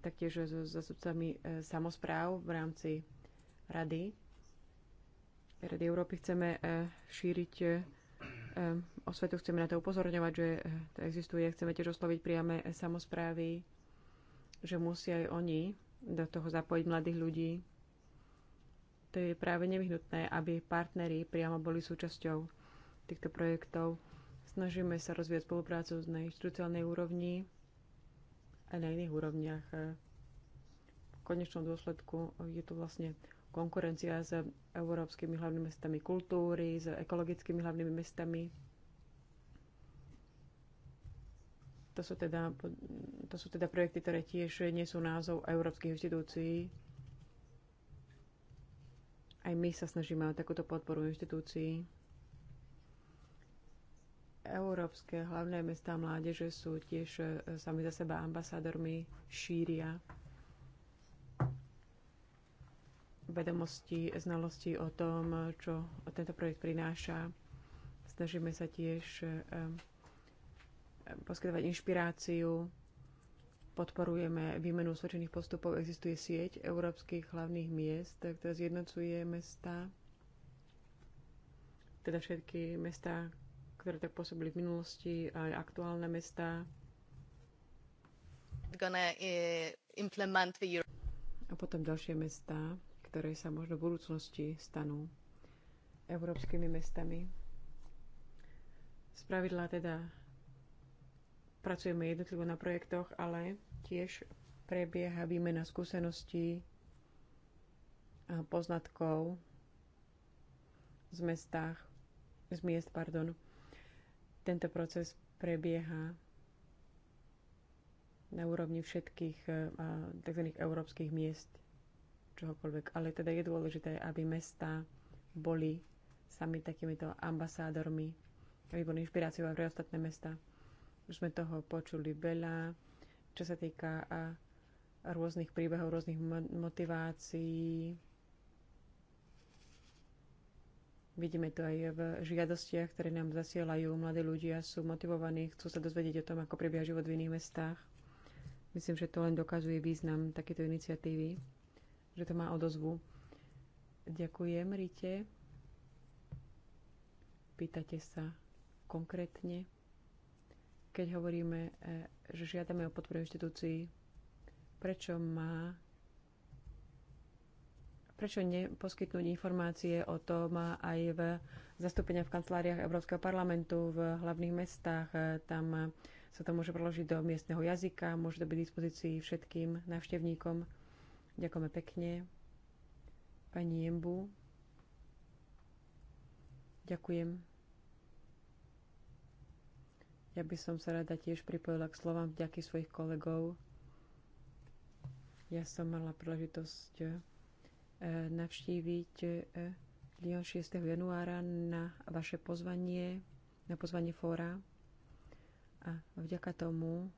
taktiež s zastupcami e, samozpráv v rámci rady. Rady Európy chceme šíriť O svetu chceme na to upozorňovať, že eh, to existuje, chceme tiež osloviť priame samozprávy, že musia aj oni do toho zapojiť mladých ľudí. To je práve nevyhnutné, aby partneri priamo boli súčasťou týchto projektov. Snažíme sa rozvíjať spoluprácu na inštitucionálnej úrovni a na iných úrovniach. V konečnom dôsledku je to vlastne konkurencia s európskymi hlavnými mestami kultúry, s ekologickými hlavnými mestami. To sú, teda, to sú teda projekty, ktoré tiež nie sú názov európskych inštitúcií. Aj my sa snažíme o takúto podporu inštitúcií. Európske hlavné mestá mládeže sú tiež e, sami za seba ambasádormi, šíria vedomosti, znalosti o tom, čo tento projekt prináša. Snažíme sa tiež eh, eh, poskytovať inšpiráciu, podporujeme výmenu osvedčených postupov, existuje sieť európskych hlavných miest, ktorá zjednocuje mesta, teda všetky mesta, ktoré tak pôsobili v minulosti, aj aktuálne mesta. Eh, A potom ďalšie mesta ktoré sa možno v budúcnosti stanú európskymi mestami. Spravidla teda pracujeme jednotlivo na projektoch, ale tiež prebieha výmena skúseností a poznatkov z mestách, z miest, pardon. Tento proces prebieha na úrovni všetkých eh, tzv. európskych miest čohokoľvek. Ale teda je dôležité, aby mesta boli sami takýmito ambasádormi, aby boli inšpiráciou pre ostatné mesta. Už sme toho počuli veľa, čo sa týka rôznych príbehov, rôznych motivácií. Vidíme to aj v žiadostiach, ktoré nám zasielajú. Mladí ľudia sú motivovaní, chcú sa dozvedieť o tom, ako prebieha život v iných mestách. Myslím, že to len dokazuje význam takéto iniciatívy že to má odozvu. Ďakujem, Rite. Pýtate sa konkrétne, keď hovoríme, e, že žiadame o podporu inštitúcií, prečo má prečo neposkytnúť informácie o tom aj v zastúpenia v kanceláriách Európskeho parlamentu v hlavných mestách. E, tam sa to môže preložiť do miestneho jazyka, môže to byť dispozícii všetkým návštevníkom. Ďakujeme pekne. Pani Jembu. Ďakujem. Ja by som sa rada tiež pripojila k slovám vďaky svojich kolegov. Ja som mala príležitosť e, navštíviť e, Lyon 6. januára na vaše pozvanie, na pozvanie fóra. A vďaka tomu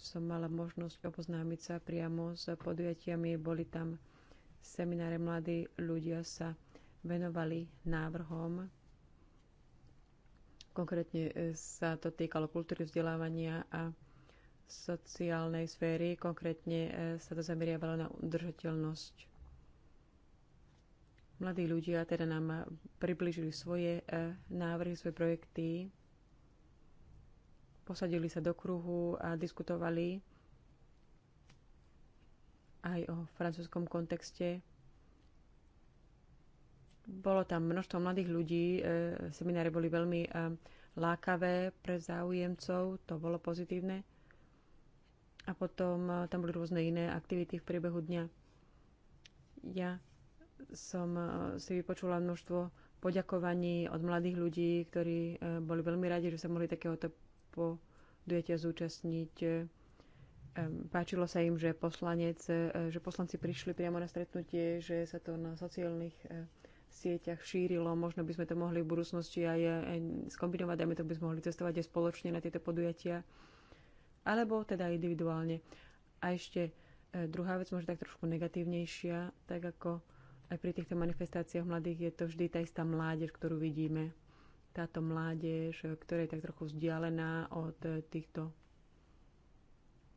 som mala možnosť oboznámiť sa priamo s podujatiami. Boli tam semináre mladí ľudia sa venovali návrhom. Konkrétne e, sa to týkalo kultúry vzdelávania a sociálnej sféry. Konkrétne e, sa to zameriavalo na udržateľnosť. Mladí ľudia teda nám priblížili svoje e, návrhy, svoje projekty posadili sa do kruhu a diskutovali aj o francúzskom kontexte. Bolo tam množstvo mladých ľudí, e, semináre boli veľmi e, lákavé pre záujemcov, to bolo pozitívne. A potom e, tam boli rôzne iné aktivity v priebehu dňa. Ja som si vypočula množstvo poďakovaní od mladých ľudí, ktorí boli veľmi radi, že sa mohli takéhoto podujatia zúčastniť. Páčilo sa im, že, poslanec, e, že poslanci prišli priamo na stretnutie, že sa to na sociálnych e, sieťach šírilo. Možno by sme to mohli v budúcnosti aj, aj e, skombinovať, aby to by sme mohli cestovať aj spoločne na tieto podujatia, alebo teda individuálne. A ešte druhá vec, možno tak trošku negatívnejšia, tak ako aj pri týchto manifestáciách mladých je to vždy tá istá mládež, ktorú vidíme táto mládež, ktorá je tak trochu vzdialená od týchto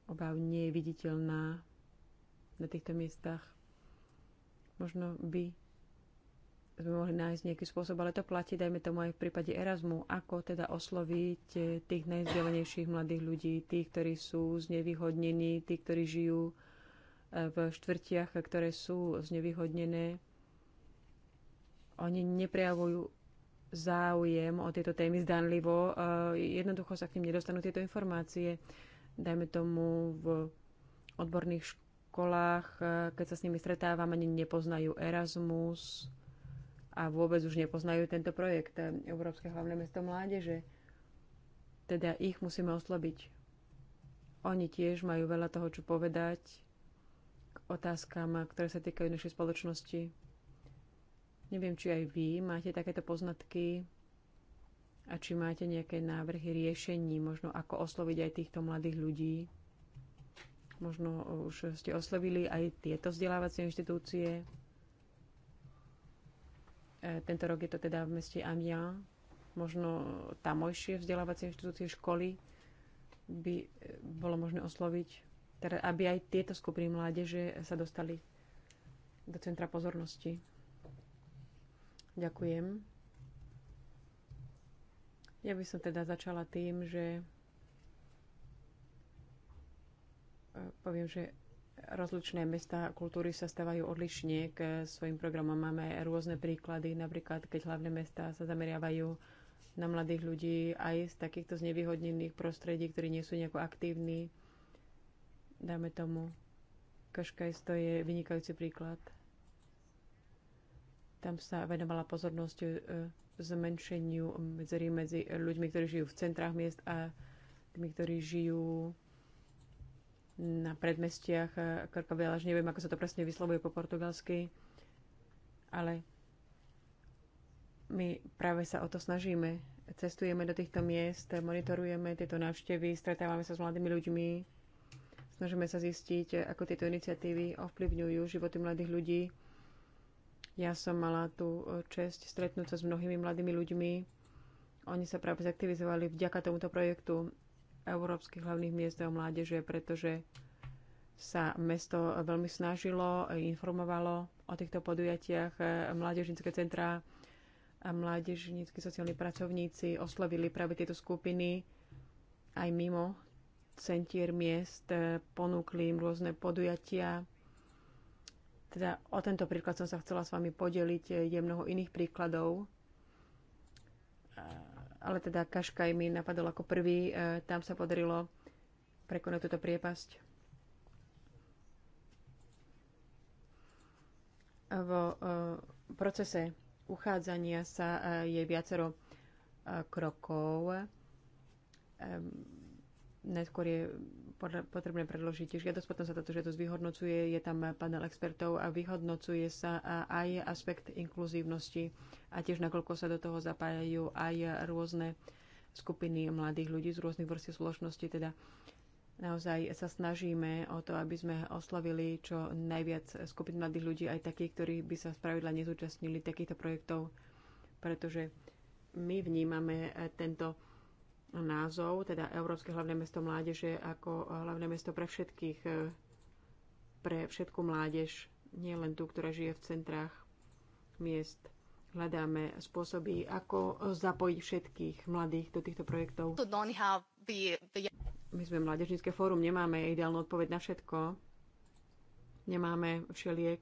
obav, nie je viditeľná na týchto miestach. Možno by sme mohli nájsť nejaký spôsob, ale to platí, dajme tomu aj v prípade Erasmu, ako teda osloviť tých najzdelenejších mladých ľudí, tých, ktorí sú znevýhodnení, tí, ktorí žijú e, v štvrtiach, ktoré sú znevýhodnené. Oni neprejavujú záujem o tieto témy zdanlivo. E, jednoducho sa k ním nedostanú tieto informácie. Dajme tomu v odborných školách, e, keď sa s nimi stretávame, ani nepoznajú Erasmus a vôbec už nepoznajú tento projekt e, Európske hlavné mesto mládeže. Teda ich musíme oslobiť. Oni tiež majú veľa toho, čo povedať k otázkam, ktoré sa týkajú našej spoločnosti. Neviem, či aj vy máte takéto poznatky a či máte nejaké návrhy riešení, možno ako osloviť aj týchto mladých ľudí. Možno už ste oslovili aj tieto vzdelávacie inštitúcie. E, tento rok je to teda v meste Amiens. Možno tamojšie vzdelávacie inštitúcie školy by e, bolo možné osloviť, teda aby aj tieto skupiny mládeže sa dostali do centra pozornosti. Ďakujem. Ja by som teda začala tým, že e, poviem, že rozličné mesta a kultúry sa stávajú odlišne k svojim programom. Máme rôzne príklady, napríklad keď hlavné mesta sa zameriavajú na mladých ľudí aj z takýchto znevýhodnených prostredí, ktorí nie sú nejako aktívni. Dáme tomu, Kaškajs to je vynikajúci príklad tam sa venovala pozornosť e, zmenšeniu medzerí medzi ľuďmi, ktorí žijú v centrách miest a tými, ktorí žijú na predmestiach e, Krkovia, až neviem, ako sa to presne vyslovuje po portugalsky, ale my práve sa o to snažíme. Cestujeme do týchto miest, monitorujeme tieto návštevy, stretávame sa s mladými ľuďmi, snažíme sa zistiť, ako tieto iniciatívy ovplyvňujú životy mladých ľudí ja som mala tú eh, čest stretnúť sa s mnohými mladými ľuďmi. Oni sa práve zaktivizovali vďaka tomuto projektu Európskych hlavných miest o mládeže, pretože sa mesto veľmi snažilo, informovalo o týchto podujatiach. Eh, mládežnícke centrá a mládežnícky sociálni pracovníci oslovili práve tieto skupiny aj mimo centier miest, eh, ponúkli im rôzne podujatia, teda o tento príklad som sa chcela s vami podeliť. Je mnoho iných príkladov. Ale teda Kaškaj mi napadol ako prvý. E, tam sa podarilo prekonať túto priepasť. V e, procese uchádzania sa e, je viacero krokov. Najskôr je potrebné predložiť žiadosť, potom sa táto žiadosť vyhodnocuje, je tam panel expertov a vyhodnocuje sa aj aspekt inkluzívnosti a tiež nakoľko sa do toho zapájajú aj rôzne skupiny mladých ľudí z rôznych vrstiev spoločnosti, teda naozaj sa snažíme o to, aby sme oslavili čo najviac skupín mladých ľudí, aj takých, ktorí by sa spravidla nezúčastnili takýchto projektov, pretože my vnímame tento názov, teda Európske hlavné mesto mládeže ako hlavné mesto pre všetkých, e, pre všetku mládež, nie len tú, ktorá žije v centrách miest. Hľadáme spôsoby, ako zapojiť všetkých mladých do týchto projektov. My sme mládežnícke fórum, nemáme ideálnu odpoveď na všetko. Nemáme všeliek.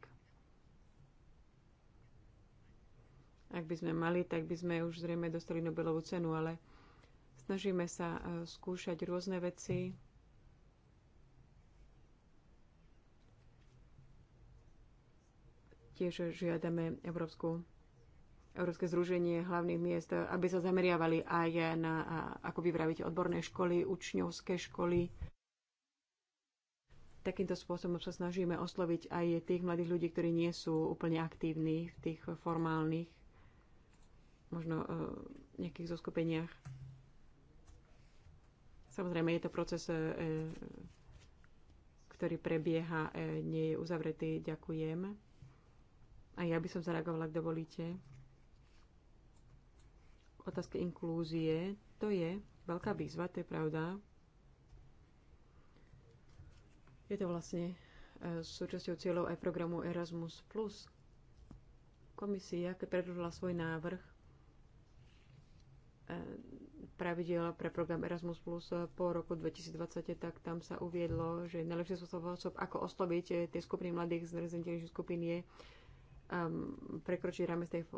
Ak by sme mali, tak by sme už zrejme dostali Nobelovú cenu, ale Snažíme sa e, skúšať rôzne veci. Tiež žiadame Európsku Európske združenie hlavných miest, aby sa zameriavali aj na, ako vybraviť odborné školy, učňovské školy. Takýmto spôsobom sa snažíme osloviť aj tých mladých ľudí, ktorí nie sú úplne aktívni v tých formálnych, možno e, nejakých zoskupeniach. Samozrejme, je to proces, e, e, ktorý prebieha, e, nie je uzavretý. Ďakujem. A ja by som zareagovala, ak dovolíte. Otázka inklúzie. To je veľká výzva, to je pravda. Je to vlastne súčasťou cieľov aj programu Erasmus+. Komisia, keď predložila svoj návrh, pravidel pre program Erasmus Plus po roku 2020, tak tam sa uviedlo, že najlepší spôsob, ako osloviť eh, tie skupiny mladých z nerozumiteľnejších skupín je um, prekročiť rámec tej,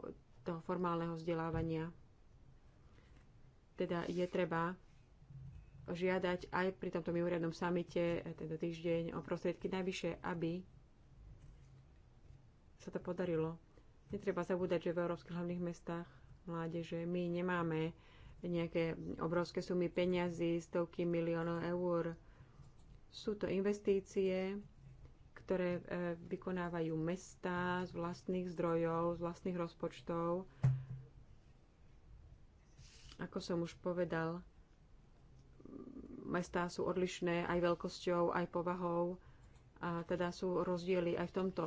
toho formálneho vzdelávania. Teda je treba žiadať aj pri tomto mimoriadnom samite, eh, tento týždeň, o prostriedky najvyššie, aby sa to podarilo. Netreba zabúdať, že v európskych hlavných mestách mládeže my nemáme nejaké obrovské sumy peňazí, stovky miliónov eur. Sú to investície, ktoré e, vykonávajú mesta z vlastných zdrojov, z vlastných rozpočtov. Ako som už povedal, mestá sú odlišné aj veľkosťou, aj povahou a teda sú rozdiely aj v tomto.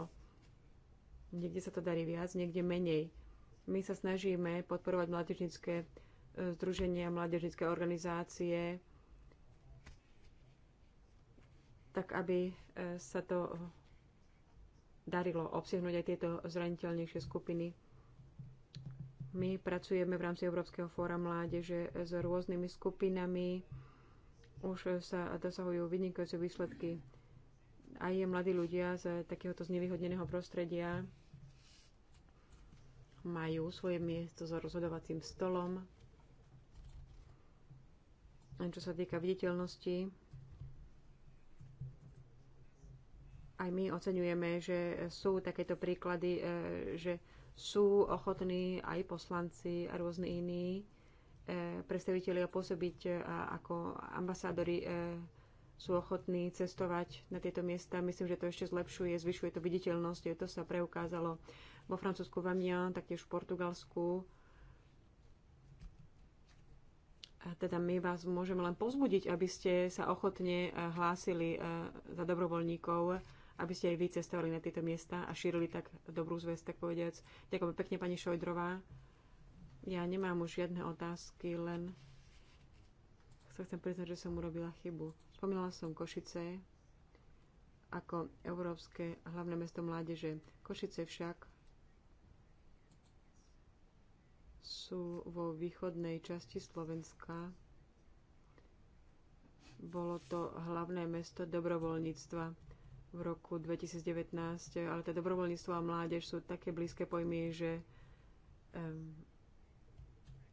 Niekde sa to darí viac, niekde menej. My sa snažíme podporovať mládežnické združenia mládežnické organizácie, tak aby e, sa to darilo obsiahnuť aj tieto zraniteľnejšie skupiny. My pracujeme v rámci Európskeho fóra mládeže s rôznymi skupinami. Už sa dosahujú vynikajúce výsledky. Aj mladí ľudia z takéhoto znevýhodneného prostredia majú svoje miesto za rozhodovacím stolom a čo sa týka viditeľnosti, aj my oceňujeme, že sú takéto príklady, e, že sú ochotní aj poslanci a rôzni iní e, predstavitelia pôsobiť e, ako ambasádori sú ochotní cestovať na tieto miesta. Myslím, že to ešte zlepšuje, zvyšuje to viditeľnosť. To sa preukázalo vo Francúzsku, v Amiens, taktiež v Portugalsku teda my vás môžeme len pozbudiť, aby ste sa ochotne e, hlásili e, za dobrovoľníkov, aby ste aj vy cestovali na tieto miesta a šírili tak dobrú zväz, tak povediac. Ďakujem pekne, pani Šojdrová. Ja nemám už žiadne otázky, len sa chcem priznať, že som urobila chybu. Spomínala som Košice ako Európske hlavné mesto mládeže. Košice však sú vo východnej časti Slovenska. Bolo to hlavné mesto dobrovoľníctva v roku 2019, ale to dobrovoľníctvo a mládež sú také blízke pojmy, že um,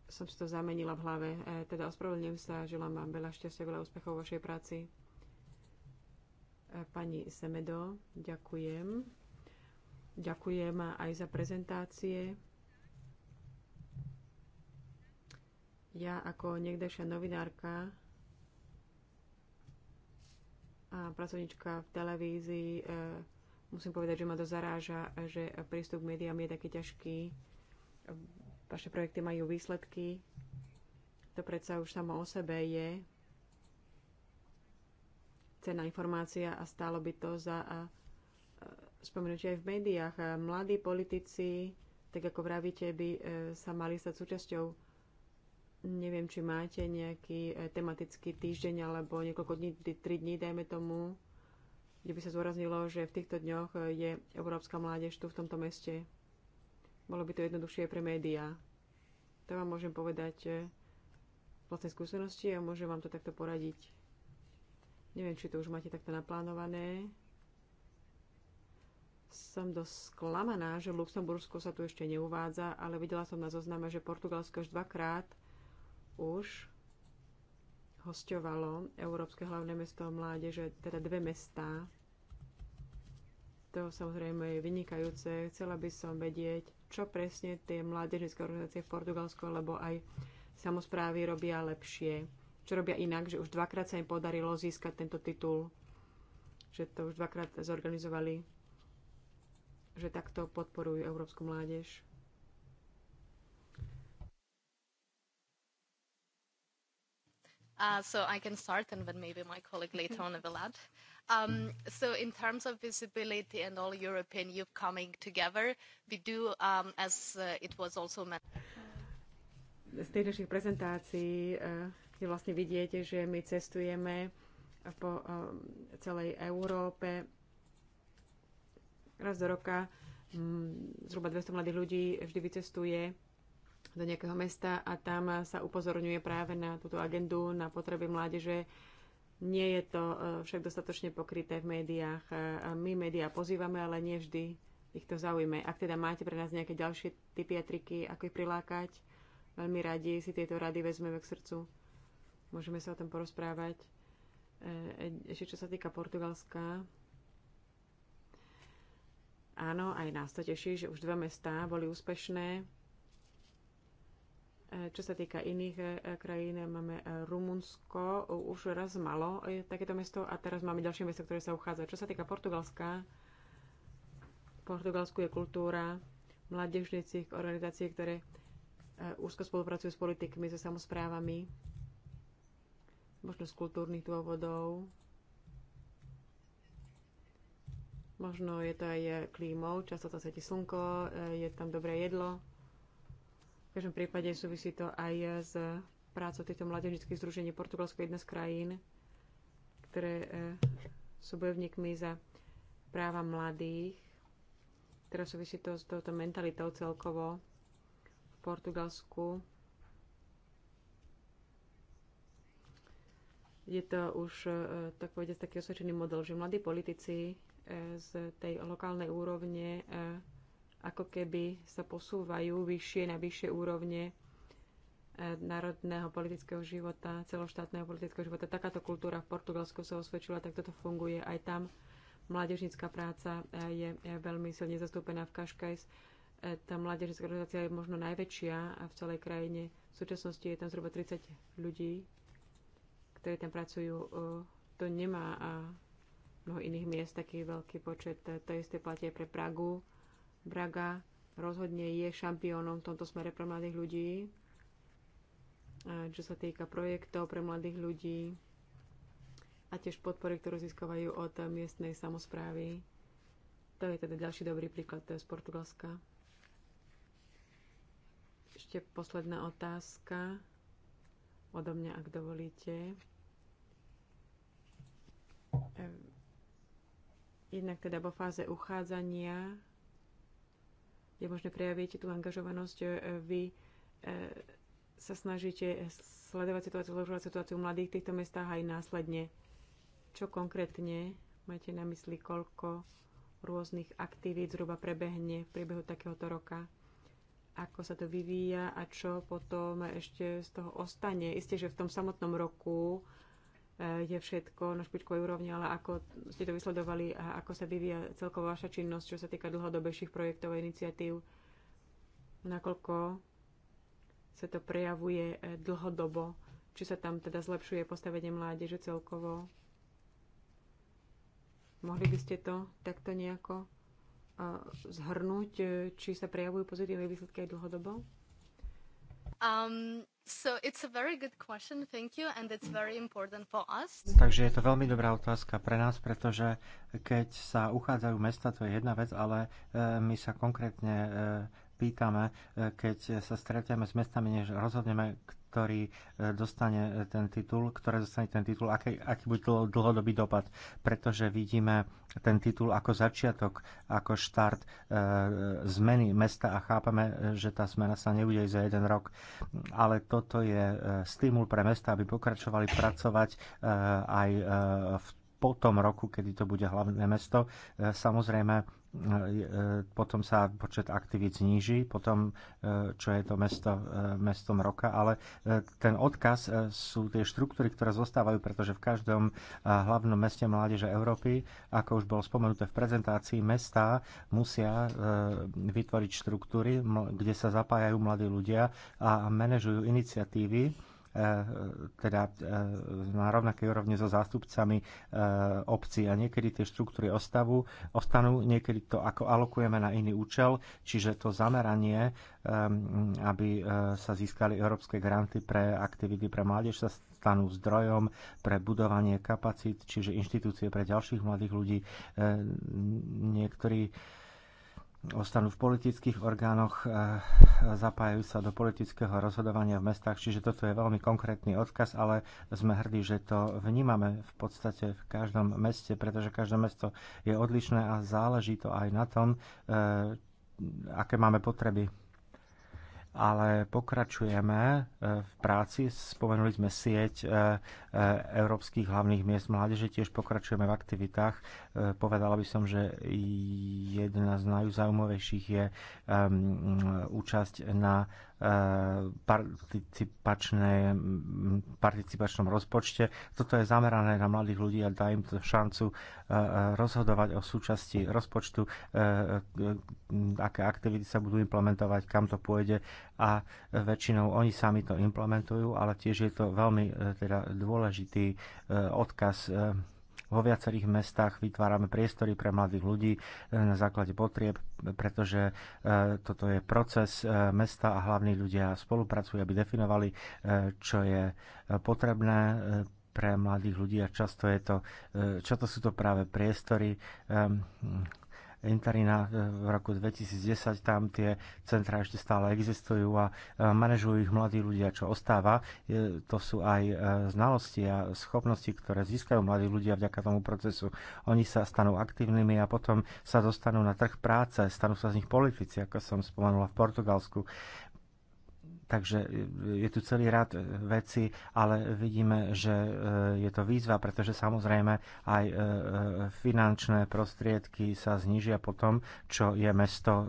som si to zamenila v hlave. E, teda ospravedlňujem sa, želám vám veľa šťastia, veľa úspechov vo vašej práci. E, pani Semedo, ďakujem. Ďakujem aj za prezentácie. Ja ako niekdejšia novinárka a pracovníčka v televízii e, musím povedať, že ma to zaráža, že prístup k médiám je taký ťažký. Vaše projekty majú výsledky. To predsa už samo o sebe je cená informácia a stálo by to za a, e, a spomenutie aj v médiách. A mladí politici, tak ako vravíte, by e, sa mali stať súčasťou Neviem, či máte nejaký e, tematický týždeň alebo niekoľko dní, 3 dní, dajme tomu, kde by sa zdôraznilo, že v týchto dňoch e, je európska mládež tu v tomto meste. Bolo by to jednoduchšie pre médiá. To vám môžem povedať e, vlastnej skúsenosti a môžem vám to takto poradiť. Neviem, či to už máte takto naplánované. Som dosť sklamaná, že Luxembursko sa tu ešte neuvádza, ale videla som na zozname, že Portugalsko už dvakrát už hostovalo Európske hlavné mesto mládeže, teda dve mestá. To samozrejme je vynikajúce. Chcela by som vedieť, čo presne tie mládežnické organizácie v Portugalsku lebo aj samozprávy robia lepšie. Čo robia inak, že už dvakrát sa im podarilo získať tento titul, že to už dvakrát zorganizovali, že takto podporujú európsku mládež. Uh, so I can start, and then maybe my colleague later mm-hmm. on will add. Um, so in terms of visibility and all European youth coming together, we do, um, as uh, it was also mentioned. Z tej našich prezentácií uh, je vlastne vidieť, že my cestujeme po um, celej Európe raz do roka. Um, zhruba 200 mladých ľudí vždy vycestuje do nejakého mesta a tam sa upozorňuje práve na túto agendu, na potreby mládeže. Nie je to e, však dostatočne pokryté v médiách. E, my médiá pozývame, ale nie vždy ich to zaujme. Ak teda máte pre nás nejaké ďalšie typy a triky, ako ich prilákať, veľmi radi si tieto rady vezmeme k srdcu. Môžeme sa o tom porozprávať. E, ešte čo sa týka Portugalska, áno, aj nás to teší, že už dva mestá boli úspešné čo sa týka iných e, krajín, máme e, Rumunsko, už raz malo e, takéto mesto a teraz máme ďalšie mesto, ktoré sa uchádza. Čo sa týka Portugalska, v Portugalsku je kultúra mládežnícich organizácií, ktoré úzko spolupracujú s politikmi, so samozprávami, možno z kultúrnych dôvodov, možno je to aj klímou, často to svieti slnko, je tam dobré jedlo v každom prípade súvisí to aj s prácou týchto mladežnických združení. Portugalsko je jedna z krajín, ktoré eh, sú bojovníkmi za práva mladých. Teraz súvisí to s touto mentalitou celkovo v Portugalsku. Je to už, eh, tak taký osvedčený model, že mladí politici eh, z tej lokálnej úrovne ako keby sa posúvajú vyššie na vyššie úrovne eh, národného politického života, celoštátneho politického života. Takáto kultúra v Portugalsku sa osvedčila, tak toto funguje aj tam. Mládežnícka práca eh, je eh, veľmi silne zastúpená v Kaškajs. Tá mládežnícka organizácia je možno najväčšia a v celej krajine. V súčasnosti je tam zhruba 30 ľudí, ktorí tam pracujú. To nemá a mnoho iných miest taký veľký počet. To isté aj pre Pragu Braga rozhodne je šampiónom v tomto smere pre mladých ľudí, čo sa týka projektov pre mladých ľudí a tiež podpory, ktorú získavajú od miestnej samozprávy. To je teda ďalší dobrý príklad z Portugalska. Ešte posledná otázka odo mňa, ak dovolíte. Ehm, jednak teda vo fáze uchádzania je možné prejaviť tú angažovanosť. E, vy e, sa snažíte sledovať situáciu, zložovať situáciu mladých v týchto mestách aj následne. Čo konkrétne máte na mysli, koľko rôznych aktivít zhruba prebehne v priebehu takéhoto roka? Ako sa to vyvíja a čo potom ešte z toho ostane? Isté, že v tom samotnom roku je eh, všetko na špičkovej úrovni, ale ako ste to vysledovali a ako sa vyvíja celková vaša činnosť, čo sa týka dlhodobejších projektov a iniciatív, nakoľko sa to prejavuje eh, dlhodobo, či sa tam teda zlepšuje postavenie mládeže celkovo. Mohli by ste to takto nejako eh, zhrnúť, či sa prejavujú pozitívne výsledky aj dlhodobo? Um, so it's a very good question, thank you, and it's very important for us. Takže je to veľmi dobrá otázka pre nás, pretože keď sa uchádzajú mesta, to je jedna vec, ale e, my sa konkrétne e, pýtame, e, keď sa stretieme s mestami, než rozhodneme, ktorý e, dostane e, ten titul, ktoré dostane ten titul, aký, aký bude dlhodobý dopad. Pretože vidíme ten titul ako začiatok, ako štart e, e zmeny mesta a chápame, že tá zmena sa nebude za jeden rok. Ale toto je stimul pre mesta, aby pokračovali pracovať e, aj e, v po tom roku, kedy to bude hlavné mesto. E, samozrejme, e, e, potom sa počet aktivít zníži, potom, čo je to mesto, mestom roka, ale ten odkaz sú tie štruktúry, ktoré zostávajú, pretože v každom hlavnom meste Mládeže Európy, ako už bolo spomenuté v prezentácii, mesta musia vytvoriť štruktúry, kde sa zapájajú mladí ľudia a manažujú iniciatívy, E, teda e, na rovnakej úrovni so zástupcami e, obcí a niekedy tie štruktúry ostavu, ostanú, niekedy to ako alokujeme na iný účel, čiže to zameranie, aby sa získali európske granty pre aktivity pre mládež sa stanú zdrojom pre budovanie kapacít, čiže inštitúcie pre ďalších mladých ľudí. Niektorí ostanú v politických orgánoch, e, zapájajú sa do politického rozhodovania v mestách, čiže toto je veľmi konkrétny odkaz, ale sme hrdí, že to vnímame v podstate v každom meste, pretože každé mesto je odlišné a záleží to aj na tom, e, aké máme potreby ale pokračujeme e, v práci. Spomenuli sme sieť e, e, európskych hlavných miest mládeže, tiež pokračujeme v aktivitách. Povedala by som, že jedna z najzaujímavejších je účasť na Eh, participačnom rozpočte. Toto je zamerané na mladých ľudí a dá im šancu eh, eh, rozhodovať o súčasti rozpočtu, aké aktivity sa budú implementovať, kam to pôjde a väčšinou oni sami to implementujú, ale tiež je to veľmi teda, dôležitý odkaz vo viacerých mestách vytvárame priestory pre mladých ľudí e, na základe potrieb, pretože e, toto je proces e, mesta a hlavní ľudia spolupracujú, aby definovali, čo je potrebné pre mladých ľudí a často je to, to sú to práve priestory Interina v roku 2010, tam tie centra ešte stále existujú a e, manažujú ich mladí ľudia, čo ostáva. To sú aj e, znalosti a schopnosti, ktoré získajú mladí ľudia vďaka tomu procesu. Oni sa stanú aktívnymi a potom sa dostanú na trh práce, stanú sa z nich politici, ako som spomenula v Portugalsku. Takže e, je tu celý rad e, veci, ale vidíme, že e, je to výzva, pretože samozrejme aj finančné prostriedky sa znižia po tom, čo je mesto,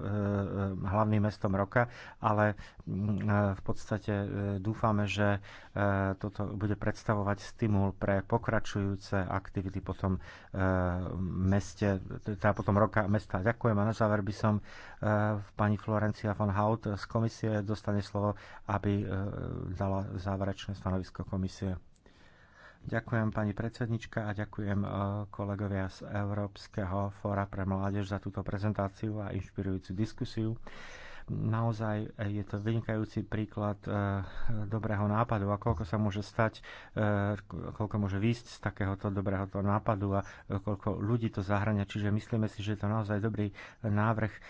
hlavným mestom roka, ale mm, v podstate dúfame, že toto bude predstavovať stimul pre pokračujúce aktivity po tom meste, teda po tom roka mesta. Ďakujem a na záver by som Eh, pani Florencia von Haut z komisie dostane slovo, aby eh, dala záverečné stanovisko komisie. Ďakujem pani predsednička a ďakujem eh, kolegovia z Európskeho fóra pre mládež za túto prezentáciu a inšpirujúcu diskusiu. Naozaj je to vynikajúci príklad e, dobrého nápadu a koľko sa môže stať, e, koľko môže výsť z takéhoto dobrého nápadu a koľko ľudí to zahrania. Čiže myslíme si, že je to naozaj dobrý návrh e,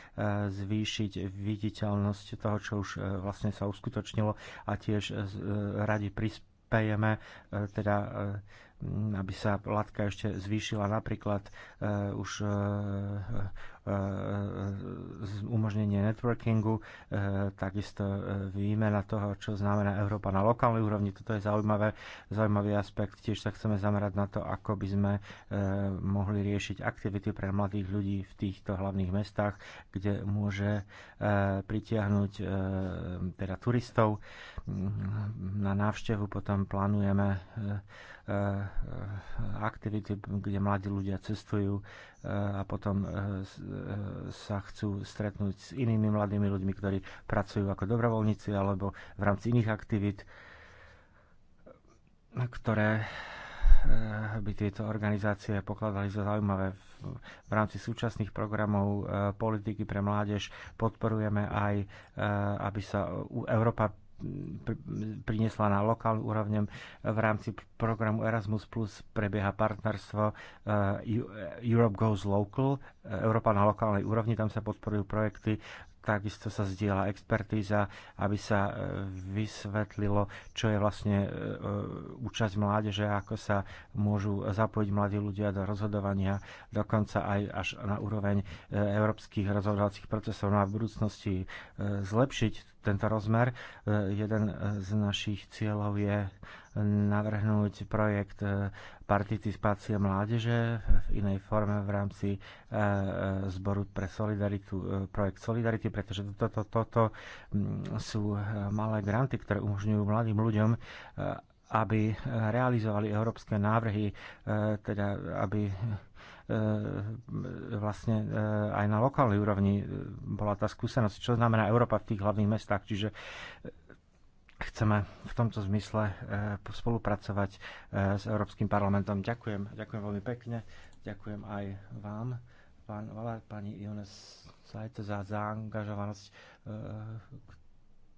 zvýšiť viditeľnosť toho, čo už vlastne sa uskutočnilo a tiež radi prispejeme teda aby sa latka ešte zvýšila. Napríklad uh, už uh, umožnenie networkingu, e, takisto e, výmena toho, čo znamená Európa na lokálnej úrovni. Toto je zaujímavé, zaujímavý aspekt. Tiež sa chceme zamerať na to, ako by sme e, mohli riešiť aktivity pre mladých ľudí v týchto hlavných mestách, kde môže pritiahnuť teda turistov na návštevu. Potom plánujeme aktivity, kde mladí ľudia cestujú a potom e, e, sa chcú stretnúť s inými mladými ľuďmi, ktorí pracujú ako dobrovoľníci alebo v rámci iných aktivít, ktoré e, by tieto organizácie pokladali za zaujímavé. V rámci súčasných programov politiky pre mládež podporujeme aj, aby sa Európa priniesla na lokálnu úrovne. V rámci programu Erasmus Plus prebieha partnerstvo eh, Europe Goes Local, eh, Európa na lokálnej úrovni, tam sa podporujú projekty takisto sa zdieľa expertíza, aby sa e, vysvetlilo, čo je vlastne e, e, účasť mládeže, ako sa môžu zapojiť mladí ľudia do rozhodovania, dokonca aj až na úroveň európskych rozhodovacích procesov na no budúcnosti zlepšiť tento rozmer. Jeden z našich cieľov je navrhnúť projekt e, participácie mládeže v inej forme v rámci e, e, zboru pre solidaritu, projekt Solidarity, pretože toto, to, to mm, sú malé granty, ktoré umožňujú mladým ľuďom aby realizovali európske návrhy, teda aby vlastne aj na lokálnej úrovni bola tá skúsenosť, čo znamená Európa v tých hlavných mestách. Čiže chceme v tomto zmysle eh, spolupracovať eh, s Európskym parlamentom. Ďakujem, ďakujem veľmi pekne, ďakujem aj vám, pán Valar, pani Iones Sajte za zaangažovanosť, eh,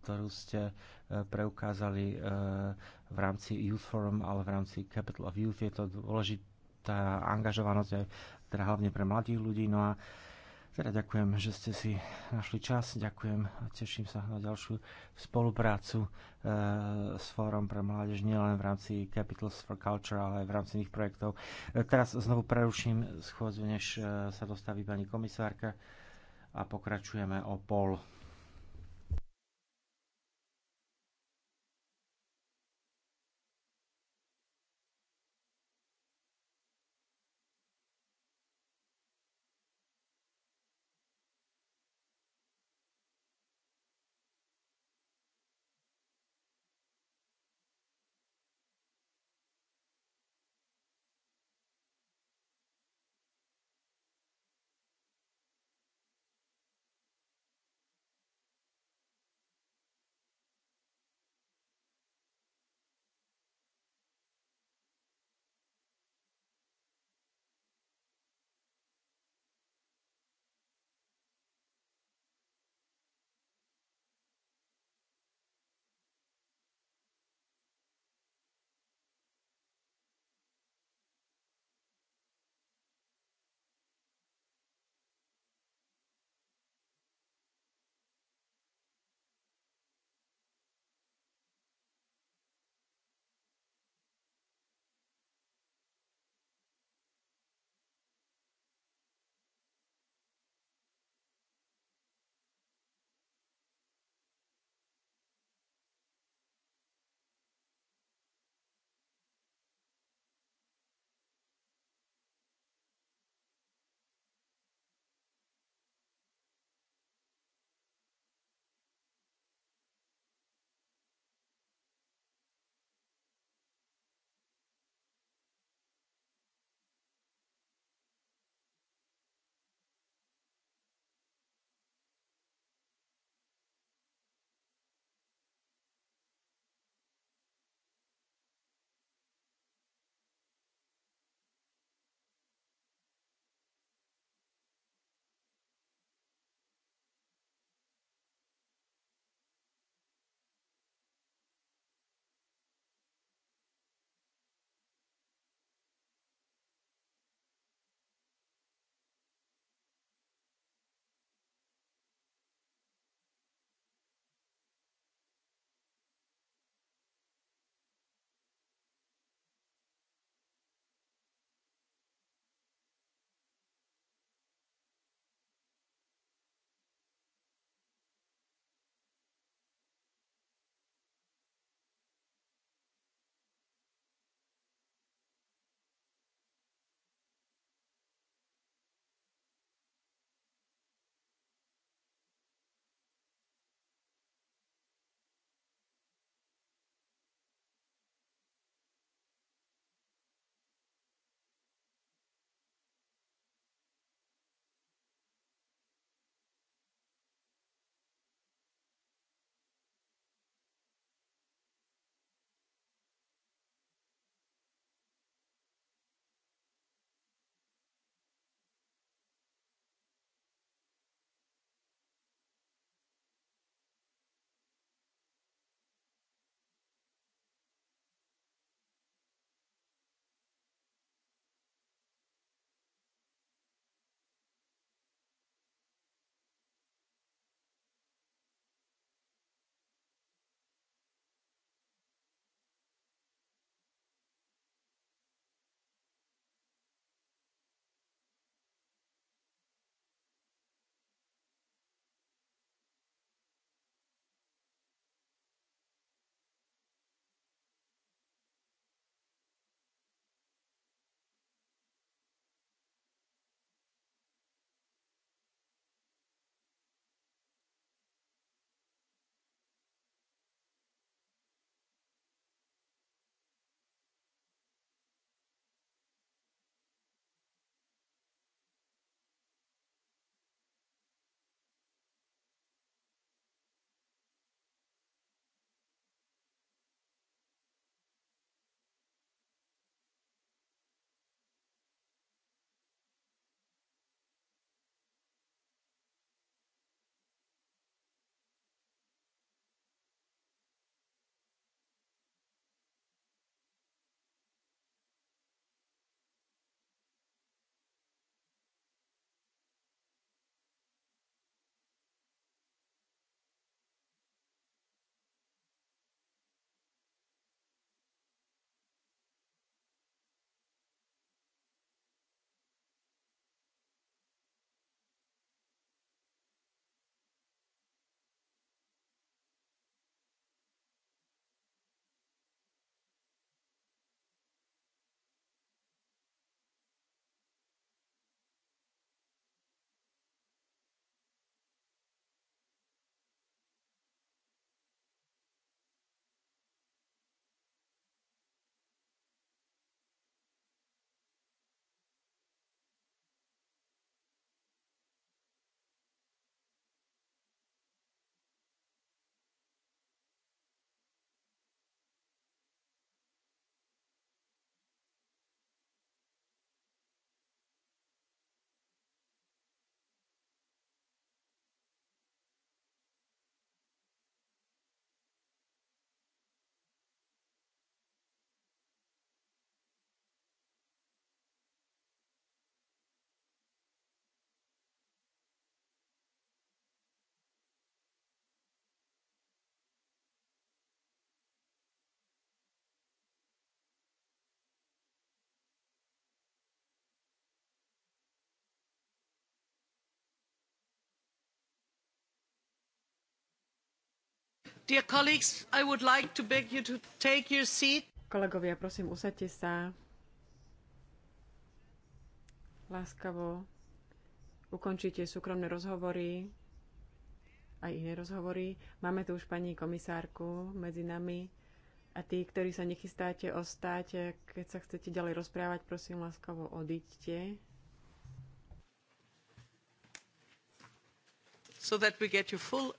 ktorú ste preukázali v rámci Youth Forum, ale v rámci Capital of Youth. Je to dôležitá angažovanosť aj teda hlavne pre mladých ľudí. No a teda ďakujem, že ste si našli čas, ďakujem a teším sa na ďalšiu spoluprácu e, s Fórom pre mládež nielen v rámci Capitals for Culture, ale aj v rámci iných projektov. E, teraz znovu preruším schôdzu, než e, sa dostaví pani komisárka a pokračujeme o pol. Kolegovia, prosím, usadte sa. Láskavo ukončite súkromné rozhovory aj iné rozhovory. Máme tu už pani komisárku medzi nami a tí, ktorí sa nechystáte ostať, keď sa chcete ďalej rozprávať, prosím, láskavo odíďte. So that we get full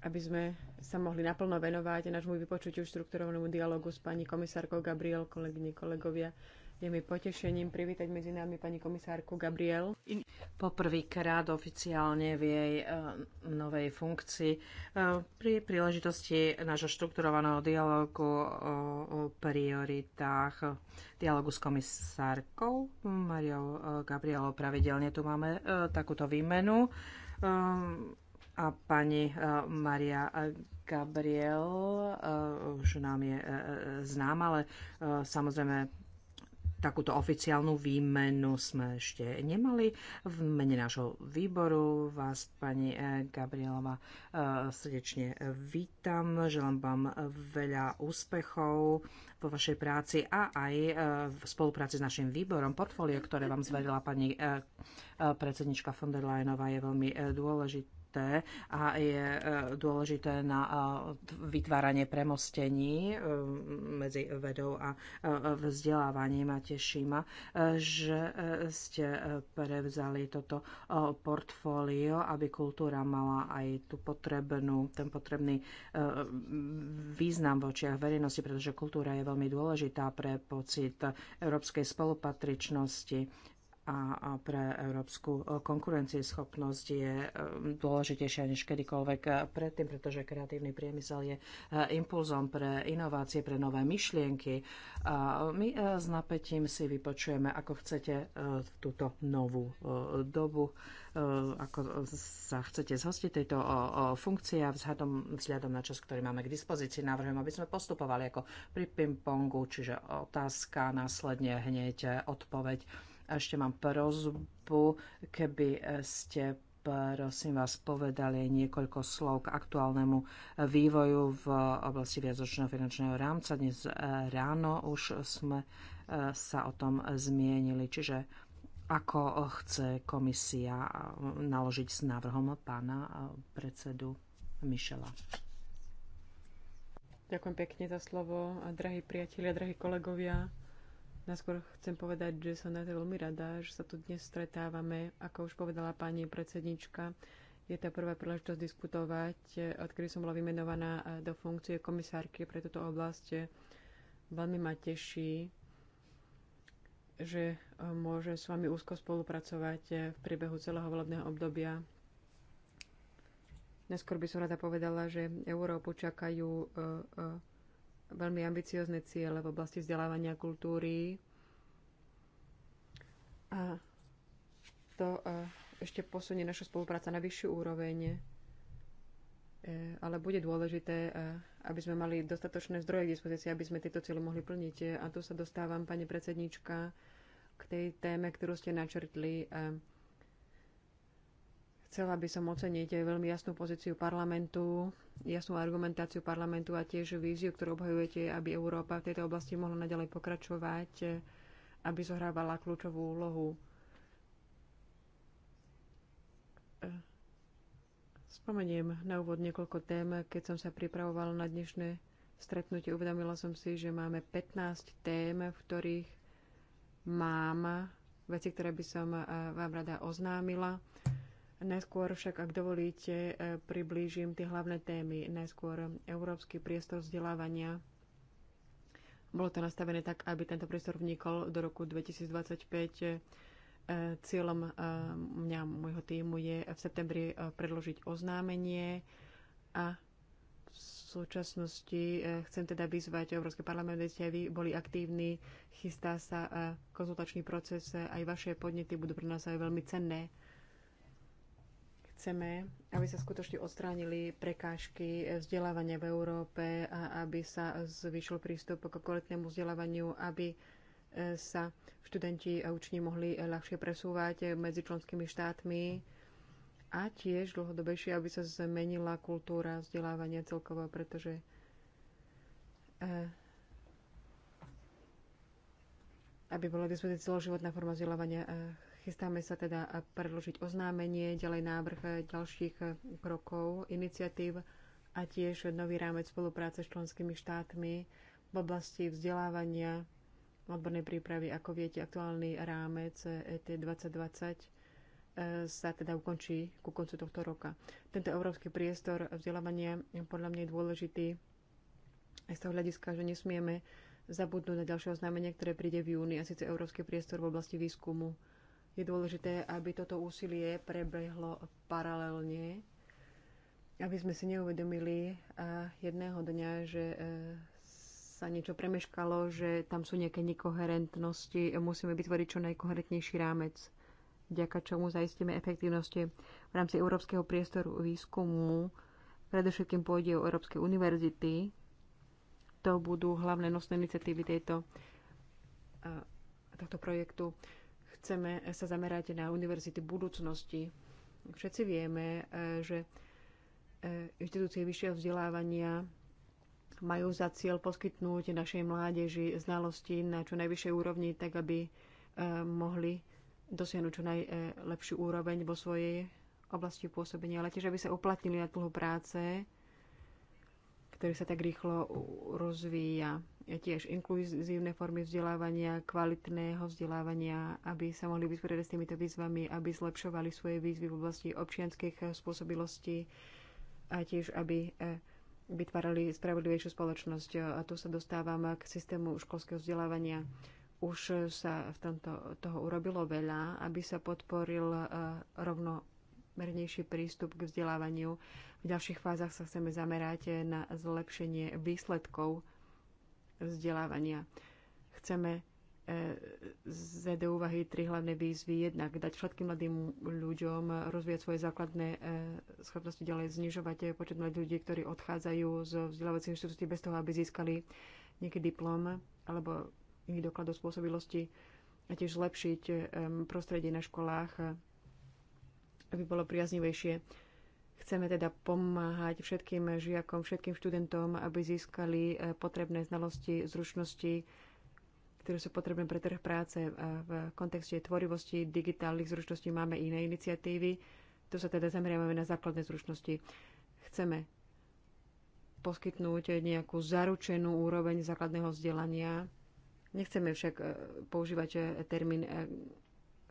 aby sme sa mohli naplno venovať nášmu vypočutiu štrukturovanému dialogu s pani komisárkou Gabriel, kolegyne, kolegovia. Je mi potešením privítať medzi nami pani komisárku Gabriel. Poprvýkrát oficiálne v jej e, novej funkcii e, pri príležitosti nášho štrukturovaného dialogu o prioritách dialogu s komisárkou Mariou e, Gabrielou pravidelne tu máme takúto výmenu. Ehm, a pani eh, Maria Gabriel eh, už nám je eh, známa, ale samozrejme takúto oficiálnu výmenu sme ešte nemali. V mene nášho výboru vás, pani eh, Gabrielova, eh, srdečne vítam. Želám vám veľa úspechov vo vašej práci a aj eh, v spolupráci s našim výborom. Portfólio, ktoré vám zverila pani predsednička von der Leyenová, je veľmi dôležité dôležité a je e, dôležité na e, vytváranie premostení e, medzi vedou a vzdelávaním a teší ma, že ste prevzali toto portfólio, aby kultúra mala aj tú potrebnú, ten potrebný význam v očiach verejnosti, pretože kultúra je veľmi dôležitá pre pocit európskej spolupatričnosti a pre európsku e, konkurencieschopnosť je e, dôležitejšia než kedykoľvek predtým, pretože kreatívny priemysel je e, impulzom pre inovácie, pre nové myšlienky. A my s napätím si vypočujeme, ako chcete túto novú dobu ako sa chcete zhostiť tejto funkcie a vzhľadom, vzhľadom na čas, ktorý máme k dispozícii, navrhujem, aby sme postupovali ako pri ping-pongu, čiže otázka, následne hneď odpoveď a ešte mám prozbu, keby eh, ste prosím vás povedali niekoľko slov k aktuálnemu eh, vývoju v oblasti viacročného finančného rámca. Dnes eh, ráno už sme sa o tom zmienili, čiže ako chce komisia naložiť s návrhom pána predsedu Mišela. Ďakujem pekne za slovo, drahí priatelia, drahí kolegovia. Naskôr chcem povedať, že som na to veľmi rada, že sa tu dnes stretávame. Ako už povedala pani predsednička, je to prvá príležitosť diskutovať, odkedy som bola vymenovaná eh, do funkcie komisárky pre túto oblasť. Veľmi ma teší, že eh, môžem s vami úzko spolupracovať eh, v priebehu celého volebného obdobia. Neskôr by som rada povedala, že Európu čakajú veľmi ambiciozne ciele v oblasti vzdelávania kultúry. A to e, ešte posunie naša spolupráca na vyššiu úroveň, e, ale bude dôležité, e, aby sme mali dostatočné zdroje k dispozícii, aby sme tieto cieľe mohli plniť. A tu sa dostávam, pani predsednička, k tej téme, ktorú ste načrtli, Chcela by som oceniť aj veľmi jasnú pozíciu parlamentu, jasnú argumentáciu parlamentu a tiež víziu, ktorú obhajujete, aby Európa v tejto oblasti mohla naďalej pokračovať, aby zohrávala kľúčovú úlohu. Spomeniem na úvod niekoľko tém. Keď som sa pripravovala na dnešné stretnutie, uvedomila som si, že máme 15 tém, v ktorých mám veci, ktoré by som eh, vám rada oznámila. Najskôr však, ak dovolíte, e, priblížim tie hlavné témy. Najskôr Európsky priestor vzdelávania. Bolo to nastavené tak, aby tento priestor vnikol do roku 2025. E, cieľom e, mňa, môjho týmu je v septembri predložiť oznámenie a v súčasnosti chcem teda vyzvať Európske parlament, aby ste aj vy boli aktívni. Chystá sa konzultačný proces, aj vaše podnety budú pre nás aj veľmi cenné Chceme, aby sa skutočne odstránili prekážky vzdelávania v Európe a aby sa zvýšil prístup k kvalitnému vzdelávaniu, aby e, sa študenti a učni mohli ľahšie presúvať medzi členskými štátmi a tiež dlhodobejšie, aby sa zmenila kultúra vzdelávania celkovo, pretože e, aby bola k dispozícii celoživotná forma vzdelávania. E, Chystáme sa teda predložiť oznámenie, ďalej návrh ďalších krokov, iniciatív a tiež nový rámec spolupráce s členskými štátmi v oblasti vzdelávania, odbornej prípravy. Ako viete, aktuálny rámec ET 2020 e, sa teda ukončí ku koncu tohto roka. Tento európsky priestor vzdelávania je podľa mňa je dôležitý aj z toho hľadiska, že nesmieme zabudnúť na ďalšie oznámenie, ktoré príde v júni, a síce európsky priestor v oblasti výskumu. Je dôležité, aby toto úsilie prebehlo paralelne, aby sme si neuvedomili eh, jedného dňa, že eh, sa niečo premeškalo, že tam sú nejaké nekoherentnosti. Musíme vytvoriť čo najkoherentnejší rámec, vďaka čomu zaistíme efektívnosti v rámci európskeho priestoru výskumu. Predovšetkým pôjde o Európske univerzity. To budú hlavné nosné iniciatívy tejto, eh, tohto projektu chceme sa zamerať na univerzity budúcnosti. Všetci vieme, e, že e, inštitúcie vyššieho vzdelávania majú za cieľ poskytnúť našej mládeži znalosti na čo najvyššej úrovni, tak aby e, mohli dosiahnuť čo najlepšiu úroveň vo svojej oblasti pôsobenia, ale tiež aby sa uplatnili na dlhu práce, ktorý sa tak rýchlo rozvíja tiež inkluzívne formy vzdelávania, kvalitného vzdelávania, aby sa mohli vysporiadať s týmito výzvami, aby zlepšovali svoje výzvy v oblasti občianských spôsobilostí a tiež aby e, vytvárali spravodlivejšiu spoločnosť. A tu sa dostávam k systému školského vzdelávania. Už sa v tomto toho urobilo veľa, aby sa podporil e, rovno mernejší prístup k vzdelávaniu. V ďalších fázach sa chceme zamerať e, na zlepšenie výsledkov vzdelávania. Chceme e, z e do úvahy tri hlavné výzvy. Jednak dať všetkým mladým ľuďom rozvíjať svoje základné e, schopnosti, ďalej znižovať počet mladých ľudí, ktorí odchádzajú z vzdelávacích inštitúcií bez toho, aby získali nejaký diplom alebo ich doklad o spôsobilosti a tiež zlepšiť prostredie na školách, aby bolo priaznivejšie Chceme teda pomáhať všetkým žiakom, všetkým študentom, aby získali e, potrebné znalosti, zručnosti, ktoré sú potrebné pre trh práce. V kontexte tvorivosti digitálnych zručností máme iné iniciatívy. Tu sa teda zameriavame na základné zručnosti. Chceme poskytnúť nejakú zaručenú úroveň základného vzdelania. Nechceme však e, používať e, termín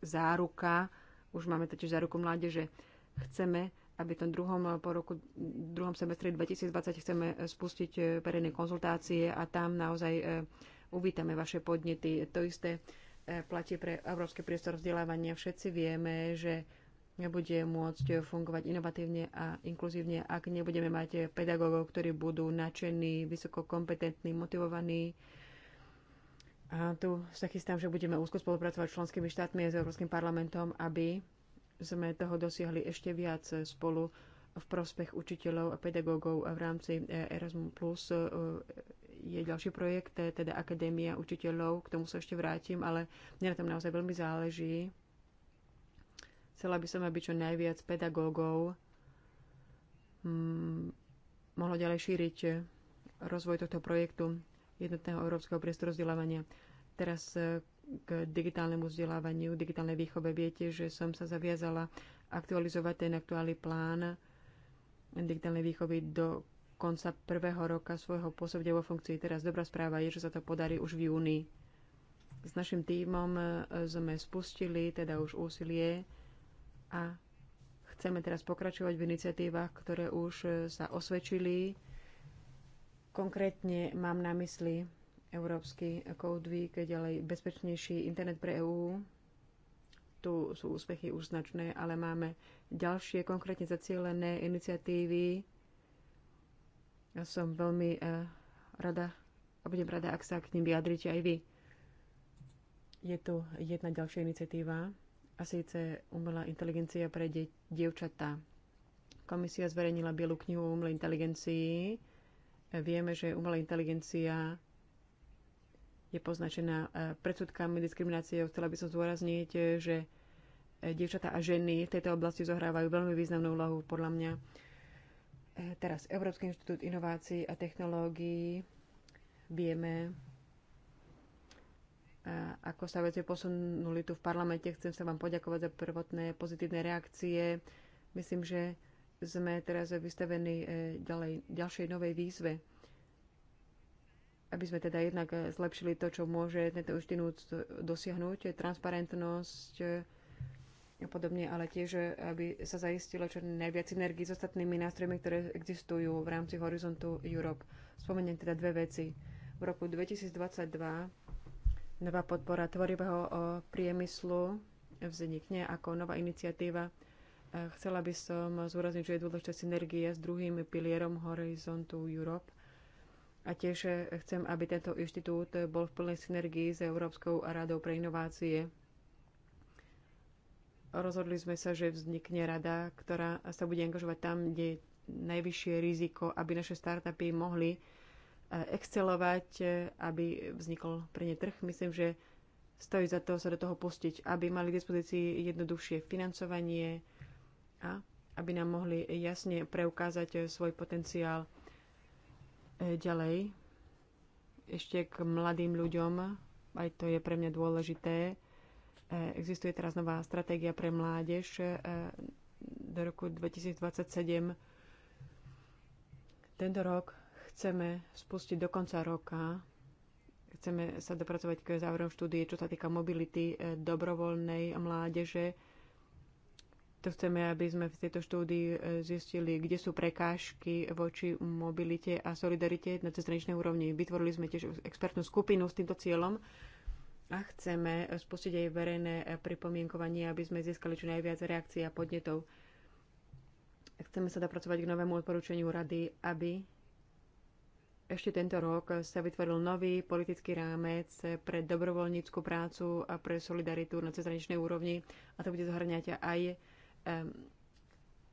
záruka, už máme totiž záruku mládeže. Chceme aby v tom druhom, eh, po roku, druhom semestri 2020 chceme eh, spustiť eh, verejné konzultácie a tam naozaj uvítame vaše podnety. To isté platí pre Európsky priestor vzdelávania. Všetci vieme, že nebude môcť fungovať inovatívne a inkluzívne, ak nebudeme mať pedagógov, ktorí budú nadšení, vysoko kompetentní, motivovaní. A tu sa chystám, že budeme úzko spolupracovať s členskými štátmi a s Európskym parlamentom, aby sme toho dosiahli ešte viac spolu v prospech učiteľov a pedagógov v rámci e, Erasmus+. E, je ďalší projekt, e, teda Akadémia učiteľov, k tomu sa ešte vrátim, ale mne na tom naozaj veľmi záleží. Chcela by som, aby čo najviac pedagógov mm, mohlo ďalej šíriť rozvoj tohto projektu jednotného európskeho priestoru vzdelávania. Teraz k digitálnemu vzdelávaniu, digitálnej výchove. Viete, že som sa zaviazala aktualizovať ten aktuálny plán digitálnej výchovy do konca prvého roka svojho pôsobenia vo funkcii. Teraz dobrá správa je, že sa to podarí už v júni. S našim tímom e, sme spustili teda už úsilie a chceme teraz pokračovať v iniciatívach, ktoré už e, sa osvedčili. Konkrétne mám na mysli Európsky Code Week, ďalej bezpečnejší internet pre EÚ. Tu sú úspechy už značné, ale máme ďalšie konkrétne zacielené iniciatívy. Ja som veľmi eh, rada a budem rada, ak sa k ním vyjadrite aj vy. Je tu jedna ďalšia iniciatíva a síce umelá inteligencia pre dievčatá. Komisia zverejnila bielu knihu o umelej inteligencii. Vieme, že umelá inteligencia je poznačená e, predsudkami, diskrimináciou. Chcela by som zdôrazniť, e, že e, dievčatá a ženy v tejto oblasti zohrávajú veľmi významnú úlohu, podľa mňa. Teraz Európsky inštitút inovácií a technológií vieme, ako sa veci posunuli tu v parlamente. Chcem sa vám poďakovať za prvotné pozitívne reakcie. Myslím, že sme teraz vystavení ďalej, ďalšej novej výzve aby sme teda jednak eh, zlepšili to, čo môže tento inštitút dosiahnuť, eh, transparentnosť eh, a podobne, ale tiež, aby sa zaistilo čo najviac synergii s ostatnými nástrojmi, ktoré existujú v rámci Horizontu Europe. Spomeniem teda dve veci. V roku 2022 nová podpora tvorivého priemyslu vznikne ako nová iniciatíva. Chcela by som zúrazniť, že je dôležitá synergia s druhým pilierom Horizontu Europe a tiež chcem, aby tento inštitút bol v plnej synergii s Európskou radou pre inovácie. Rozhodli sme sa, že vznikne rada, ktorá sa bude angažovať tam, kde je najvyššie riziko, aby naše startupy mohli e, excelovať, e, aby vznikol pre ne trh. Myslím, že stojí za to sa do toho pustiť, aby mali k dispozícii jednoduchšie financovanie a aby nám mohli jasne preukázať e, svoj potenciál Ďalej, ešte k mladým ľuďom, aj to je pre mňa dôležité. E, existuje teraz nová stratégia pre mládež e, do roku 2027. Tento rok chceme spustiť do konca roka, chceme sa dopracovať k záverom štúdie, čo sa týka mobility e, dobrovoľnej mládeže to chceme, aby sme v tejto štúdii e, zistili, kde sú prekážky voči mobilite a solidarite na cestraničnej úrovni. Vytvorili sme tiež expertnú skupinu s týmto cieľom a chceme spustiť aj verejné e, pripomienkovanie, aby sme získali čo najviac reakcií a podnetov. Chceme sa dopracovať k novému odporúčaniu rady, aby ešte tento rok sa vytvoril nový politický rámec pre dobrovoľníckú prácu a pre solidaritu na cezraničnej úrovni a to bude zahrňať aj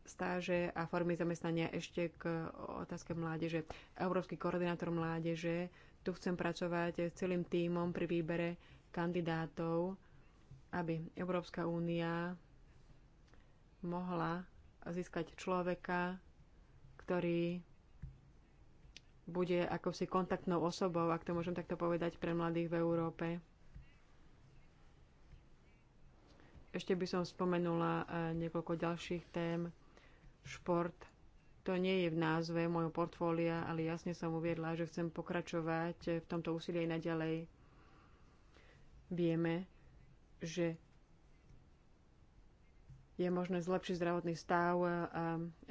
stáže a formy zamestnania ešte k otázke mládeže. Európsky koordinátor mládeže, tu chcem pracovať s celým tímom pri výbere kandidátov, aby Európska únia mohla získať človeka, ktorý bude akousi kontaktnou osobou, ak to môžem takto povedať, pre mladých v Európe. Ešte by som spomenula eh, niekoľko ďalších tém. Šport. To nie je v názve mojho portfólia, ale jasne som uviedla, že chcem pokračovať eh, v tomto úsilí aj naďalej. Vieme, že je možné zlepšiť zdravotný stav, eh,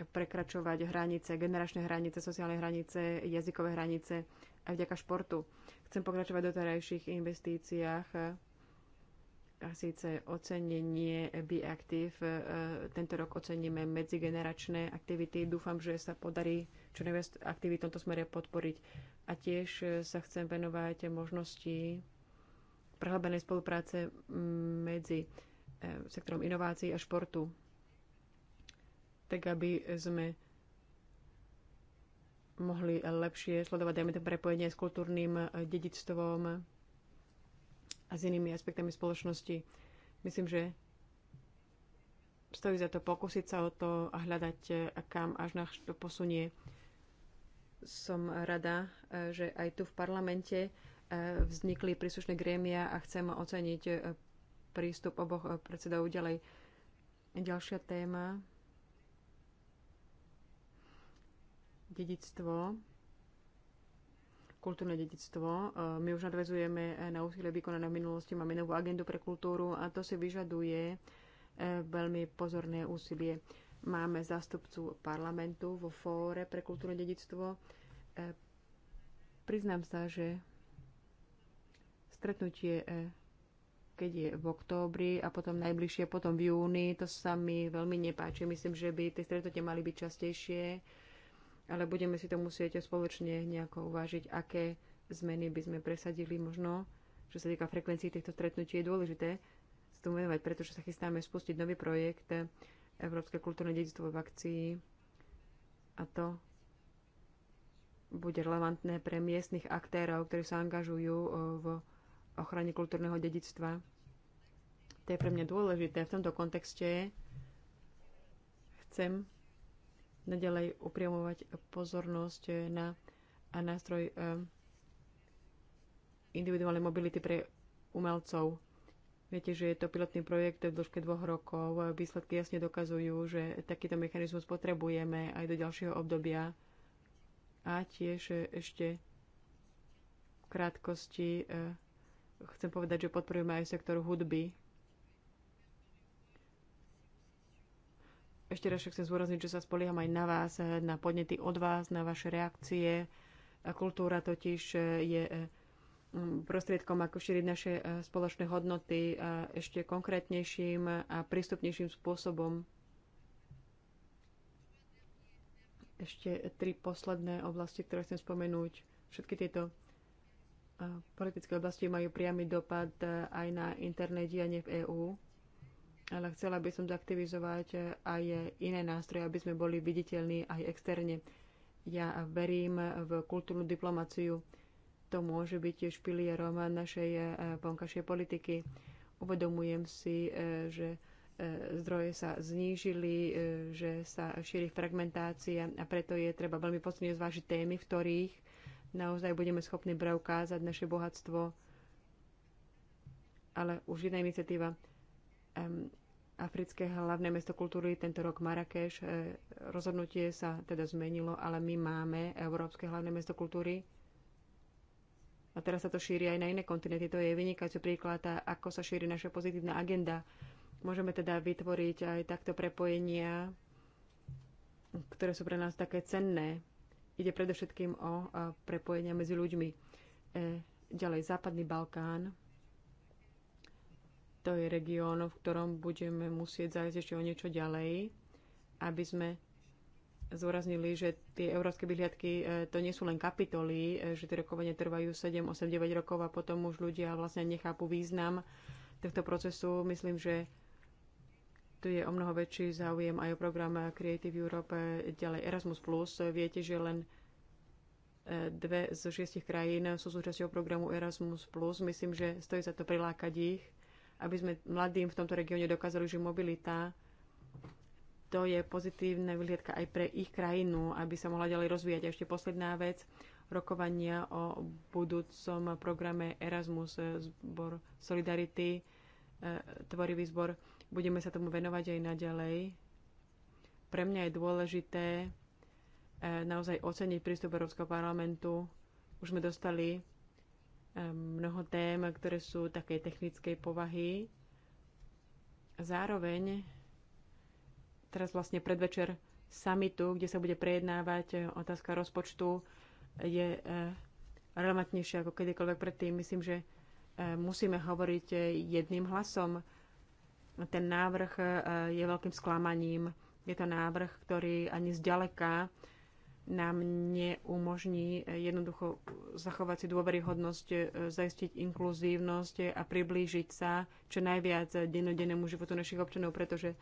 prekračovať hranice, generačné hranice, sociálne hranice, jazykové hranice aj vďaka športu. Chcem pokračovať v doterajších investíciách a síce ocenenie Be Active. E, tento rok oceníme medzigeneračné aktivity. Dúfam, že sa podarí čo najviac aktivít v tomto smere podporiť. A tiež e, sa chcem venovať možnosti prehlbenej spolupráce mm, medzi e, sektorom inovácií a športu. Tak, aby sme mohli lepšie sledovať, dajme to prepojenie s kultúrnym dedictvom, a s inými aspektami spoločnosti. Myslím, že stojí za to pokúsiť sa o to a hľadať, e, kam až nás to posunie. Som rada, e, že aj tu v parlamente e, vznikli príslušné grémia a chcem oceniť prístup oboch predsedov ďalej. Ďalšia téma. Dedictvo kultúrne dedictvo. E, my už nadvezujeme na úsilie vykonané v minulosti, máme novú agendu pre kultúru a to si vyžaduje e, veľmi pozorné úsilie. Máme zástupcu parlamentu vo fóre pre kultúrne dedictvo. E, priznám sa, že stretnutie, keď je v októbri a potom najbližšie, potom v júni, to sa mi veľmi nepáči. Myslím, že by tie stretnutie mali byť častejšie ale budeme si to musieť spoločne nejako uvážiť, aké zmeny by sme presadili možno, čo sa týka frekvencií týchto stretnutí, je dôležité sa tomu venovať, pretože sa chystáme spustiť nový projekt eh, Európske kultúrne dedictvo v akcii a to bude relevantné pre miestnych aktérov, ktorí sa angažujú eh, v ochrane kultúrneho dedictva. To je pre mňa dôležité. V tomto kontexte chcem nadalej upriamovať pozornosť eh, na nástroj eh, individuálnej mobility pre umelcov. Viete, že je to pilotný projekt v dĺžke dvoch rokov. Výsledky jasne dokazujú, že takýto mechanizmus potrebujeme aj do ďalšieho obdobia a tiež eh, ešte v krátkosti chcem povedať, že podporujeme aj sektor hudby, Ešte raz chcem zúrazniť, že sa spolieham aj na vás, na podnety od vás, na vaše reakcie. A kultúra totiž je eh, prostriedkom, ako šíriť naše eh, spoločné hodnoty a eh, ešte konkrétnejším a prístupnejším spôsobom. Ešte tri posledné oblasti, ktoré chcem spomenúť. Všetky tieto politické oblasti majú priamy dopad aj na internet dianie v EÚ ale chcela by som zaktivizovať eh, aj eh, iné nástroje, aby sme boli viditeľní aj externe. Ja verím v kultúrnu diplomáciu. To môže byť tiež pilierom našej eh, vonkašej politiky. Uvedomujem si, že zdroje sa znížili, že sa šíri fragmentácia a preto je treba veľmi pozorne zvážiť témy, v ktorých naozaj budeme schopní preukázať naše bohatstvo. Ale už jedna iniciatíva africké hlavné mesto kultúry, tento rok Marrakeš. E, rozhodnutie sa teda zmenilo, ale my máme Európske hlavné mesto kultúry. A teraz sa to šíri aj na iné kontinenty. To je vynikajúci príklad, ako sa šíri naša pozitívna agenda. Môžeme teda vytvoriť aj takto prepojenia, ktoré sú pre nás také cenné. Ide predovšetkým o e, prepojenia medzi ľuďmi. E, ďalej, Západný Balkán to je región, v ktorom budeme musieť zájsť ešte o niečo ďalej, aby sme zúraznili, že tie európske vyhliadky e, to nie sú len kapitoly, e, že tie rokovania trvajú 7, 8, 9 rokov a potom už ľudia vlastne nechápu význam tohto procesu. Myslím, že tu je o mnoho väčší záujem aj o program Creative Europe, ďalej Erasmus+. Viete, že len e, dve z šiestich krajín sú súčasťou programu Erasmus+. Myslím, že stojí za to prilákať ich aby sme mladým v tomto regióne dokázali, že mobilita to je pozitívna vyhliadka aj pre ich krajinu, aby sa mohla ďalej rozvíjať. A ešte posledná vec, rokovania o budúcom programe Erasmus, e, zbor Solidarity, e, tvorivý zbor. Budeme sa tomu venovať aj naďalej. Pre mňa je dôležité e, naozaj oceniť prístup Európskeho parlamentu. Už sme dostali mnoho tém, ktoré sú také technickej povahy. Zároveň teraz vlastne predvečer samitu, kde sa bude prejednávať e, otázka rozpočtu, je e, relevantnejšia ako kedykoľvek predtým. Myslím, že e, musíme hovoriť jedným hlasom. Ten návrh je veľkým sklamaním. Je to návrh, ktorý ani zďaleka nám neumožní jednoducho zachovať si dôveryhodnosť, e, zaistiť inkluzívnosť a priblížiť sa čo najviac dennodennému životu našich občanov, pretože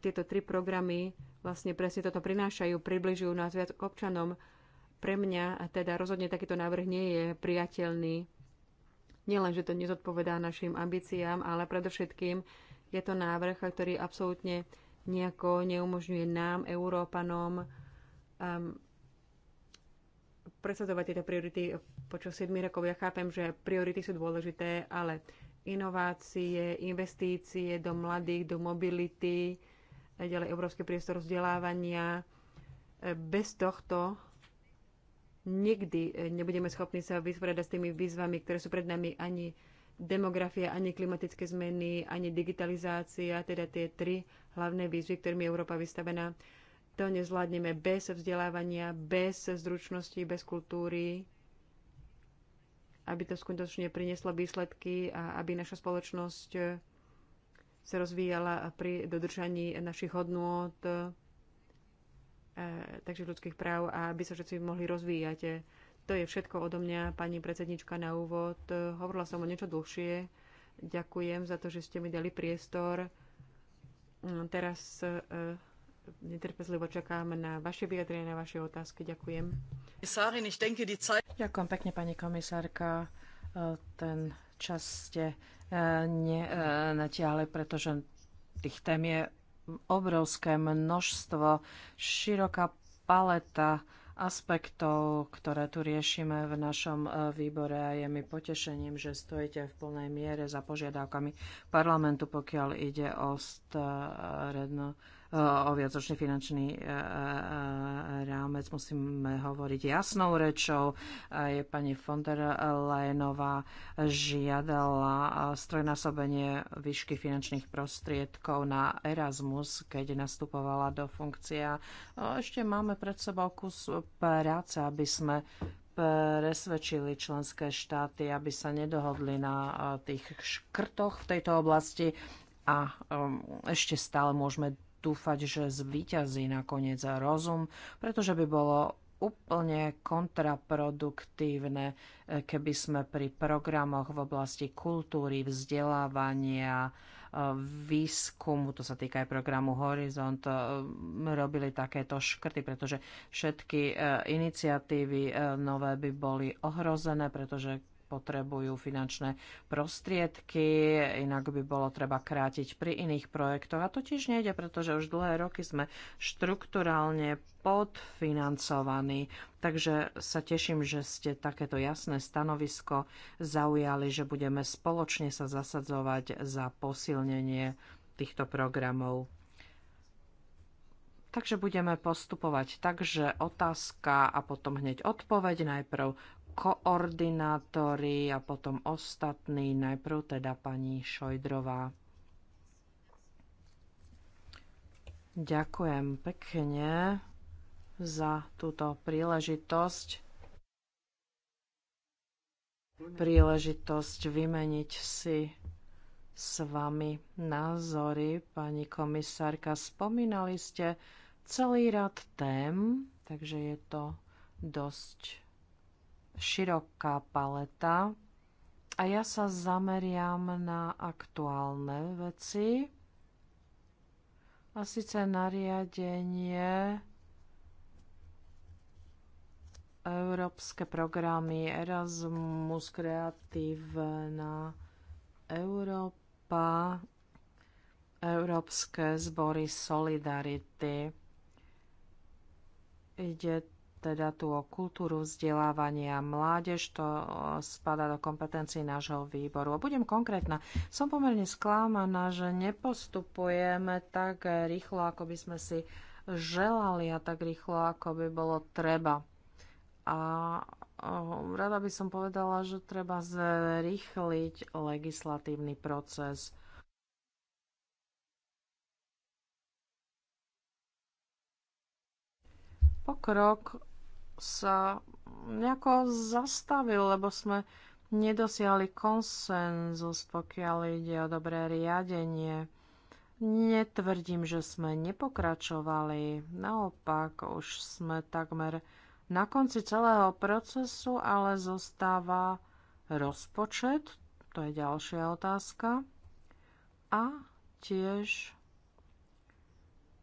tieto tri programy vlastne presne toto prinášajú, približujú nás viac k občanom. Pre mňa teda rozhodne takýto návrh nie je priateľný. Nielen, že to nezodpovedá našim ambíciám, ale predovšetkým je to návrh, ktorý absolútne nejako neumožňuje nám, Európanom, um, presadzovať tieto priority počas 7 rokov. Ja chápem, že priority sú dôležité, ale inovácie, investície do mladých, do mobility, ďalej európsky priestor vzdelávania. Bez tohto nikdy nebudeme schopní sa vysporiadať s tými výzvami, ktoré sú pred nami ani demografia, ani klimatické zmeny, ani digitalizácia, teda tie tri hlavné výzvy, ktorými je Európa vystavená to nezvládneme bez vzdelávania, bez zručnosti, bez kultúry, aby to skutočne prinieslo výsledky a aby naša spoločnosť sa rozvíjala pri dodržaní našich hodnôt, e, takže ľudských práv a aby sa všetci mohli rozvíjať. To je všetko odo mňa, pani predsednička, na úvod. Hovorila som o niečo dlhšie. Ďakujem za to, že ste mi dali priestor. Teraz e, netrpezlivo čakám na vaše vyjadrenie, na vaše otázky. Ďakujem. Ďakujem pekne, pani komisárka. E, ten čas ste e, natiahli, pretože tých tém je obrovské množstvo, široká paleta aspektov, ktoré tu riešime v našom e, výbore a je mi potešením, že stojíte v plnej miere za požiadavkami parlamentu, pokiaľ ide o strednú o viacročný finančný e, e, e, rámec musíme hovoriť jasnou rečou. Je pani von der Leyenová žiadala strojnásobenie výšky finančných prostriedkov na Erasmus, keď nastupovala do funkcia. No, ešte máme pred sebou kus práce, aby sme presvedčili členské štáty, aby sa nedohodli na tých škrtoch v tejto oblasti a um, ešte stále môžeme dúfať, že zvíťazí nakoniec rozum, pretože by bolo úplne kontraproduktívne, keby sme pri programoch v oblasti kultúry, vzdelávania, e, výskumu, to sa týka aj programu Horizont, e, robili takéto škrty, pretože všetky e, iniciatívy nové by boli ohrozené, pretože potrebujú finančné prostriedky, inak by bolo treba krátiť pri iných projektoch. A to tiež nejde, pretože už dlhé roky sme štrukturálne podfinancovaní. Takže sa teším, že ste takéto jasné stanovisko zaujali, že budeme spoločne sa zasadzovať za posilnenie týchto programov. Takže budeme postupovať tak, že otázka a potom hneď odpoveď. Najprv koordinátori a potom ostatní, najprv teda pani Šojdrová. Ďakujem pekne za túto príležitosť príležitosť vymeniť si s vami názory. Pani komisárka, spomínali ste celý rad tém, takže je to dosť široká paleta a ja sa zameriam na aktuálne veci a síce nariadenie európske programy Erasmus Kreatívna Európa, Európske zbory Solidarity. Ide teda tu o kultúru vzdelávania mládež, to eh, spada do kompetencií nášho výboru. A budem konkrétna. Som pomerne sklamaná, že nepostupujeme tak rýchlo, ako by sme si želali a tak rýchlo, ako by bolo treba. A eh, rada by som povedala, že treba zrýchliť legislatívny proces. Pokrok sa nejako zastavil, lebo sme nedosiahli konsenzus, pokiaľ ide o dobré riadenie. Netvrdím, že sme nepokračovali. Naopak, už sme takmer na konci celého procesu, ale zostáva rozpočet, to je ďalšia otázka, a tiež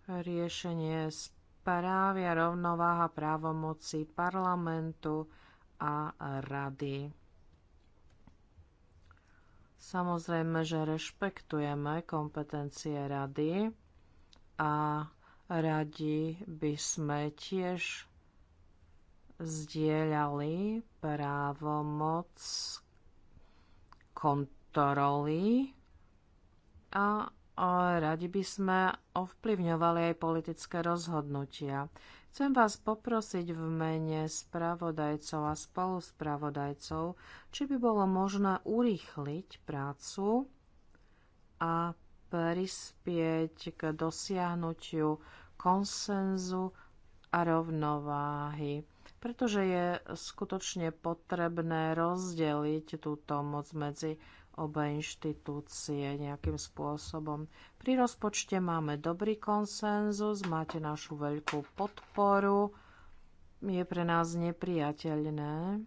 riešenie s právia rovnováha právomoci parlamentu a rady. Samozrejme, že rešpektujeme kompetencie rady a radi by sme tiež zdieľali právomoc kontroly a a radi by sme ovplyvňovali aj politické rozhodnutia. Chcem vás poprosiť v mene spravodajcov a spoluspravodajcov, či by bolo možné urýchliť prácu a prispieť k dosiahnutiu konsenzu a rovnováhy, pretože je skutočne potrebné rozdeliť túto moc medzi obe inštitúcie nejakým spôsobom. Pri rozpočte máme dobrý konsenzus, máte našu veľkú podporu. Je pre nás nepriateľné,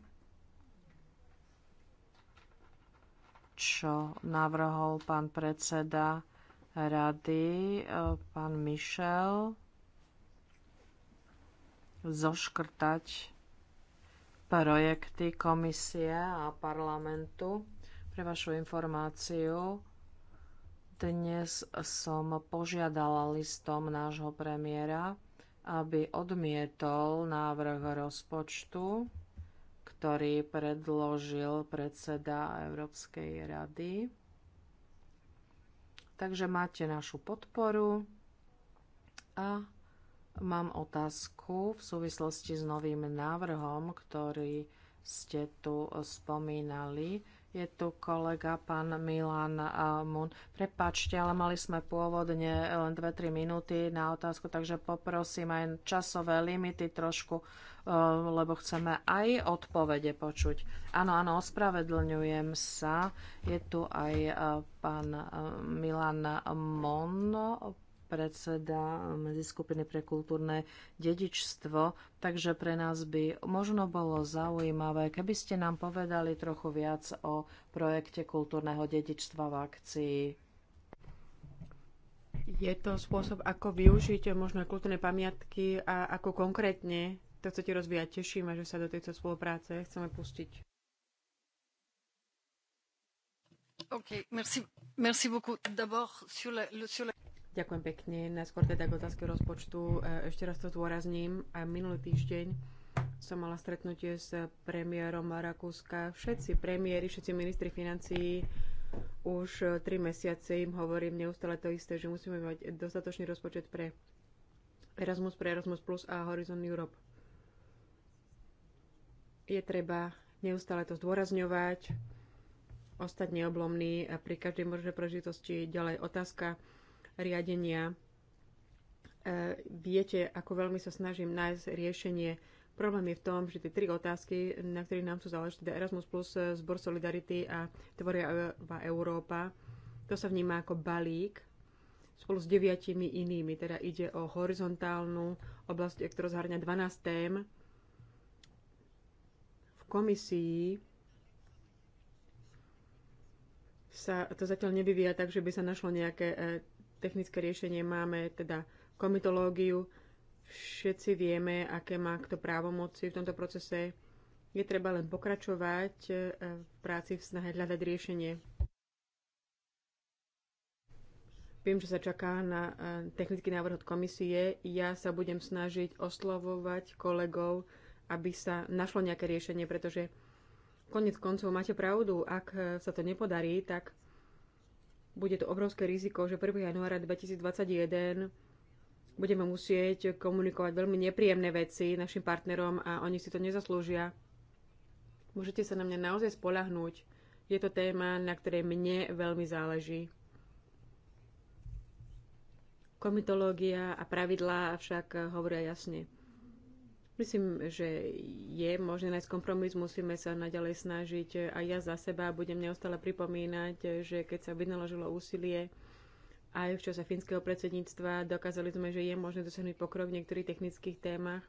čo navrhol pán predseda rady, e, pán Michel, zoškrtať projekty komisie a parlamentu. Pre vašu informáciu, dnes som požiadala listom nášho premiéra, aby odmietol návrh rozpočtu, ktorý predložil predseda Európskej rady. Takže máte našu podporu a mám otázku v súvislosti s novým návrhom, ktorý ste tu spomínali je tu kolega pán Milan eh, Mun. Prepačte, ale mali sme pôvodne eh, len 2-3 minúty na otázku, takže poprosím aj časové limity trošku, eh, lebo chceme aj odpovede počuť. Áno, áno, ospravedlňujem sa. Je tu aj pán Milan Mon predseda Medziskupiny pre kultúrne dedičstvo, takže pre nás by možno bolo zaujímavé, keby ste nám povedali trochu viac o projekte kultúrneho dedičstva v akcii. Je to spôsob, ako využiť možno kultúrne pamiatky a ako konkrétne to chcete rozvíjať. Tešíme, že sa do tejto spolupráce chceme pustiť. Okay, merci, merci beaucoup. D'abord, sur le, sur Ďakujem pekne. Najskôr teda k otázke rozpočtu. E, ešte raz to zdôrazním. A minulý týždeň som mala stretnutie s premiérom Rakúska. Všetci premiéri, všetci ministri financií už tri mesiace im hovorím neustále to isté, že musíme mať dostatočný rozpočet pre Erasmus, pre Erasmus Plus a Horizon Europe. Je treba neustále to zdôrazňovať, ostať neoblomný a pri každej možnej prežitosti ďalej otázka riadenia. E, viete, ako veľmi sa snažím nájsť riešenie. Problém je v tom, že tie tri otázky, na ktorých nám sú záleží, teda Erasmus+, e, Zbor Solidarity a Tvoria e, Európa, to sa vníma ako balík spolu s deviatimi inými. Teda ide o horizontálnu oblasť, ktorá zhrňa 12 tém. V komisii sa to zatiaľ nevyvíja tak, že by sa našlo nejaké technické riešenie. Máme teda komitológiu, všetci vieme, aké má kto právomoci v tomto procese. Je treba len pokračovať e, v práci v snahe hľadať riešenie. Viem, že sa čaká na e, technický návrh od komisie. Ja sa budem snažiť oslovovať kolegov, aby sa našlo nejaké riešenie, pretože konec koncov máte pravdu, ak e, sa to nepodarí, tak bude to obrovské riziko, že 1. januára 2021 budeme musieť komunikovať veľmi nepríjemné veci našim partnerom a oni si to nezaslúžia. Môžete sa na mňa naozaj spolahnúť. Je to téma, na ktorej mne veľmi záleží. Komitológia a pravidlá však hovoria jasne. Myslím, že je možné nájsť kompromis, musíme sa naďalej snažiť. A ja za seba budem neustále pripomínať, že keď sa vynaložilo úsilie aj v čase fínskeho predsedníctva, dokázali sme, že je možné dosiahnuť pokrok v niektorých technických témach.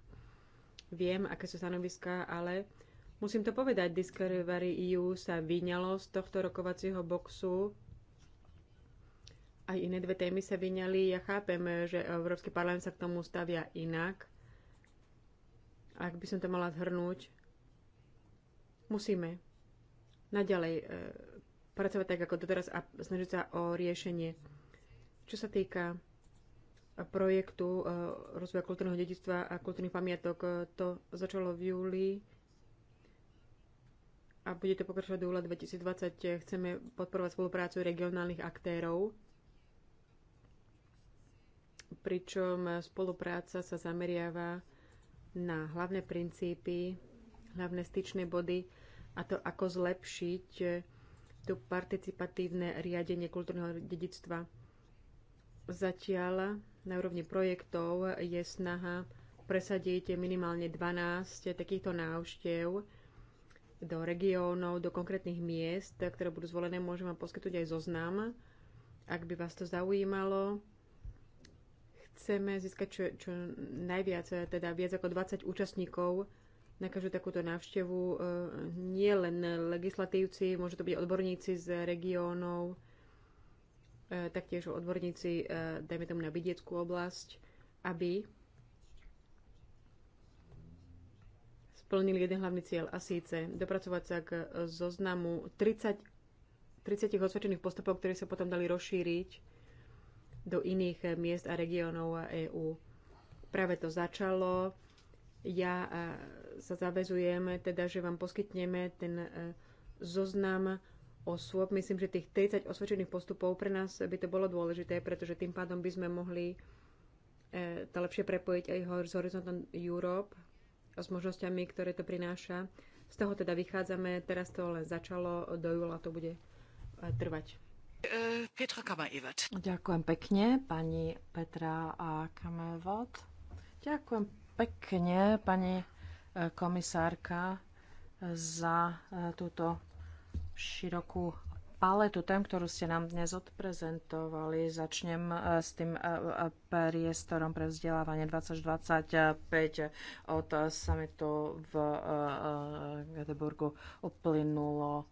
Viem, aké sú stanoviská, ale musím to povedať, Discovery EU sa vyňalo z tohto rokovacieho boxu. Aj iné dve témy sa vyňali. Ja chápem, že Európsky parlament sa k tomu stavia inak ak by som to mala zhrnúť, musíme naďalej e, pracovať tak, ako doteraz a snažiť sa o riešenie. Čo sa týka projektu e, rozvoja kultúrneho dedictva a kultúrnych pamiatok, e, to začalo v júli a bude to pokračovať do júla 2020. Chceme podporovať spoluprácu regionálnych aktérov, pričom spolupráca sa zameriava na hlavné princípy, hlavné styčné body a to, ako zlepšiť e, to participatívne riadenie kultúrneho dedictva. Zatiaľ na úrovni projektov je snaha presadiť minimálne 12 takýchto návštev do regiónov, do konkrétnych miest, ktoré budú zvolené. Môžem vám poskytnúť aj zoznam, ak by vás to zaujímalo. Chceme získať čo, čo najviac, eh, teda viac ako 20 účastníkov na každú takúto návštevu. Eh, nie len legislatívci, môžu to byť odborníci z regiónov, eh, taktiež odborníci, dajme tomu na vidieckú oblasť, aby splnili jeden hlavný cieľ a síce dopracovať sa k zoznamu 30, 30 osvedčených postupov, ktoré sa potom dali rozšíriť do iných eh, miest a regiónov EÚ. Eh, e Práve to začalo. Ja eh, sa zavezujem, teda, že vám poskytneme ten zoznam osôb. Myslím, že tých 30 osvedčených postupov pre nás by to bolo dôležité, pretože tým pádom by sme mohli to lepšie prepojiť aj s horizontom Europe a s možnosťami, ktoré to prináša. Z toho teda vychádzame, teraz to len začalo, do júla to bude trvať. Petra Ďakujem pekne, pani Petra a kammer Ďakujem pekne, pani eh, komisárka, za eh, túto širokú paletu tém, ktorú ste nám dnes odprezentovali. Začnem eh, s tým priestorom pre vzdelávanie 2025 od samitu v Göteborgu uplynulo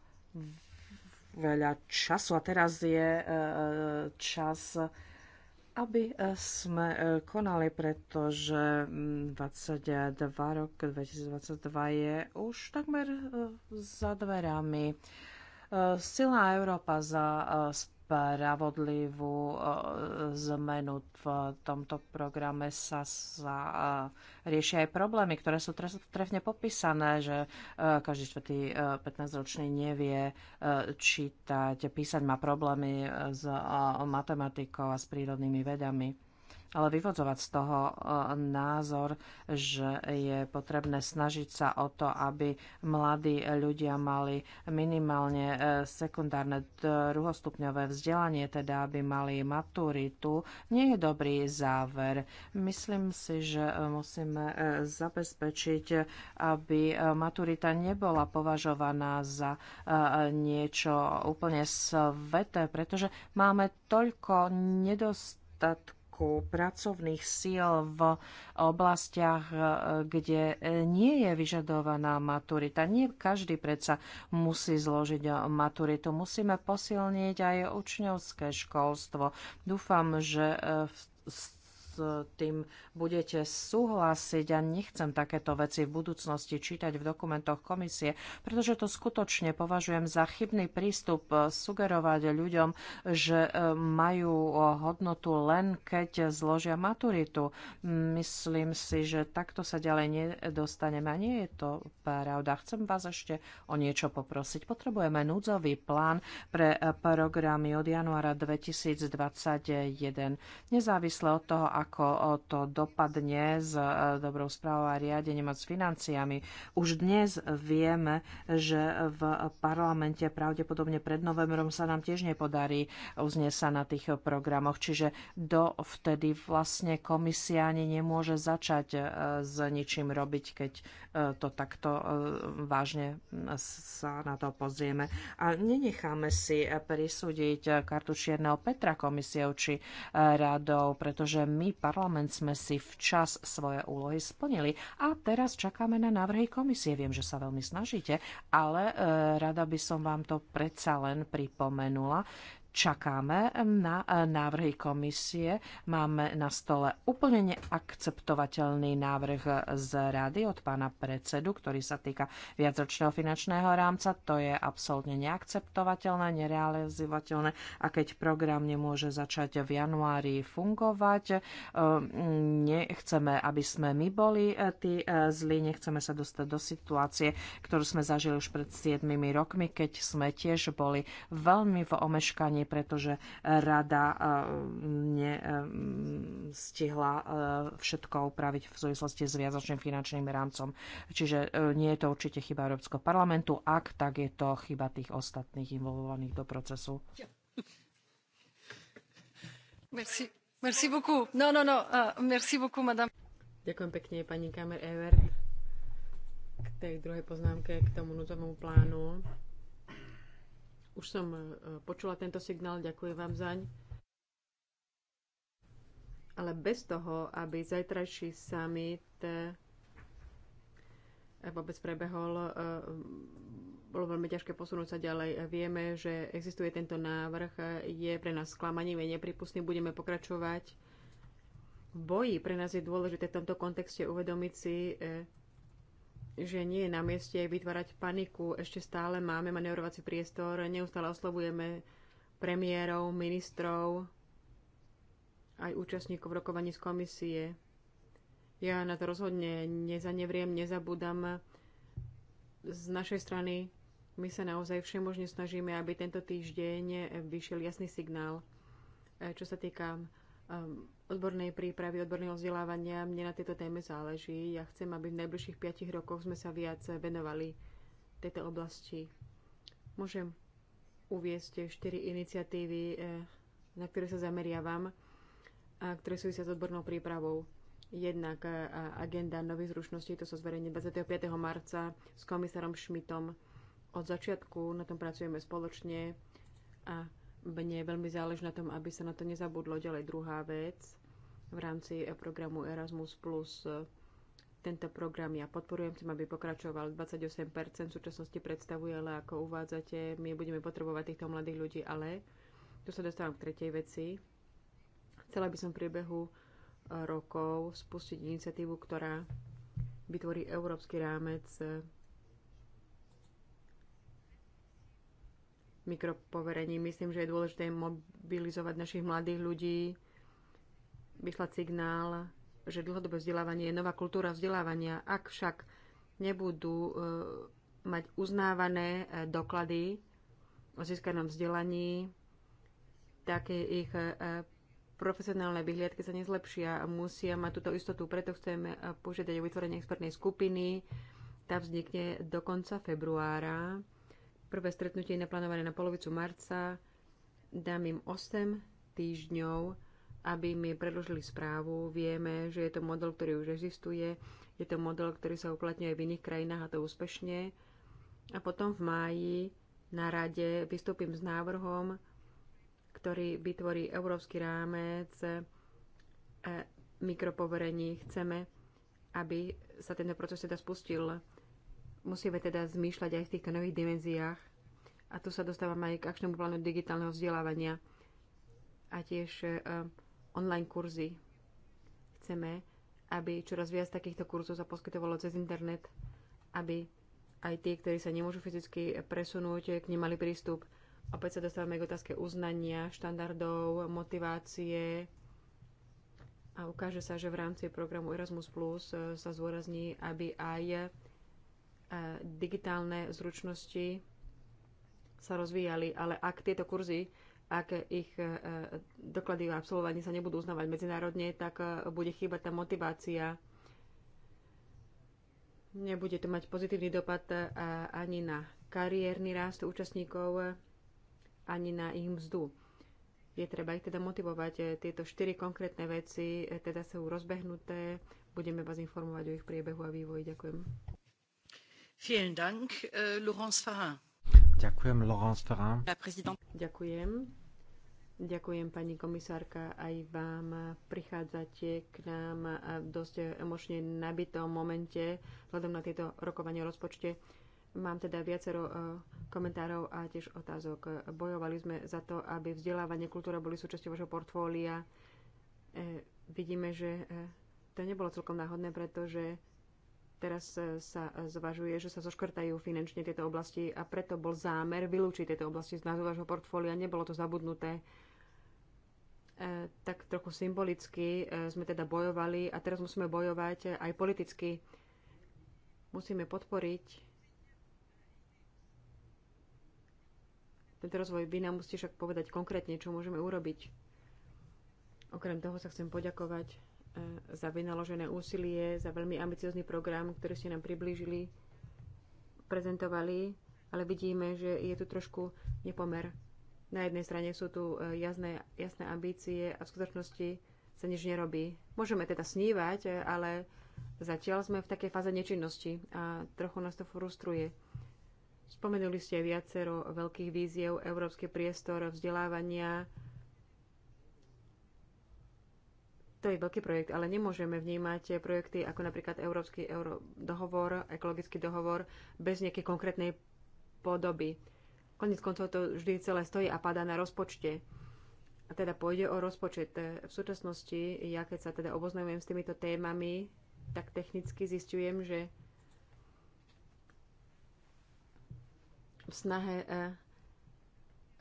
veľa času a teraz je e, e, čas, aby e, sme konali, pretože 22 mm, rok 2022 je už takmer za dverami. Silná Európa za spravodlivú e, zmenu. V tomto programe sa, sa e, riešia aj problémy, ktoré sú trefne popísané, že e, každý čtvrtý 15-ročný nevie čítať, písať, má problémy s matematikou a s prírodnými vedami ale vyvodzovať z toho e, názor, že je potrebné snažiť sa o to, aby mladí ľudia mali minimálne e, sekundárne druhostupňové vzdelanie, teda aby mali maturitu, nie je dobrý záver. Myslím si, že musíme e, zabezpečiť, aby maturita nebola považovaná za niečo úplne sveté, pretože máme toľko nedostatkov nedostatku pracovných síl v oblastiach, e, kde nie je vyžadovaná maturita. Nie každý predsa musí zložiť maturitu. Musíme posilniť aj učňovské školstvo. Dúfam, že e, v s tým budete súhlasiť a nechcem takéto veci v budúcnosti čítať v dokumentoch komisie, pretože to skutočne považujem za chybný prístup eh, sugerovať ľuďom, že eh, majú hodnotu len keď zložia maturitu. Myslím si, že takto sa ďalej nedostaneme a nie je to pravda. Chcem vás ešte o niečo poprosiť. Potrebujeme núdzový plán pre eh, programy od januára 2021. Nezávisle od toho, ako to dopadne s e, dobrou správou a riadením a s financiami. Už dnes vieme, že v parlamente pravdepodobne pred novembrom sa nám tiež nepodarí uznieť sa na tých programoch, čiže dovtedy vlastne komisia ani nemôže začať e, s ničím robiť, keď e, to takto vážne sa na to pozrieme. A nenecháme si prisúdiť kartu Čierneho Petra komisiou či radou, pretože my parlament sme si včas svoje úlohy splnili a teraz čakáme na návrhy komisie. Viem, že sa veľmi snažíte, ale eh, rada by som vám to predsa len pripomenula, čakáme na e, návrhy komisie. Máme na stole úplne neakceptovateľný návrh z rady od pána predsedu, ktorý sa týka viacročného finančného rámca. To je absolútne neakceptovateľné, nerealizovateľné. A keď program nemôže začať v januári fungovať, e, nechceme, aby sme my boli e, tí zlí, nechceme sa dostať do situácie, ktorú sme zažili už pred 7 rokmi, keď sme tiež boli veľmi v omeškaní preto, pretože rada eh, nestihla eh, eh, všetko upraviť v súvislosti s viazočným finančným rámcom. Čiže nie je to určite chyba Európskeho parlamentu, ak tak je to chyba tých ostatných involvovaných do procesu. Merci. Merci beaucoup. No, no, no. Merci beaucoup, madame. Ďakujem pekne, pani Kamer Ever k tej druhej poznámke, k tomu nutovému plánu. Už som e, počula tento signál, ďakujem vám zaň. Ale bez toho, aby zajtrajší summit e, vôbec prebehol, e, bolo veľmi ťažké posunúť sa ďalej. Vieme, že existuje tento návrh, je pre nás sklamaním, je nepripustný, budeme pokračovať v boji. Pre nás je dôležité v tomto kontexte uvedomiť si, že nie je na mieste vytvárať paniku. Ešte stále máme manevrovací priestor, neustále oslovujeme premiérov, ministrov, aj účastníkov rokovaní z komisie. Ja na to rozhodne nezanevriem, nezabudám. Z našej strany my sa naozaj všemožne snažíme, aby tento týždeň vyšiel jasný signál, eh, čo sa týka Ehm, odbornej prípravy, odborného vzdelávania. Mne na tejto téme záleží. Ja chcem, aby v najbližších 5 rokoch sme sa viac venovali tejto oblasti. Môžem uviesť 4 iniciatívy, eh, na ktoré sa zameriavam a ktoré súvisia s odbornou prípravou. Jednak eh, agenda nových zručností, to sa so zverejne 25. marca s komisárom Šmitom. Od začiatku na tom pracujeme spoločne a mne veľmi záleží na tom, aby sa na to nezabudlo. Ďalej druhá vec v rámci programu Erasmus+. Tento program ja podporujem, chcem, aby pokračoval. 28% v súčasnosti predstavuje, ale ako uvádzate, my budeme potrebovať týchto mladých ľudí, ale tu sa dostávam k tretej veci. Chcela by som v priebehu e, rokov spustiť iniciatívu, ktorá vytvorí európsky rámec e, mikropoverení. Myslím, že je dôležité mobilizovať našich mladých ľudí, vyslať signál, že dlhodobé vzdelávanie je nová kultúra vzdelávania. Ak však nebudú e, mať uznávané e, doklady o získanom vzdelaní, tak ich e, profesionálne vyhliadky sa nezlepšia. Musia mať túto istotu, preto chceme požiadať o vytvorenie expertnej skupiny. Tá vznikne do konca februára. Prvé stretnutie je naplánované na polovicu marca. Dám im 8 týždňov, aby mi predložili správu. Vieme, že je to model, ktorý už existuje. Je to model, ktorý sa uplatňuje v iných krajinách a to úspešne. A potom v máji na rade vystúpim s návrhom, ktorý vytvorí európsky rámec e, mikropoverení. Chceme, aby sa tento proces teda spustil Musíme teda zmýšľať aj v týchto nových dimenziách. A tu sa dostávam aj k akčnému plánu digitálneho vzdelávania a tiež e, online kurzy. Chceme, aby čoraz viac takýchto kurzov sa poskytovalo cez internet, aby aj tí, ktorí sa nemôžu fyzicky presunúť, k nim mali prístup. Opäť sa dostávame k otázke uznania, štandardov, motivácie a ukáže sa, že v rámci programu Erasmus Plus e, sa zúrazní, aby aj digitálne zručnosti sa rozvíjali, ale ak tieto kurzy, ak ich e, doklady o absolvovaní sa nebudú uznávať medzinárodne, tak e, bude chýbať tá motivácia. Nebude to mať pozitívny dopad e, ani na kariérny rast účastníkov, ani na ich mzdu. Je treba ich teda motivovať. Tieto štyri konkrétne veci teda sú rozbehnuté. Budeme vás informovať o ich priebehu a vývoji. Ďakujem. Äh, Ďakujem, Laurence Ďakujem. Ďakujem, pani komisárka, aj vám. Prichádzate k nám v dosť emočne nabitom momente, vzhľadom na tieto rokovanie o rozpočte. Mám teda viacero e, komentárov a tiež otázok. Bojovali sme za to, aby vzdelávanie kultúra boli súčasťou vašho portfólia. E, vidíme, že e, to nebolo celkom náhodné, pretože Teraz e, sa e, zvažuje, že sa zoškrtajú finančne tieto oblasti a preto bol zámer vylúčiť tieto oblasti z názvu vášho portfólia. Nebolo to zabudnuté. E, tak trochu symbolicky sme teda bojovali a teraz musíme bojovať aj politicky. Musíme podporiť tento rozvoj. Vy nám musíte však povedať konkrétne, čo môžeme urobiť. Okrem toho sa chcem poďakovať E, za vynaložené úsilie, za veľmi ambiciózny program, ktorý ste nám priblížili, prezentovali, ale vidíme, že je tu trošku nepomer. Na jednej strane sú tu e, jasné, jasné ambície a v skutočnosti sa nič nerobí. Môžeme teda snívať, e, ale zatiaľ sme v takej fáze nečinnosti a trochu nás to frustruje. Spomenuli ste viacero veľkých víziev, európsky priestor vzdelávania, To je veľký projekt, ale nemôžeme vnímať projekty ako napríklad Európsky euro- dohovor, ekologický dohovor bez nejakej konkrétnej podoby. Konec koncov to vždy celé stojí a padá na rozpočte. A teda pôjde o rozpočet. V súčasnosti, ja keď sa teda oboznamujem s týmito témami, tak technicky zistujem, že v snahe eh,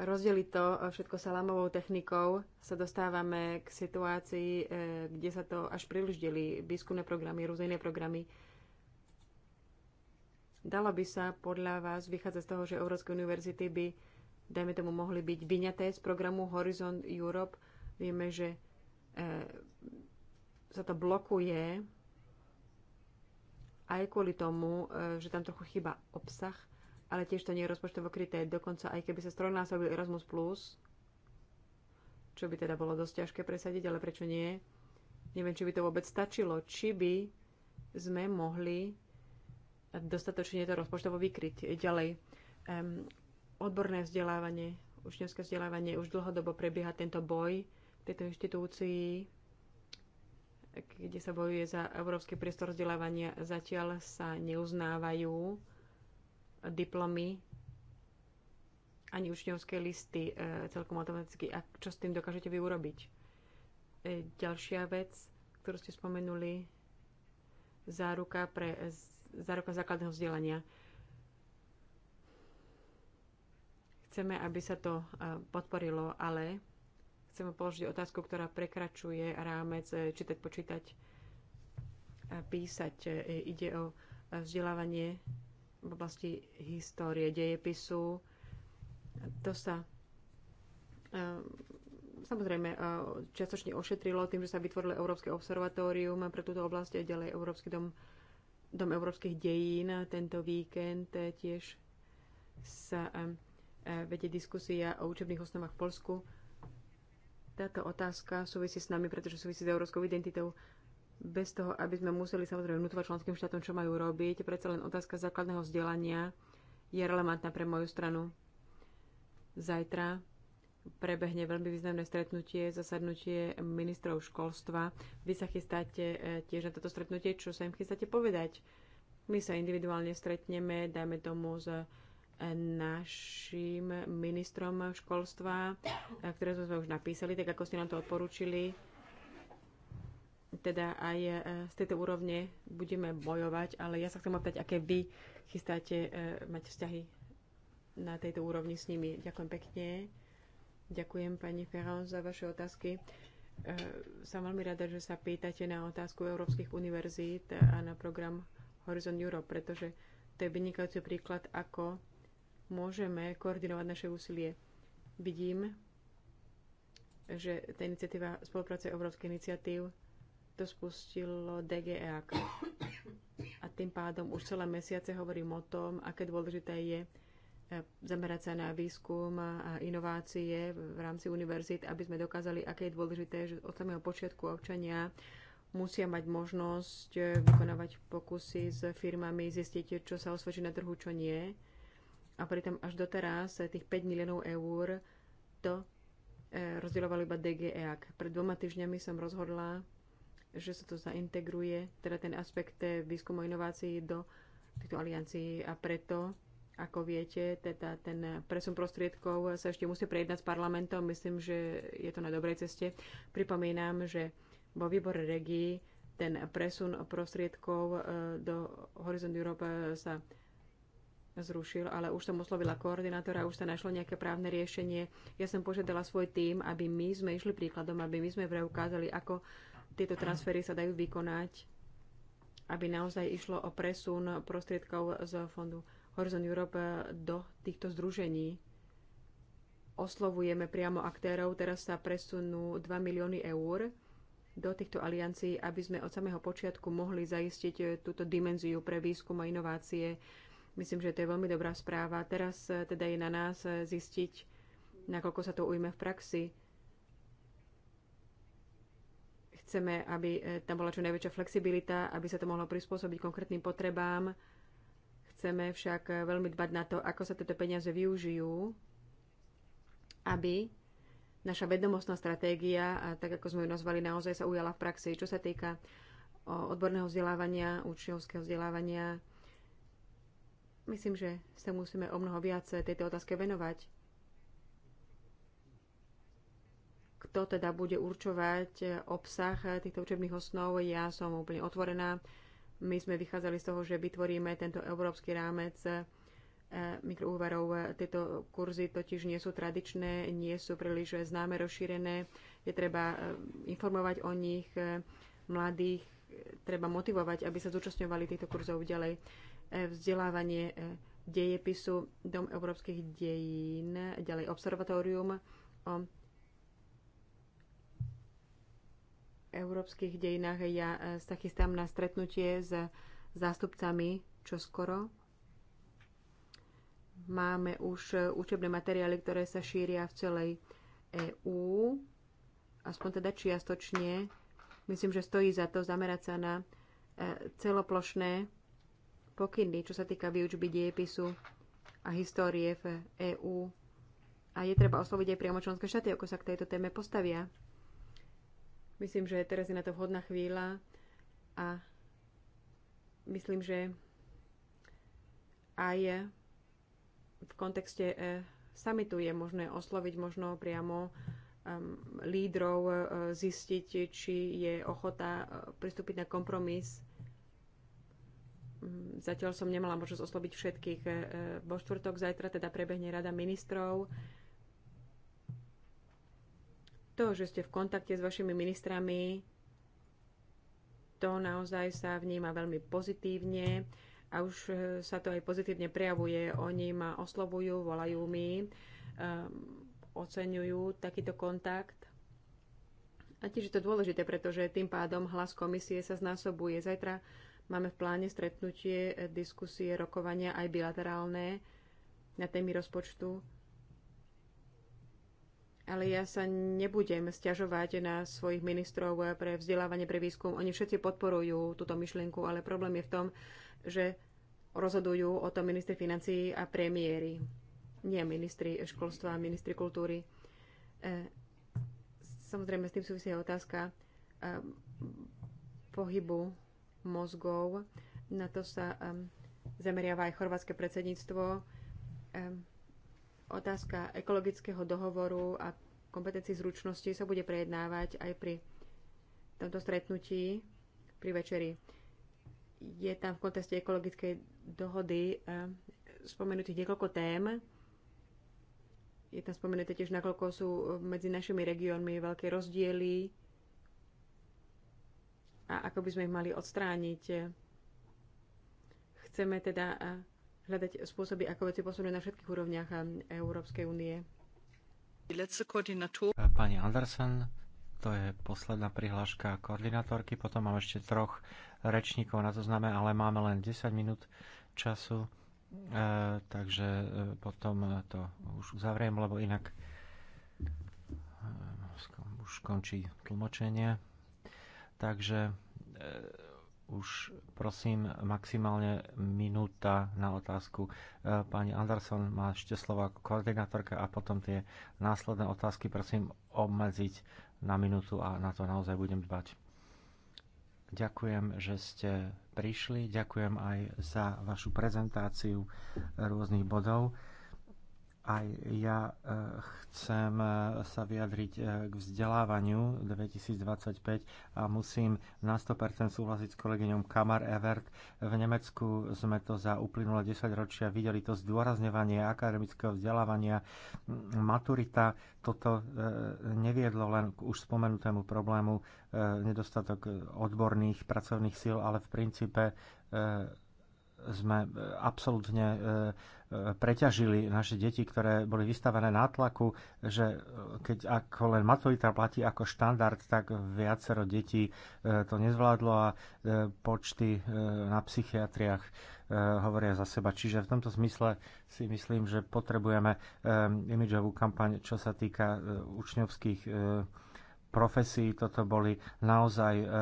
rozdeliť to e, všetko salamovou technikou, sa dostávame k situácii, e, kde sa to až príliš delí, výskumné programy, rôzne programy. Dalo by sa podľa vás vychádzať z toho, že Európske univerzity by, dajme tomu, mohli byť vyňaté z programu Horizon Europe. Vieme, že e, sa to blokuje aj kvôli tomu, e, že tam trochu chýba obsah ale tiež to nie je rozpočtovo kryté. Dokonca aj keby sa strojnásobil Erasmus+, čo by teda bolo dosť ťažké presadiť, ale prečo nie? Neviem, či by to vôbec stačilo. Či by sme mohli dostatočne to rozpočtovo vykryť. Ďalej, um, odborné vzdelávanie, učňovské vzdelávanie, už dlhodobo prebieha tento boj v tejto inštitúcii, kde sa bojuje za európsky priestor vzdelávania. Zatiaľ sa neuznávajú diplomy ani učňovské listy e, celkom automaticky. A čo s tým dokážete vy urobiť? E, ďalšia vec, ktorú ste spomenuli, záruka, pre, záruka základného vzdelania. Chceme, aby sa to e, podporilo, ale chceme položiť otázku, ktorá prekračuje rámec čítať, počítať, písať. Ide o vzdelávanie v oblasti histórie, dejepisu. To sa eh, samozrejme eh, čiastočne ošetrilo tým, že sa vytvorilo Európske observatórium pre túto oblasť a ďalej Európsky dom, dom európskych dejín. Tento víkend tiež sa eh, vedie diskusia o učebných osnovách v Polsku. Táto otázka súvisí s nami, pretože súvisí s európskou identitou bez toho, aby sme museli samozrejme vnútovať členským štátom, čo majú robiť. Predsa len otázka základného vzdelania je relevantná pre moju stranu. Zajtra prebehne veľmi významné stretnutie, zasadnutie ministrov školstva. Vy sa chystáte e, tiež na toto stretnutie, čo sa im chystáte povedať. My sa individuálne stretneme, dajme tomu s e, našim ministrom školstva, e, ktoré sme už napísali, tak ako ste nám to odporúčili teda aj e, z tejto úrovne budeme bojovať, ale ja sa chcem opýtať, aké vy chystáte e, mať vzťahy na tejto úrovni s nimi. Ďakujem pekne. Ďakujem pani Ferron za vaše otázky. E, som veľmi rada, že sa pýtate na otázku európskych univerzít a na program Horizon Europe, pretože to je vynikajúci príklad, ako môžeme koordinovať naše úsilie. Vidím, že tá iniciatíva spolupráce Európskej iniciatív to spustilo DGEAK. A tým pádom už celé mesiace hovorím o tom, aké dôležité je e, zamerať sa na výskum a inovácie v rámci univerzít, aby sme dokázali, aké je dôležité, že od samého počiatku občania musia mať možnosť e, vykonávať pokusy s firmami, zistiť, čo sa osvedčí na trhu, čo nie. A pritom až doteraz tých 5 miliónov eur to e, rozdielovali iba DGEAK. Pred dvoma týždňami som rozhodla že sa to zaintegruje, teda ten aspekt výskumu inovácií do týchto aliancií a preto, ako viete, teda ten presun prostriedkov sa ešte musí prejednať s parlamentom. Myslím, že je to na dobrej ceste. Pripomínam, že vo výbore regii ten presun prostriedkov e, do Horizon Europe e, sa zrušil, ale už som oslovila koordinátora, už sa našlo nejaké právne riešenie. Ja som požiadala svoj tým, aby my sme išli príkladom, aby my sme preukázali, ako tieto transfery sa dajú vykonať, aby naozaj išlo o presun prostriedkov z fondu Horizon Europe do týchto združení. Oslovujeme priamo aktérov, teraz sa presunú 2 milióny eur do týchto aliancií, aby sme od samého počiatku mohli zaistiť túto dimenziu pre výskum a inovácie. Myslím, že to je veľmi dobrá správa. Teraz teda je na nás zistiť, nakoľko sa to ujme v praxi. Chceme, aby e, tam bola čo najväčšia flexibilita, aby sa to mohlo prispôsobiť konkrétnym potrebám. Chceme však e, veľmi dbať na to, ako sa tieto peniaze využijú, aby naša vedomostná stratégia, a tak ako sme ju nazvali, naozaj sa ujala v praxi. Čo sa týka odborného vzdelávania, učňovského vzdelávania, myslím, že sa musíme o mnoho viac e, tejto otázke venovať kto teda bude určovať e, obsah e, týchto učebných osnov. Ja som úplne otvorená. My sme vychádzali z toho, že vytvoríme tento európsky rámec e, mikroúvarov. Tieto kurzy totiž nie sú tradičné, nie sú príliš známe, rozšírené. Je treba informovať o nich mladých, treba motivovať, aby sa zúčastňovali týchto kurzov ďalej. Vzdelávanie dejepisu Dom európskych dejín, ďalej observatórium o európskych dejinách. Ja e, sa chystám na stretnutie s zástupcami čoskoro. Máme už e, učebné materiály, ktoré sa šíria v celej EÚ, aspoň teda čiastočne. Myslím, že stojí za to zamerať sa na e, celoplošné pokyny, čo sa týka výučby diepisu a histórie v EÚ. A je treba osloviť aj priamo členské štáty, ako sa k tejto téme postavia. Myslím, že teraz je na to vhodná chvíľa a myslím, že aj v kontekste eh, samitu je možné osloviť možno priamo ehm, lídrov, eh, zistiť, či je ochota eh, pristúpiť na kompromis. Mm, zatiaľ som nemala možnosť osloviť všetkých. Vo štvrtok zajtra teda prebehne rada ministrov to, že ste v kontakte s vašimi ministrami, to naozaj sa vníma veľmi pozitívne a už e, sa to aj pozitívne prejavuje. Oni ma oslovujú, volajú mi, um, oceňujú takýto kontakt. A tiež je to dôležité, pretože tým pádom hlas komisie sa znásobuje. Zajtra máme v pláne stretnutie, e, diskusie, rokovania aj bilaterálne na témy rozpočtu ale ja sa nebudem stiažovať na svojich ministrov pre vzdelávanie, pre výskum. Oni všetci podporujú túto myšlienku, ale problém je v tom, že rozhodujú o tom ministri financií a premiéry. Nie ministri školstva, ministri kultúry. E, samozrejme, s tým súvisí otázka e, pohybu mozgov. Na to sa e, zameriava aj chorvátske predsedníctvo. Um, Otázka ekologického dohovoru a kompetencií zručnosti sa bude prejednávať aj pri tomto stretnutí pri večeri. Je tam v kontexte ekologickej dohody eh, spomenutých niekoľko tém. Je tam spomenuté tiež, nakoľko sú medzi našimi regiónmi veľké rozdiely a ako by sme ich mali odstrániť. Chceme teda eh, hľadať spôsoby, ako veci posunúť na všetkých úrovniach um, Európskej únie. Pani Andersen, to je posledná prihláška koordinátorky, potom mám ešte troch rečníkov na zozname, ale máme len 10 minút času, e, takže e, potom e, to už uzavriem, lebo inak e, už končí tlmočenie. Takže e, už prosím maximálne minúta na otázku. E, pani Anderson má ešte slova koordinátorka a potom tie následné otázky prosím obmedziť na minútu a na to naozaj budem dbať. Ďakujem, že ste prišli, ďakujem aj za vašu prezentáciu rôznych bodov. Aj ja e, chcem e, sa vyjadriť e, k vzdelávaniu 2025 a musím na 100% súhlasiť s kolegyňom Kamar Evert. V Nemecku sme to za uplynulé 10 ročia videli to zdôrazňovanie akademického vzdelávania. Maturita toto neviedlo len k už spomenutému problému nedostatok odborných pracovných síl, ale v princípe sme e, absolútne e, e, preťažili naše deti, ktoré boli vystavené nátlaku, že keď ako len maturita platí ako štandard, tak viacero detí to nezvládlo a počty na psychiatriách hovoria za seba. Čiže v tomto zmysle si myslím, že potrebujeme imidžovú kampaň, čo sa týka učňovských profesí. Toto boli naozaj e, e, e,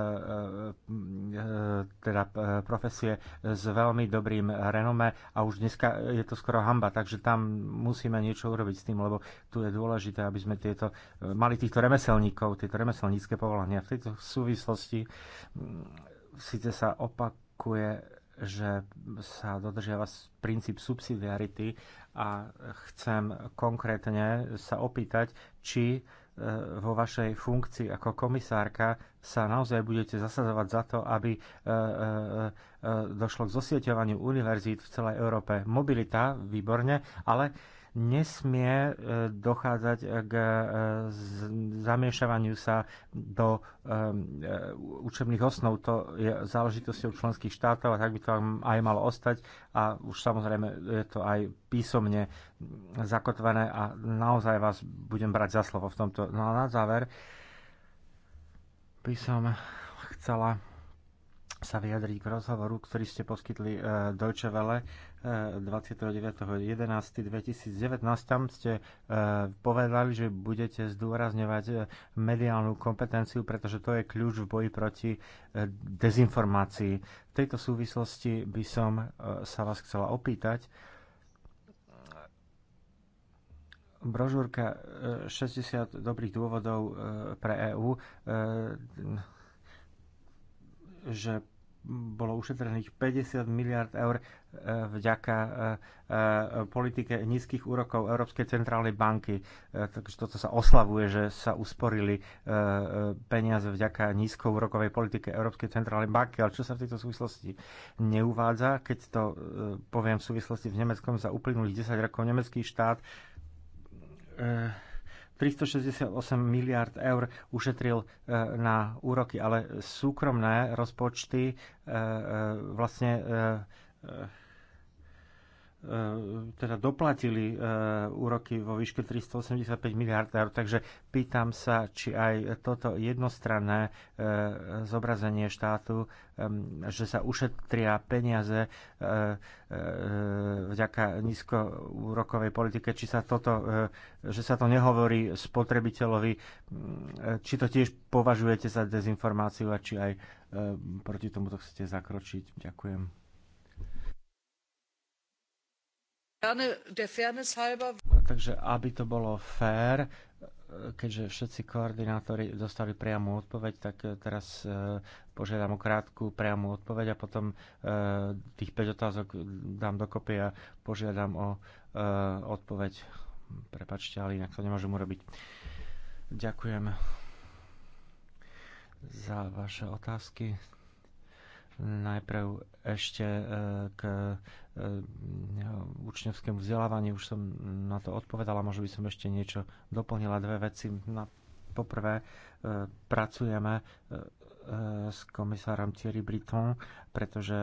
teda profesie s veľmi dobrým renome a už dneska je to skoro hamba, takže tam musíme niečo urobiť s tým, lebo tu je dôležité, aby sme tieto, mali týchto remeselníkov, tieto remeselnícke povolania. V tejto súvislosti mm, síce sa opakuje, že sa dodržiava princíp subsidiarity a chcem konkrétne sa opýtať, či Eh, vo vašej funkcii ako komisárka sa naozaj budete zasadzovať za to, aby eh, eh, došlo k zosieťovaniu univerzít v celej Európe. Mobilita, výborne, ale nesmie e, dochádzať e, k e, zamiešavaniu sa do učebných osnov. To je záležitosťou členských štátov a tak by to aj malo ostať a už samozrejme je to aj písomne zakotvené a naozaj vás budem brať za slovo v tomto. No a na záver by som chcela sa vyjadriť k rozhovoru, ktorý ste poskytli uh, Deutsche Welle uh, e, 29.11.2019. Tam ste uh, povedali, že budete zdôrazňovať uh, mediálnu kompetenciu, pretože to je kľúč v boji proti uh, dezinformácii. V tejto súvislosti by som uh, sa vás chcela opýtať, brožúrka 60 dobrých dôvodov pre EÚ že bolo ušetrených 50 miliard eur e, vďaka e, e, politike nízkych úrokov Európskej centrálnej banky. Takže toto sa oslavuje, že sa usporili peniaze vďaka nízkoúrokovej politike Európskej centrálnej banky. Ale čo sa v tejto súvislosti neuvádza, keď to poviem v súvislosti v Nemeckom, za uplynulých 10 rokov nemecký štát 368 miliard eur ušetril e, na úroky, ale súkromné rozpočty e, e, vlastne E, teda doplatili e, úroky vo výške 385 miliard eur, takže pýtam sa, či aj toto jednostranné e, zobrazenie štátu, že sa ušetria peniaze vďaka nízkoúrokovej politike, či sa toto, že sa to nehovorí spotrebiteľovi, či to tiež považujete za dezinformáciu a či aj proti tomu to chcete zakročiť. Ďakujem. Takže aby to bolo fér, keďže všetci koordinátori dostali priamu odpoveď, tak eh, teraz eh, požiadam o krátku priamu odpoveď a potom eh, tých 5 otázok dám dokopy a požiadam o odpoveď. Prepačte, ale inak to nemôžem urobiť. Ďakujem za vaše otázky. Najprv ešte e, k e, učňovskému vzdelávaniu, už som na to odpovedala, možno by som ešte niečo doplnila, dve veci. Na, poprvé, e, pracujeme s komisárom Thierry Briton, pretože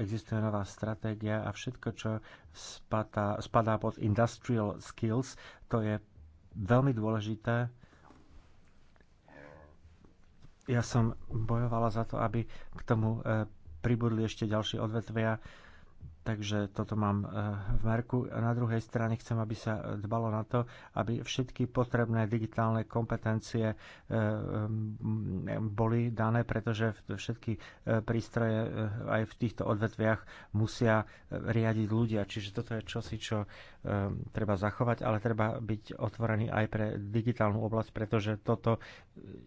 existuje nová stratégia a všetko, čo spadá, spadá pod industrial skills, to je veľmi dôležité ja som bojovala za to, aby k tomu eh, pribudli ešte ďalšie odvetvia Takže toto mám eh, v merku. Na druhej strane chcem, aby sa dbalo na to, aby všetky potrebné digitálne kompetencie eh, mm, boli dané, pretože všetky eh, prístroje aj v týchto odvetviach musia riadiť ľudia. Čiže toto je čosi, čo treba zachovať, ale treba byť otvorený aj pre digitálnu oblasť, pretože toto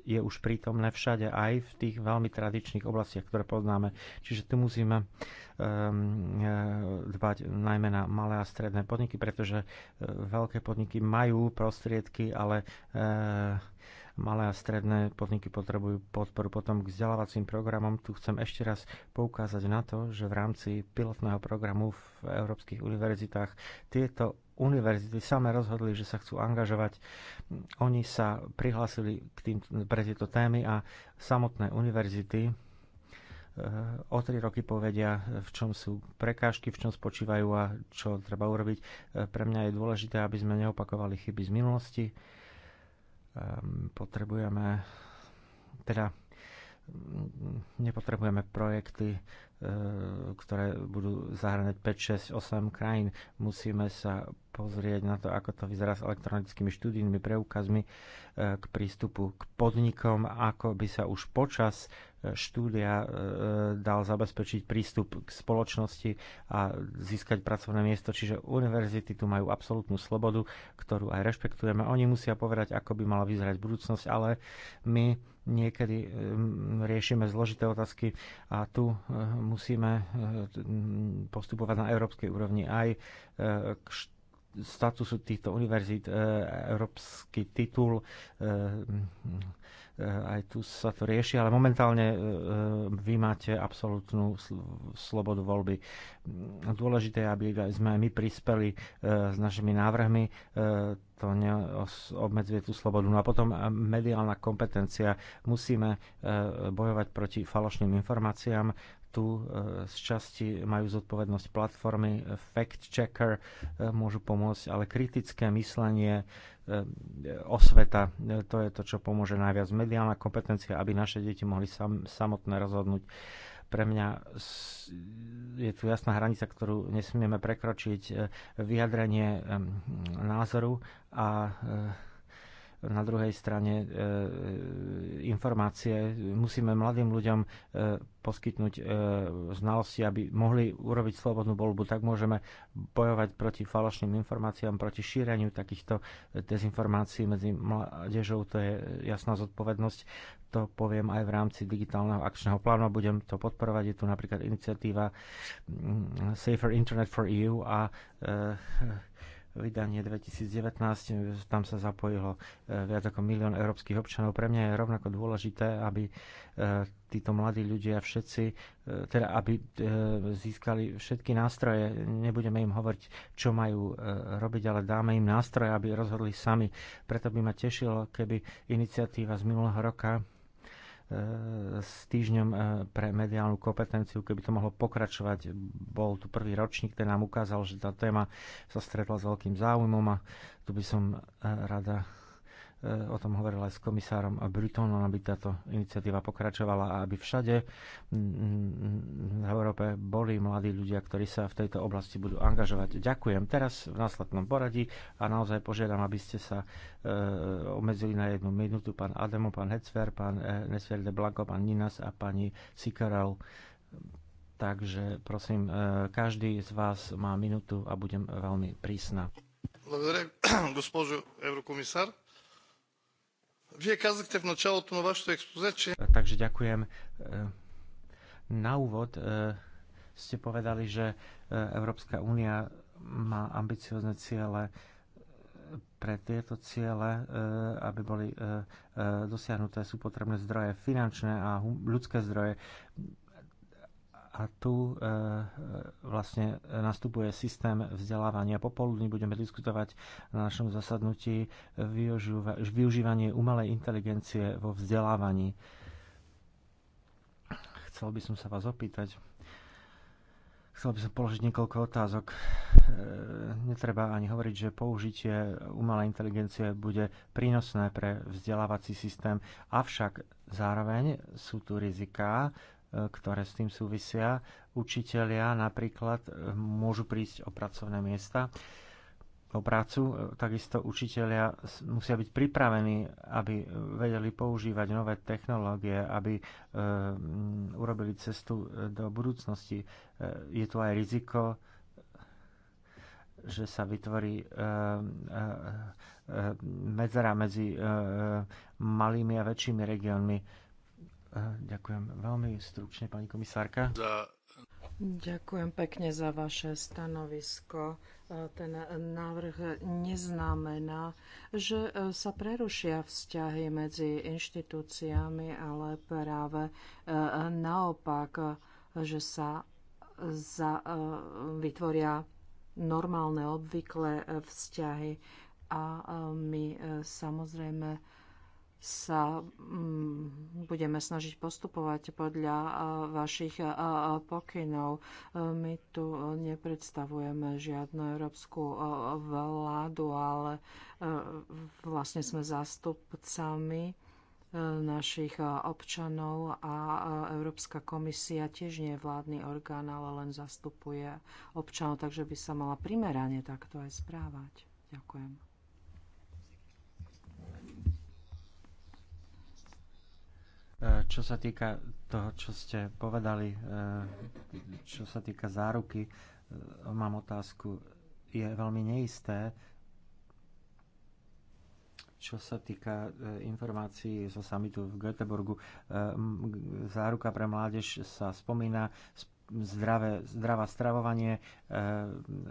je už prítomné všade, aj v tých veľmi tradičných oblastiach, ktoré poznáme. Čiže tu musíme Ehm, e, dbať najmä na malé a stredné podniky, pretože e, veľké podniky majú prostriedky, ale e, malé a stredné podniky potrebujú podporu. Potom k vzdelávacím programom tu chcem ešte raz poukázať na to, že v rámci pilotného programu v európskych univerzitách tieto univerzity same rozhodli, že sa chcú angažovať. Oni sa prihlásili k tým, pre tieto témy a samotné univerzity o tri roky povedia, v čom sú prekážky, v čom spočívajú a čo treba urobiť. Pre mňa je dôležité, aby sme neopakovali chyby z minulosti. Ehm, potrebujeme, teda nepotrebujeme projekty, e, ktoré budú zahrnúť 5, 6, 8 krajín. Musíme sa pozrieť na to, ako to vyzerá s elektronickými štúdijnými preukazmi e, k prístupu k podnikom, ako by sa už počas štúdia e, dal zabezpečiť prístup k spoločnosti a získať pracovné miesto. Čiže univerzity tu majú absolútnu slobodu, ktorú aj rešpektujeme. Oni musia povedať, ako by mala vyzerať budúcnosť, ale my niekedy e, riešime zložité otázky a tu e, musíme postupovať na európskej úrovni aj k statusu týchto univerzít, európsky titul Eh, aj tu sa to rieši, ale momentálne eh, eh, vy máte absolútnu slobodu voľby. Mm, dôležité je, aby sme aj my prispeli s našimi návrhmi, to neobmedzuje tú slobodu. No a potom mediálna kompetencia. Musíme bojovať proti falošným informáciám, tu z časti majú zodpovednosť platformy, fact checker môžu pomôcť, ale kritické myslenie Eh, osveta, to je to, čo pomôže najviac. Mediálna kompetencia, aby naše deti mohli sam, samotné rozhodnúť. Pre mňa je tu jasná hranica, ktorú nesmieme prekročiť. Eh, vyjadrenie eh, názoru a na druhej strane e, e, informácie. Musíme mladým ľuďom e, poskytnúť znalosti, aby mohli urobiť slobodnú voľbu. Tak môžeme bojovať proti falošným informáciám, proti šíreniu takýchto dezinformácií medzi mládežou. To je jasná zodpovednosť. To poviem aj v rámci digitálneho akčného plánu. Budem to podporovať. Je tu napríklad iniciatíva mm, Safer Internet for EU a vydanie 2019, tam sa zapojilo e, viac ako milión európskych občanov. Pre mňa je rovnako dôležité, aby e, títo mladí ľudia všetci, e, teda aby získali všetky nástroje. Nebudeme im hovoriť, čo majú robiť, ale dáme im nástroje, aby rozhodli sami. Preto by ma tešilo, keby iniciatíva z minulého roka s týždňom e, pre mediálnu kompetenciu, keby to mohlo pokračovať. Bol tu prvý ročník, ten nám ukázal, že tá téma sa stretla s veľkým záujmom a tu by som e, rada o tom hovorila aj s komisárom Brutonom, aby táto iniciatíva pokračovala a aby všade v Európe boli mladí ľudia, ktorí sa v tejto oblasti budú angažovať. Ďakujem. Teraz v následnom poradí a naozaj požiadam, aby ste sa e, obmedzili na jednu minútu. Pán Ademo, pán Hetzfer, pán e, Nesfer de Blanco, pán Ninas a pani Sikarov. Takže prosím, e, každý z vás má minútu a budem veľmi prísna. Dobre, госпожо eurokomisár. Takže ďakujem. Na úvod ste povedali, že Európska únia má ambiciozne ciele pre tieto ciele, aby boli dosiahnuté, sú potrebné zdroje finančné a ľudské zdroje. A tu e, e, vlastne nastupuje systém vzdelávania. Popoludní budeme diskutovať na našom zasadnutí využíva, využívanie umelej inteligencie vo vzdelávaní. Chcel by som sa vás opýtať, Chcel by som položiť niekoľko otázok. E, netreba ani hovoriť, že použitie umelej inteligencie bude prínosné pre vzdelávací systém, avšak zároveň sú tu riziká, ktoré s tým súvisia. Učitelia napríklad e, môžu prísť o pracovné miesta, o prácu. E, takisto učitelia musia byť pripravení, aby e, vedeli používať nové technológie, aby urobili cestu do budúcnosti. Je tu aj riziko, že sa vytvorí medzera medzi malými a väčšími regiónmi Ďakujem veľmi stručne, pani komisárka. Za... Ďakujem pekne za vaše stanovisko. E, ten návrh neznamená, že e, sa prerušia vzťahy medzi inštitúciami, ale práve e, naopak, že sa za, vytvoria normálne, obvyklé vzťahy. A my samozrejme sa mm, budeme snažiť postupovať podľa vašich pokynov. My tu nepredstavujeme žiadnu európsku vládu, ale vlastne sme zástupcami našich občanov a Európska komisia tiež nie je vládny orgán, ale len zastupuje občanov, takže by sa mala primerane takto aj správať. Ďakujem. E, čo sa týka toho, čo ste povedali, e, čo sa týka záruky, e, mám otázku. Je veľmi neisté, čo sa týka informácií zo samitu v Göteborgu, záruka pre mládež sa spomína, zdravé, zdravá stravovanie e,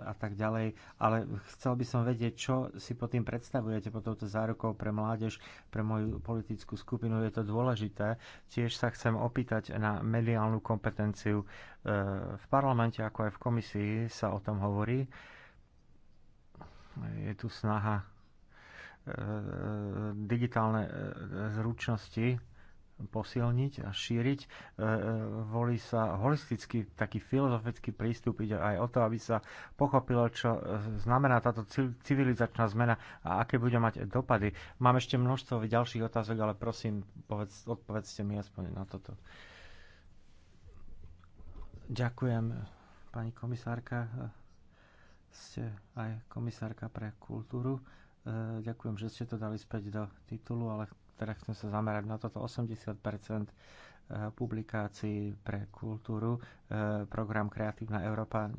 a tak ďalej. Ale chcel by som vedieť, čo si pod tým predstavujete pod touto zárukou pre mládež, pre moju politickú skupinu. Je to dôležité. Tiež sa chcem opýtať na mediálnu kompetenciu. E, v parlamente, ako aj v komisii sa o tom hovorí. Je tu snaha e, digitálne zručnosti posilniť a šíriť. E, e, volí sa holistický, taký filozofický prístup, ide aj o to, aby sa pochopilo, čo e, znamená táto civilizačná zmena a aké bude mať dopady. Mám ešte množstvo ďalších otázok, ale prosím, povedz, odpovedzte mi aspoň na toto. Ďakujem, pani komisárka. Ste aj komisárka pre kultúru. Ďakujem, že ste to dali späť do titulu, ale teda chcem sa zamerať na toto 80 eh, publikácií pre kultúru. Eh, program Kreatívna Európa eh,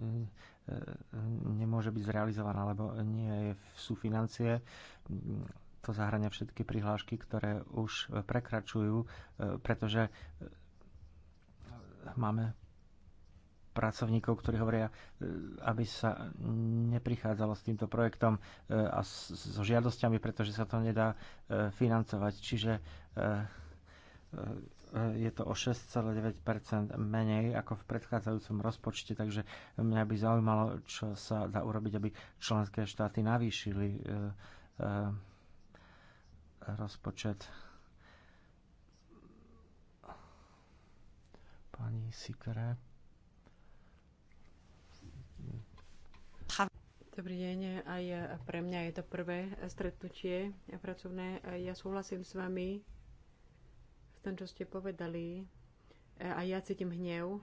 nemôže byť zrealizovaná, lebo nie sú financie. To zahrania všetky prihlášky, ktoré už prekračujú, pretože máme pracovníkov, ktorí hovoria, e, aby sa neprichádzalo s týmto projektom e, a so žiadosťami, pretože sa to nedá e, financovať. Čiže je to o 6,9 menej ako v predchádzajúcom rozpočte, takže mňa by zaujímalo, čo sa dá urobiť, aby členské štáty navýšili rozpočet. Pani Sikre. Dobrý deň. Aj pre mňa je to prvé stretnutie pracovné. Ja súhlasím s vami v tom, čo ste povedali. A ja cítim hnev,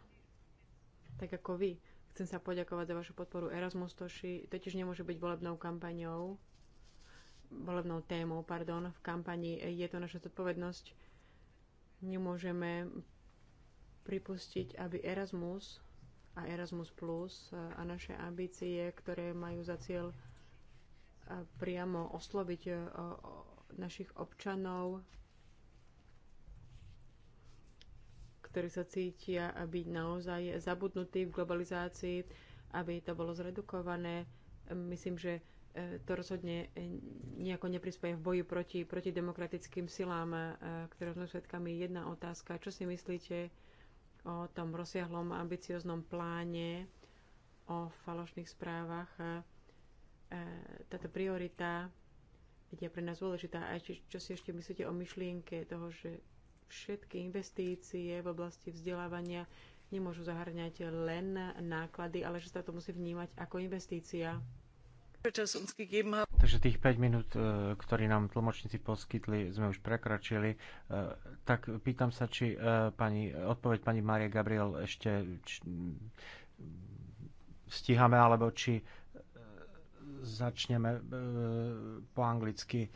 tak ako vy. Chcem sa poďakovať za vašu podporu. Erasmus Toši totiž nemôže byť volebnou kampaňou, volebnou témou, pardon, v kampani. Je to naša zodpovednosť. Nemôžeme pripustiť, aby Erasmus a Erasmus Plus e, a naše ambície, ktoré majú za cieľ e, priamo osloviť e, našich občanov, ktorí sa cítia aby naozaj zabudnutí v globalizácii, aby to bolo zredukované. Myslím, že to rozhodne nejako neprispieje v boji proti, proti demokratickým silám, ktoré sme svedkami. Jedna otázka, čo si myslíte, o tom rozsiahlom ambicioznom pláne o falošných správach. E, táto priorita je pre nás dôležitá. A či, čo si ešte myslíte o myšlienke toho, že všetky investície v oblasti vzdelávania nemôžu zahrňať len náklady, ale že sa to musí vnímať ako investícia. Takže tých 5 minút, e, ktorí nám tlmočníci poskytli, sme už prekračili. E, tak pýtam sa, či e, pani, odpoveď pani Marie Gabriel ešte či, mm, stíhame, alebo či začneme po anglicky.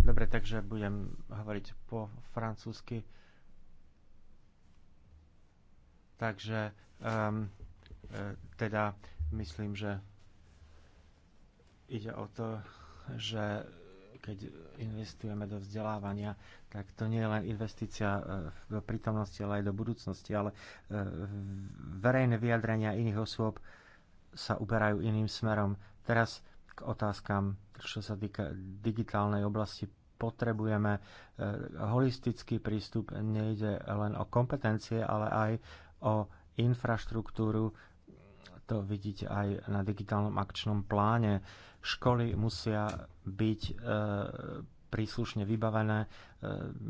Dobre, takže budem hovoriť po francúzsky. Takže um, teda myslím, že ide o to, že keď investujeme do vzdelávania, tak to nie je len investícia e, do prítomnosti, ale aj do budúcnosti, ale e, verejné vyjadrenia iných osôb sa uberajú iným smerom. Teraz k otázkam, čo sa týka digitálnej oblasti, potrebujeme e, holistický prístup. Nejde len o kompetencie, ale aj o infraštruktúru. To vidíte aj na digitálnom akčnom pláne Školy musia byť e, príslušne vybavené e,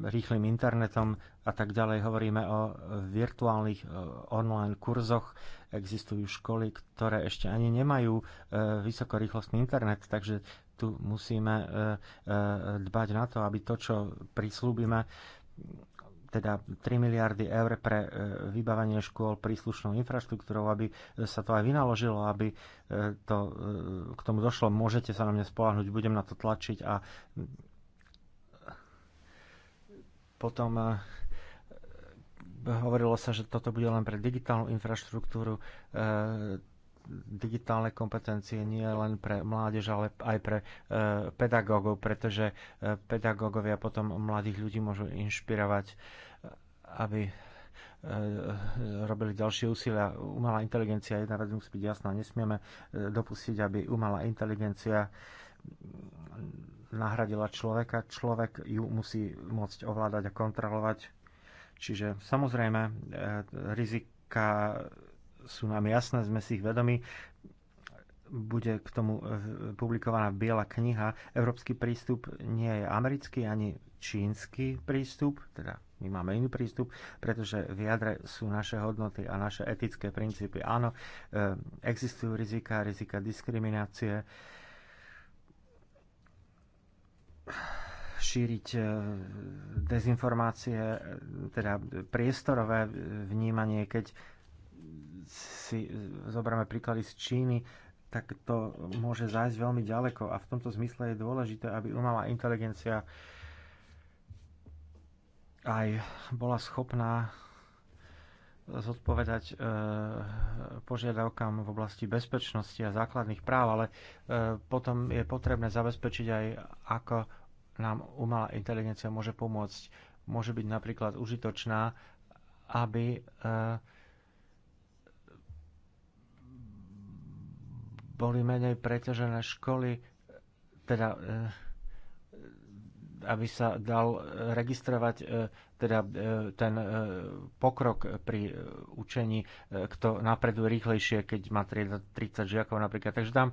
rýchlým internetom a tak ďalej. Hovoríme o virtuálnych e, online kurzoch. Existujú školy, ktoré ešte ani nemajú vysokorýchlostný internet, takže tu musíme dbať na to, aby to, čo prislúbime, teda 3 miliardy eur pre e, vybavenie škôl príslušnou infraštruktúrou, aby e, sa to aj vynaložilo, aby e, to k tomu došlo. Môžete sa na mňa spolahnuť, budem na to tlačiť a mm, potom hovorilo sa, že toto bude len pre digitálnu infraštruktúru digitálne kompetencie nie len pre mládež, ale aj pre e, pedagógov, pretože e, pedagógovia potom mladých ľudí môžu inšpirovať, e, aby robili ďalšie úsilia. Umelá inteligencia, jedna vec musí byť jasná, nesmieme dopustiť, aby umelá inteligencia nahradila človeka. Človek ju musí môcť ovládať a kontrolovať. Čiže samozrejme rizika sú nám jasné, sme si ich vedomi. Bude k tomu eh, publikovaná biela kniha. Európsky prístup nie je americký ani čínsky prístup, teda my máme iný prístup, pretože v jadre sú naše hodnoty a naše etické princípy. Áno, eh, existujú rizika, rizika diskriminácie. Šíriť eh, dezinformácie, teda priestorové vnímanie, keď si zoberieme príklady z Číny, tak to môže zájsť veľmi ďaleko a v tomto zmysle je dôležité, aby umelá inteligencia aj bola schopná zodpovedať e, požiadavkám v oblasti bezpečnosti a základných práv, ale e, potom je potrebné zabezpečiť aj, ako nám umelá inteligencia môže pomôcť. Môže byť napríklad užitočná, aby e, boli menej preťažené školy, teda e, aby sa dal registrovať e, teda e, ten pokrok pri učení, kto napreduje rýchlejšie, keď má trieda 30 žiakov napríklad. Takže tam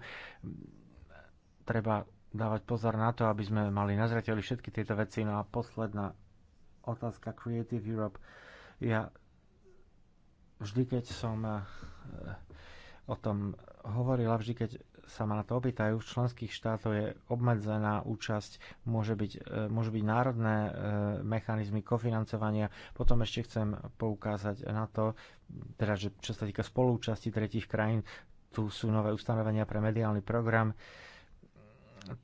treba dávať pozor na to, aby sme mali na všetky tieto veci. No a posledná otázka Creative Europe. Ja vždy, keď som o tom hovorila vždy, keď sa ma na to opýtajú, v členských štátoch je obmedzená účasť, môže byť, e, môžu byť národné e, mechanizmy kofinancovania. Potom ešte chcem poukázať na to, teda, že čo sa týka spolúčasti tretich krajín, tu sú nové ustanovenia pre mediálny program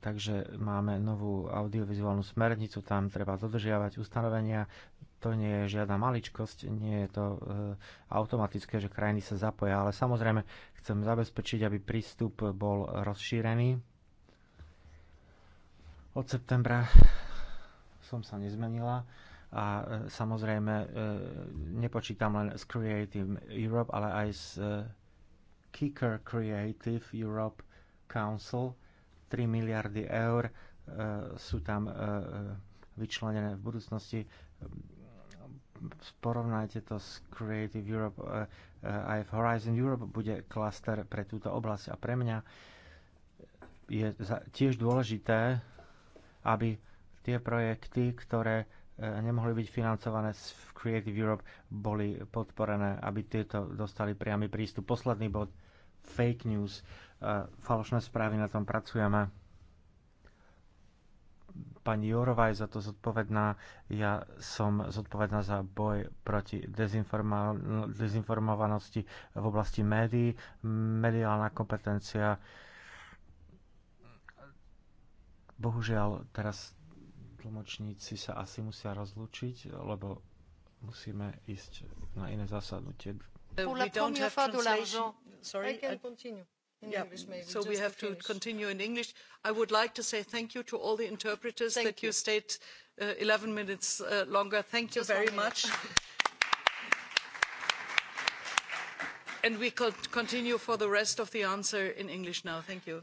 takže máme novú audiovizuálnu smernicu, tam treba dodržiavať ustanovenia. To nie je žiadna maličkosť, nie je to e, automatické, že krajiny sa zapoja, ale samozrejme chcem zabezpečiť, aby prístup bol rozšírený. Od septembra som sa nezmenila a e, samozrejme e, nepočítam len s Creative Europe, ale aj s e, Kicker Creative Europe Council – 3 miliardy eur e, sú tam e, e, vyčlenené v budúcnosti. Porovnajte to s Creative Europe aj v Horizon Europe bude klaster pre túto oblasť a pre mňa je tiež dôležité, aby tie projekty, ktoré nemohli byť financované z Creative Europe, boli podporené, aby tieto dostali priamy prístup. Posledný bod, fake news falošné správy, na tom pracujeme. Pani Jorová je za to zodpovedná, ja som zodpovedná za boj proti dezinforma- dezinformovanosti v oblasti médií, mediálna kompetencia. Bohužiaľ, teraz tlmočníci sa asi musia rozlúčiť, lebo musíme ísť na iné zasadnutie. Pour la première fois de l'argent, I can continue yeah. English maybe. So we have to, to continue in English. I would like to say thank you to all the interpreters thank that you, you stayed uh, 11 minutes uh, longer. Thank you Just very much. and we could continue for the rest of the answer in English now. Thank you.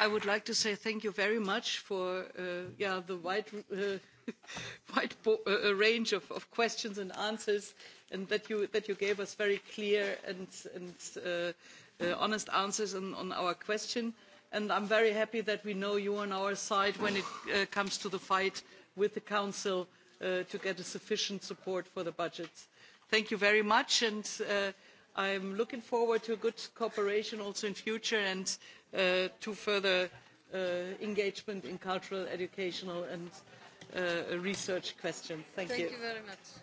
I would like to say thank you very much for uh, yeah, the wide, uh, wide uh, uh, range of, of questions and answers, and that you, that you gave us very clear and, and uh, uh, honest answers on, on our question. And I'm very happy that we know you on our side when it comes to the fight with the Council to get a sufficient support for the budget. Thank you very much, and i'm looking forward to good cooperation also in future. and uh, to further uh, engagement in cultural, educational and uh, research questions. Thank, you.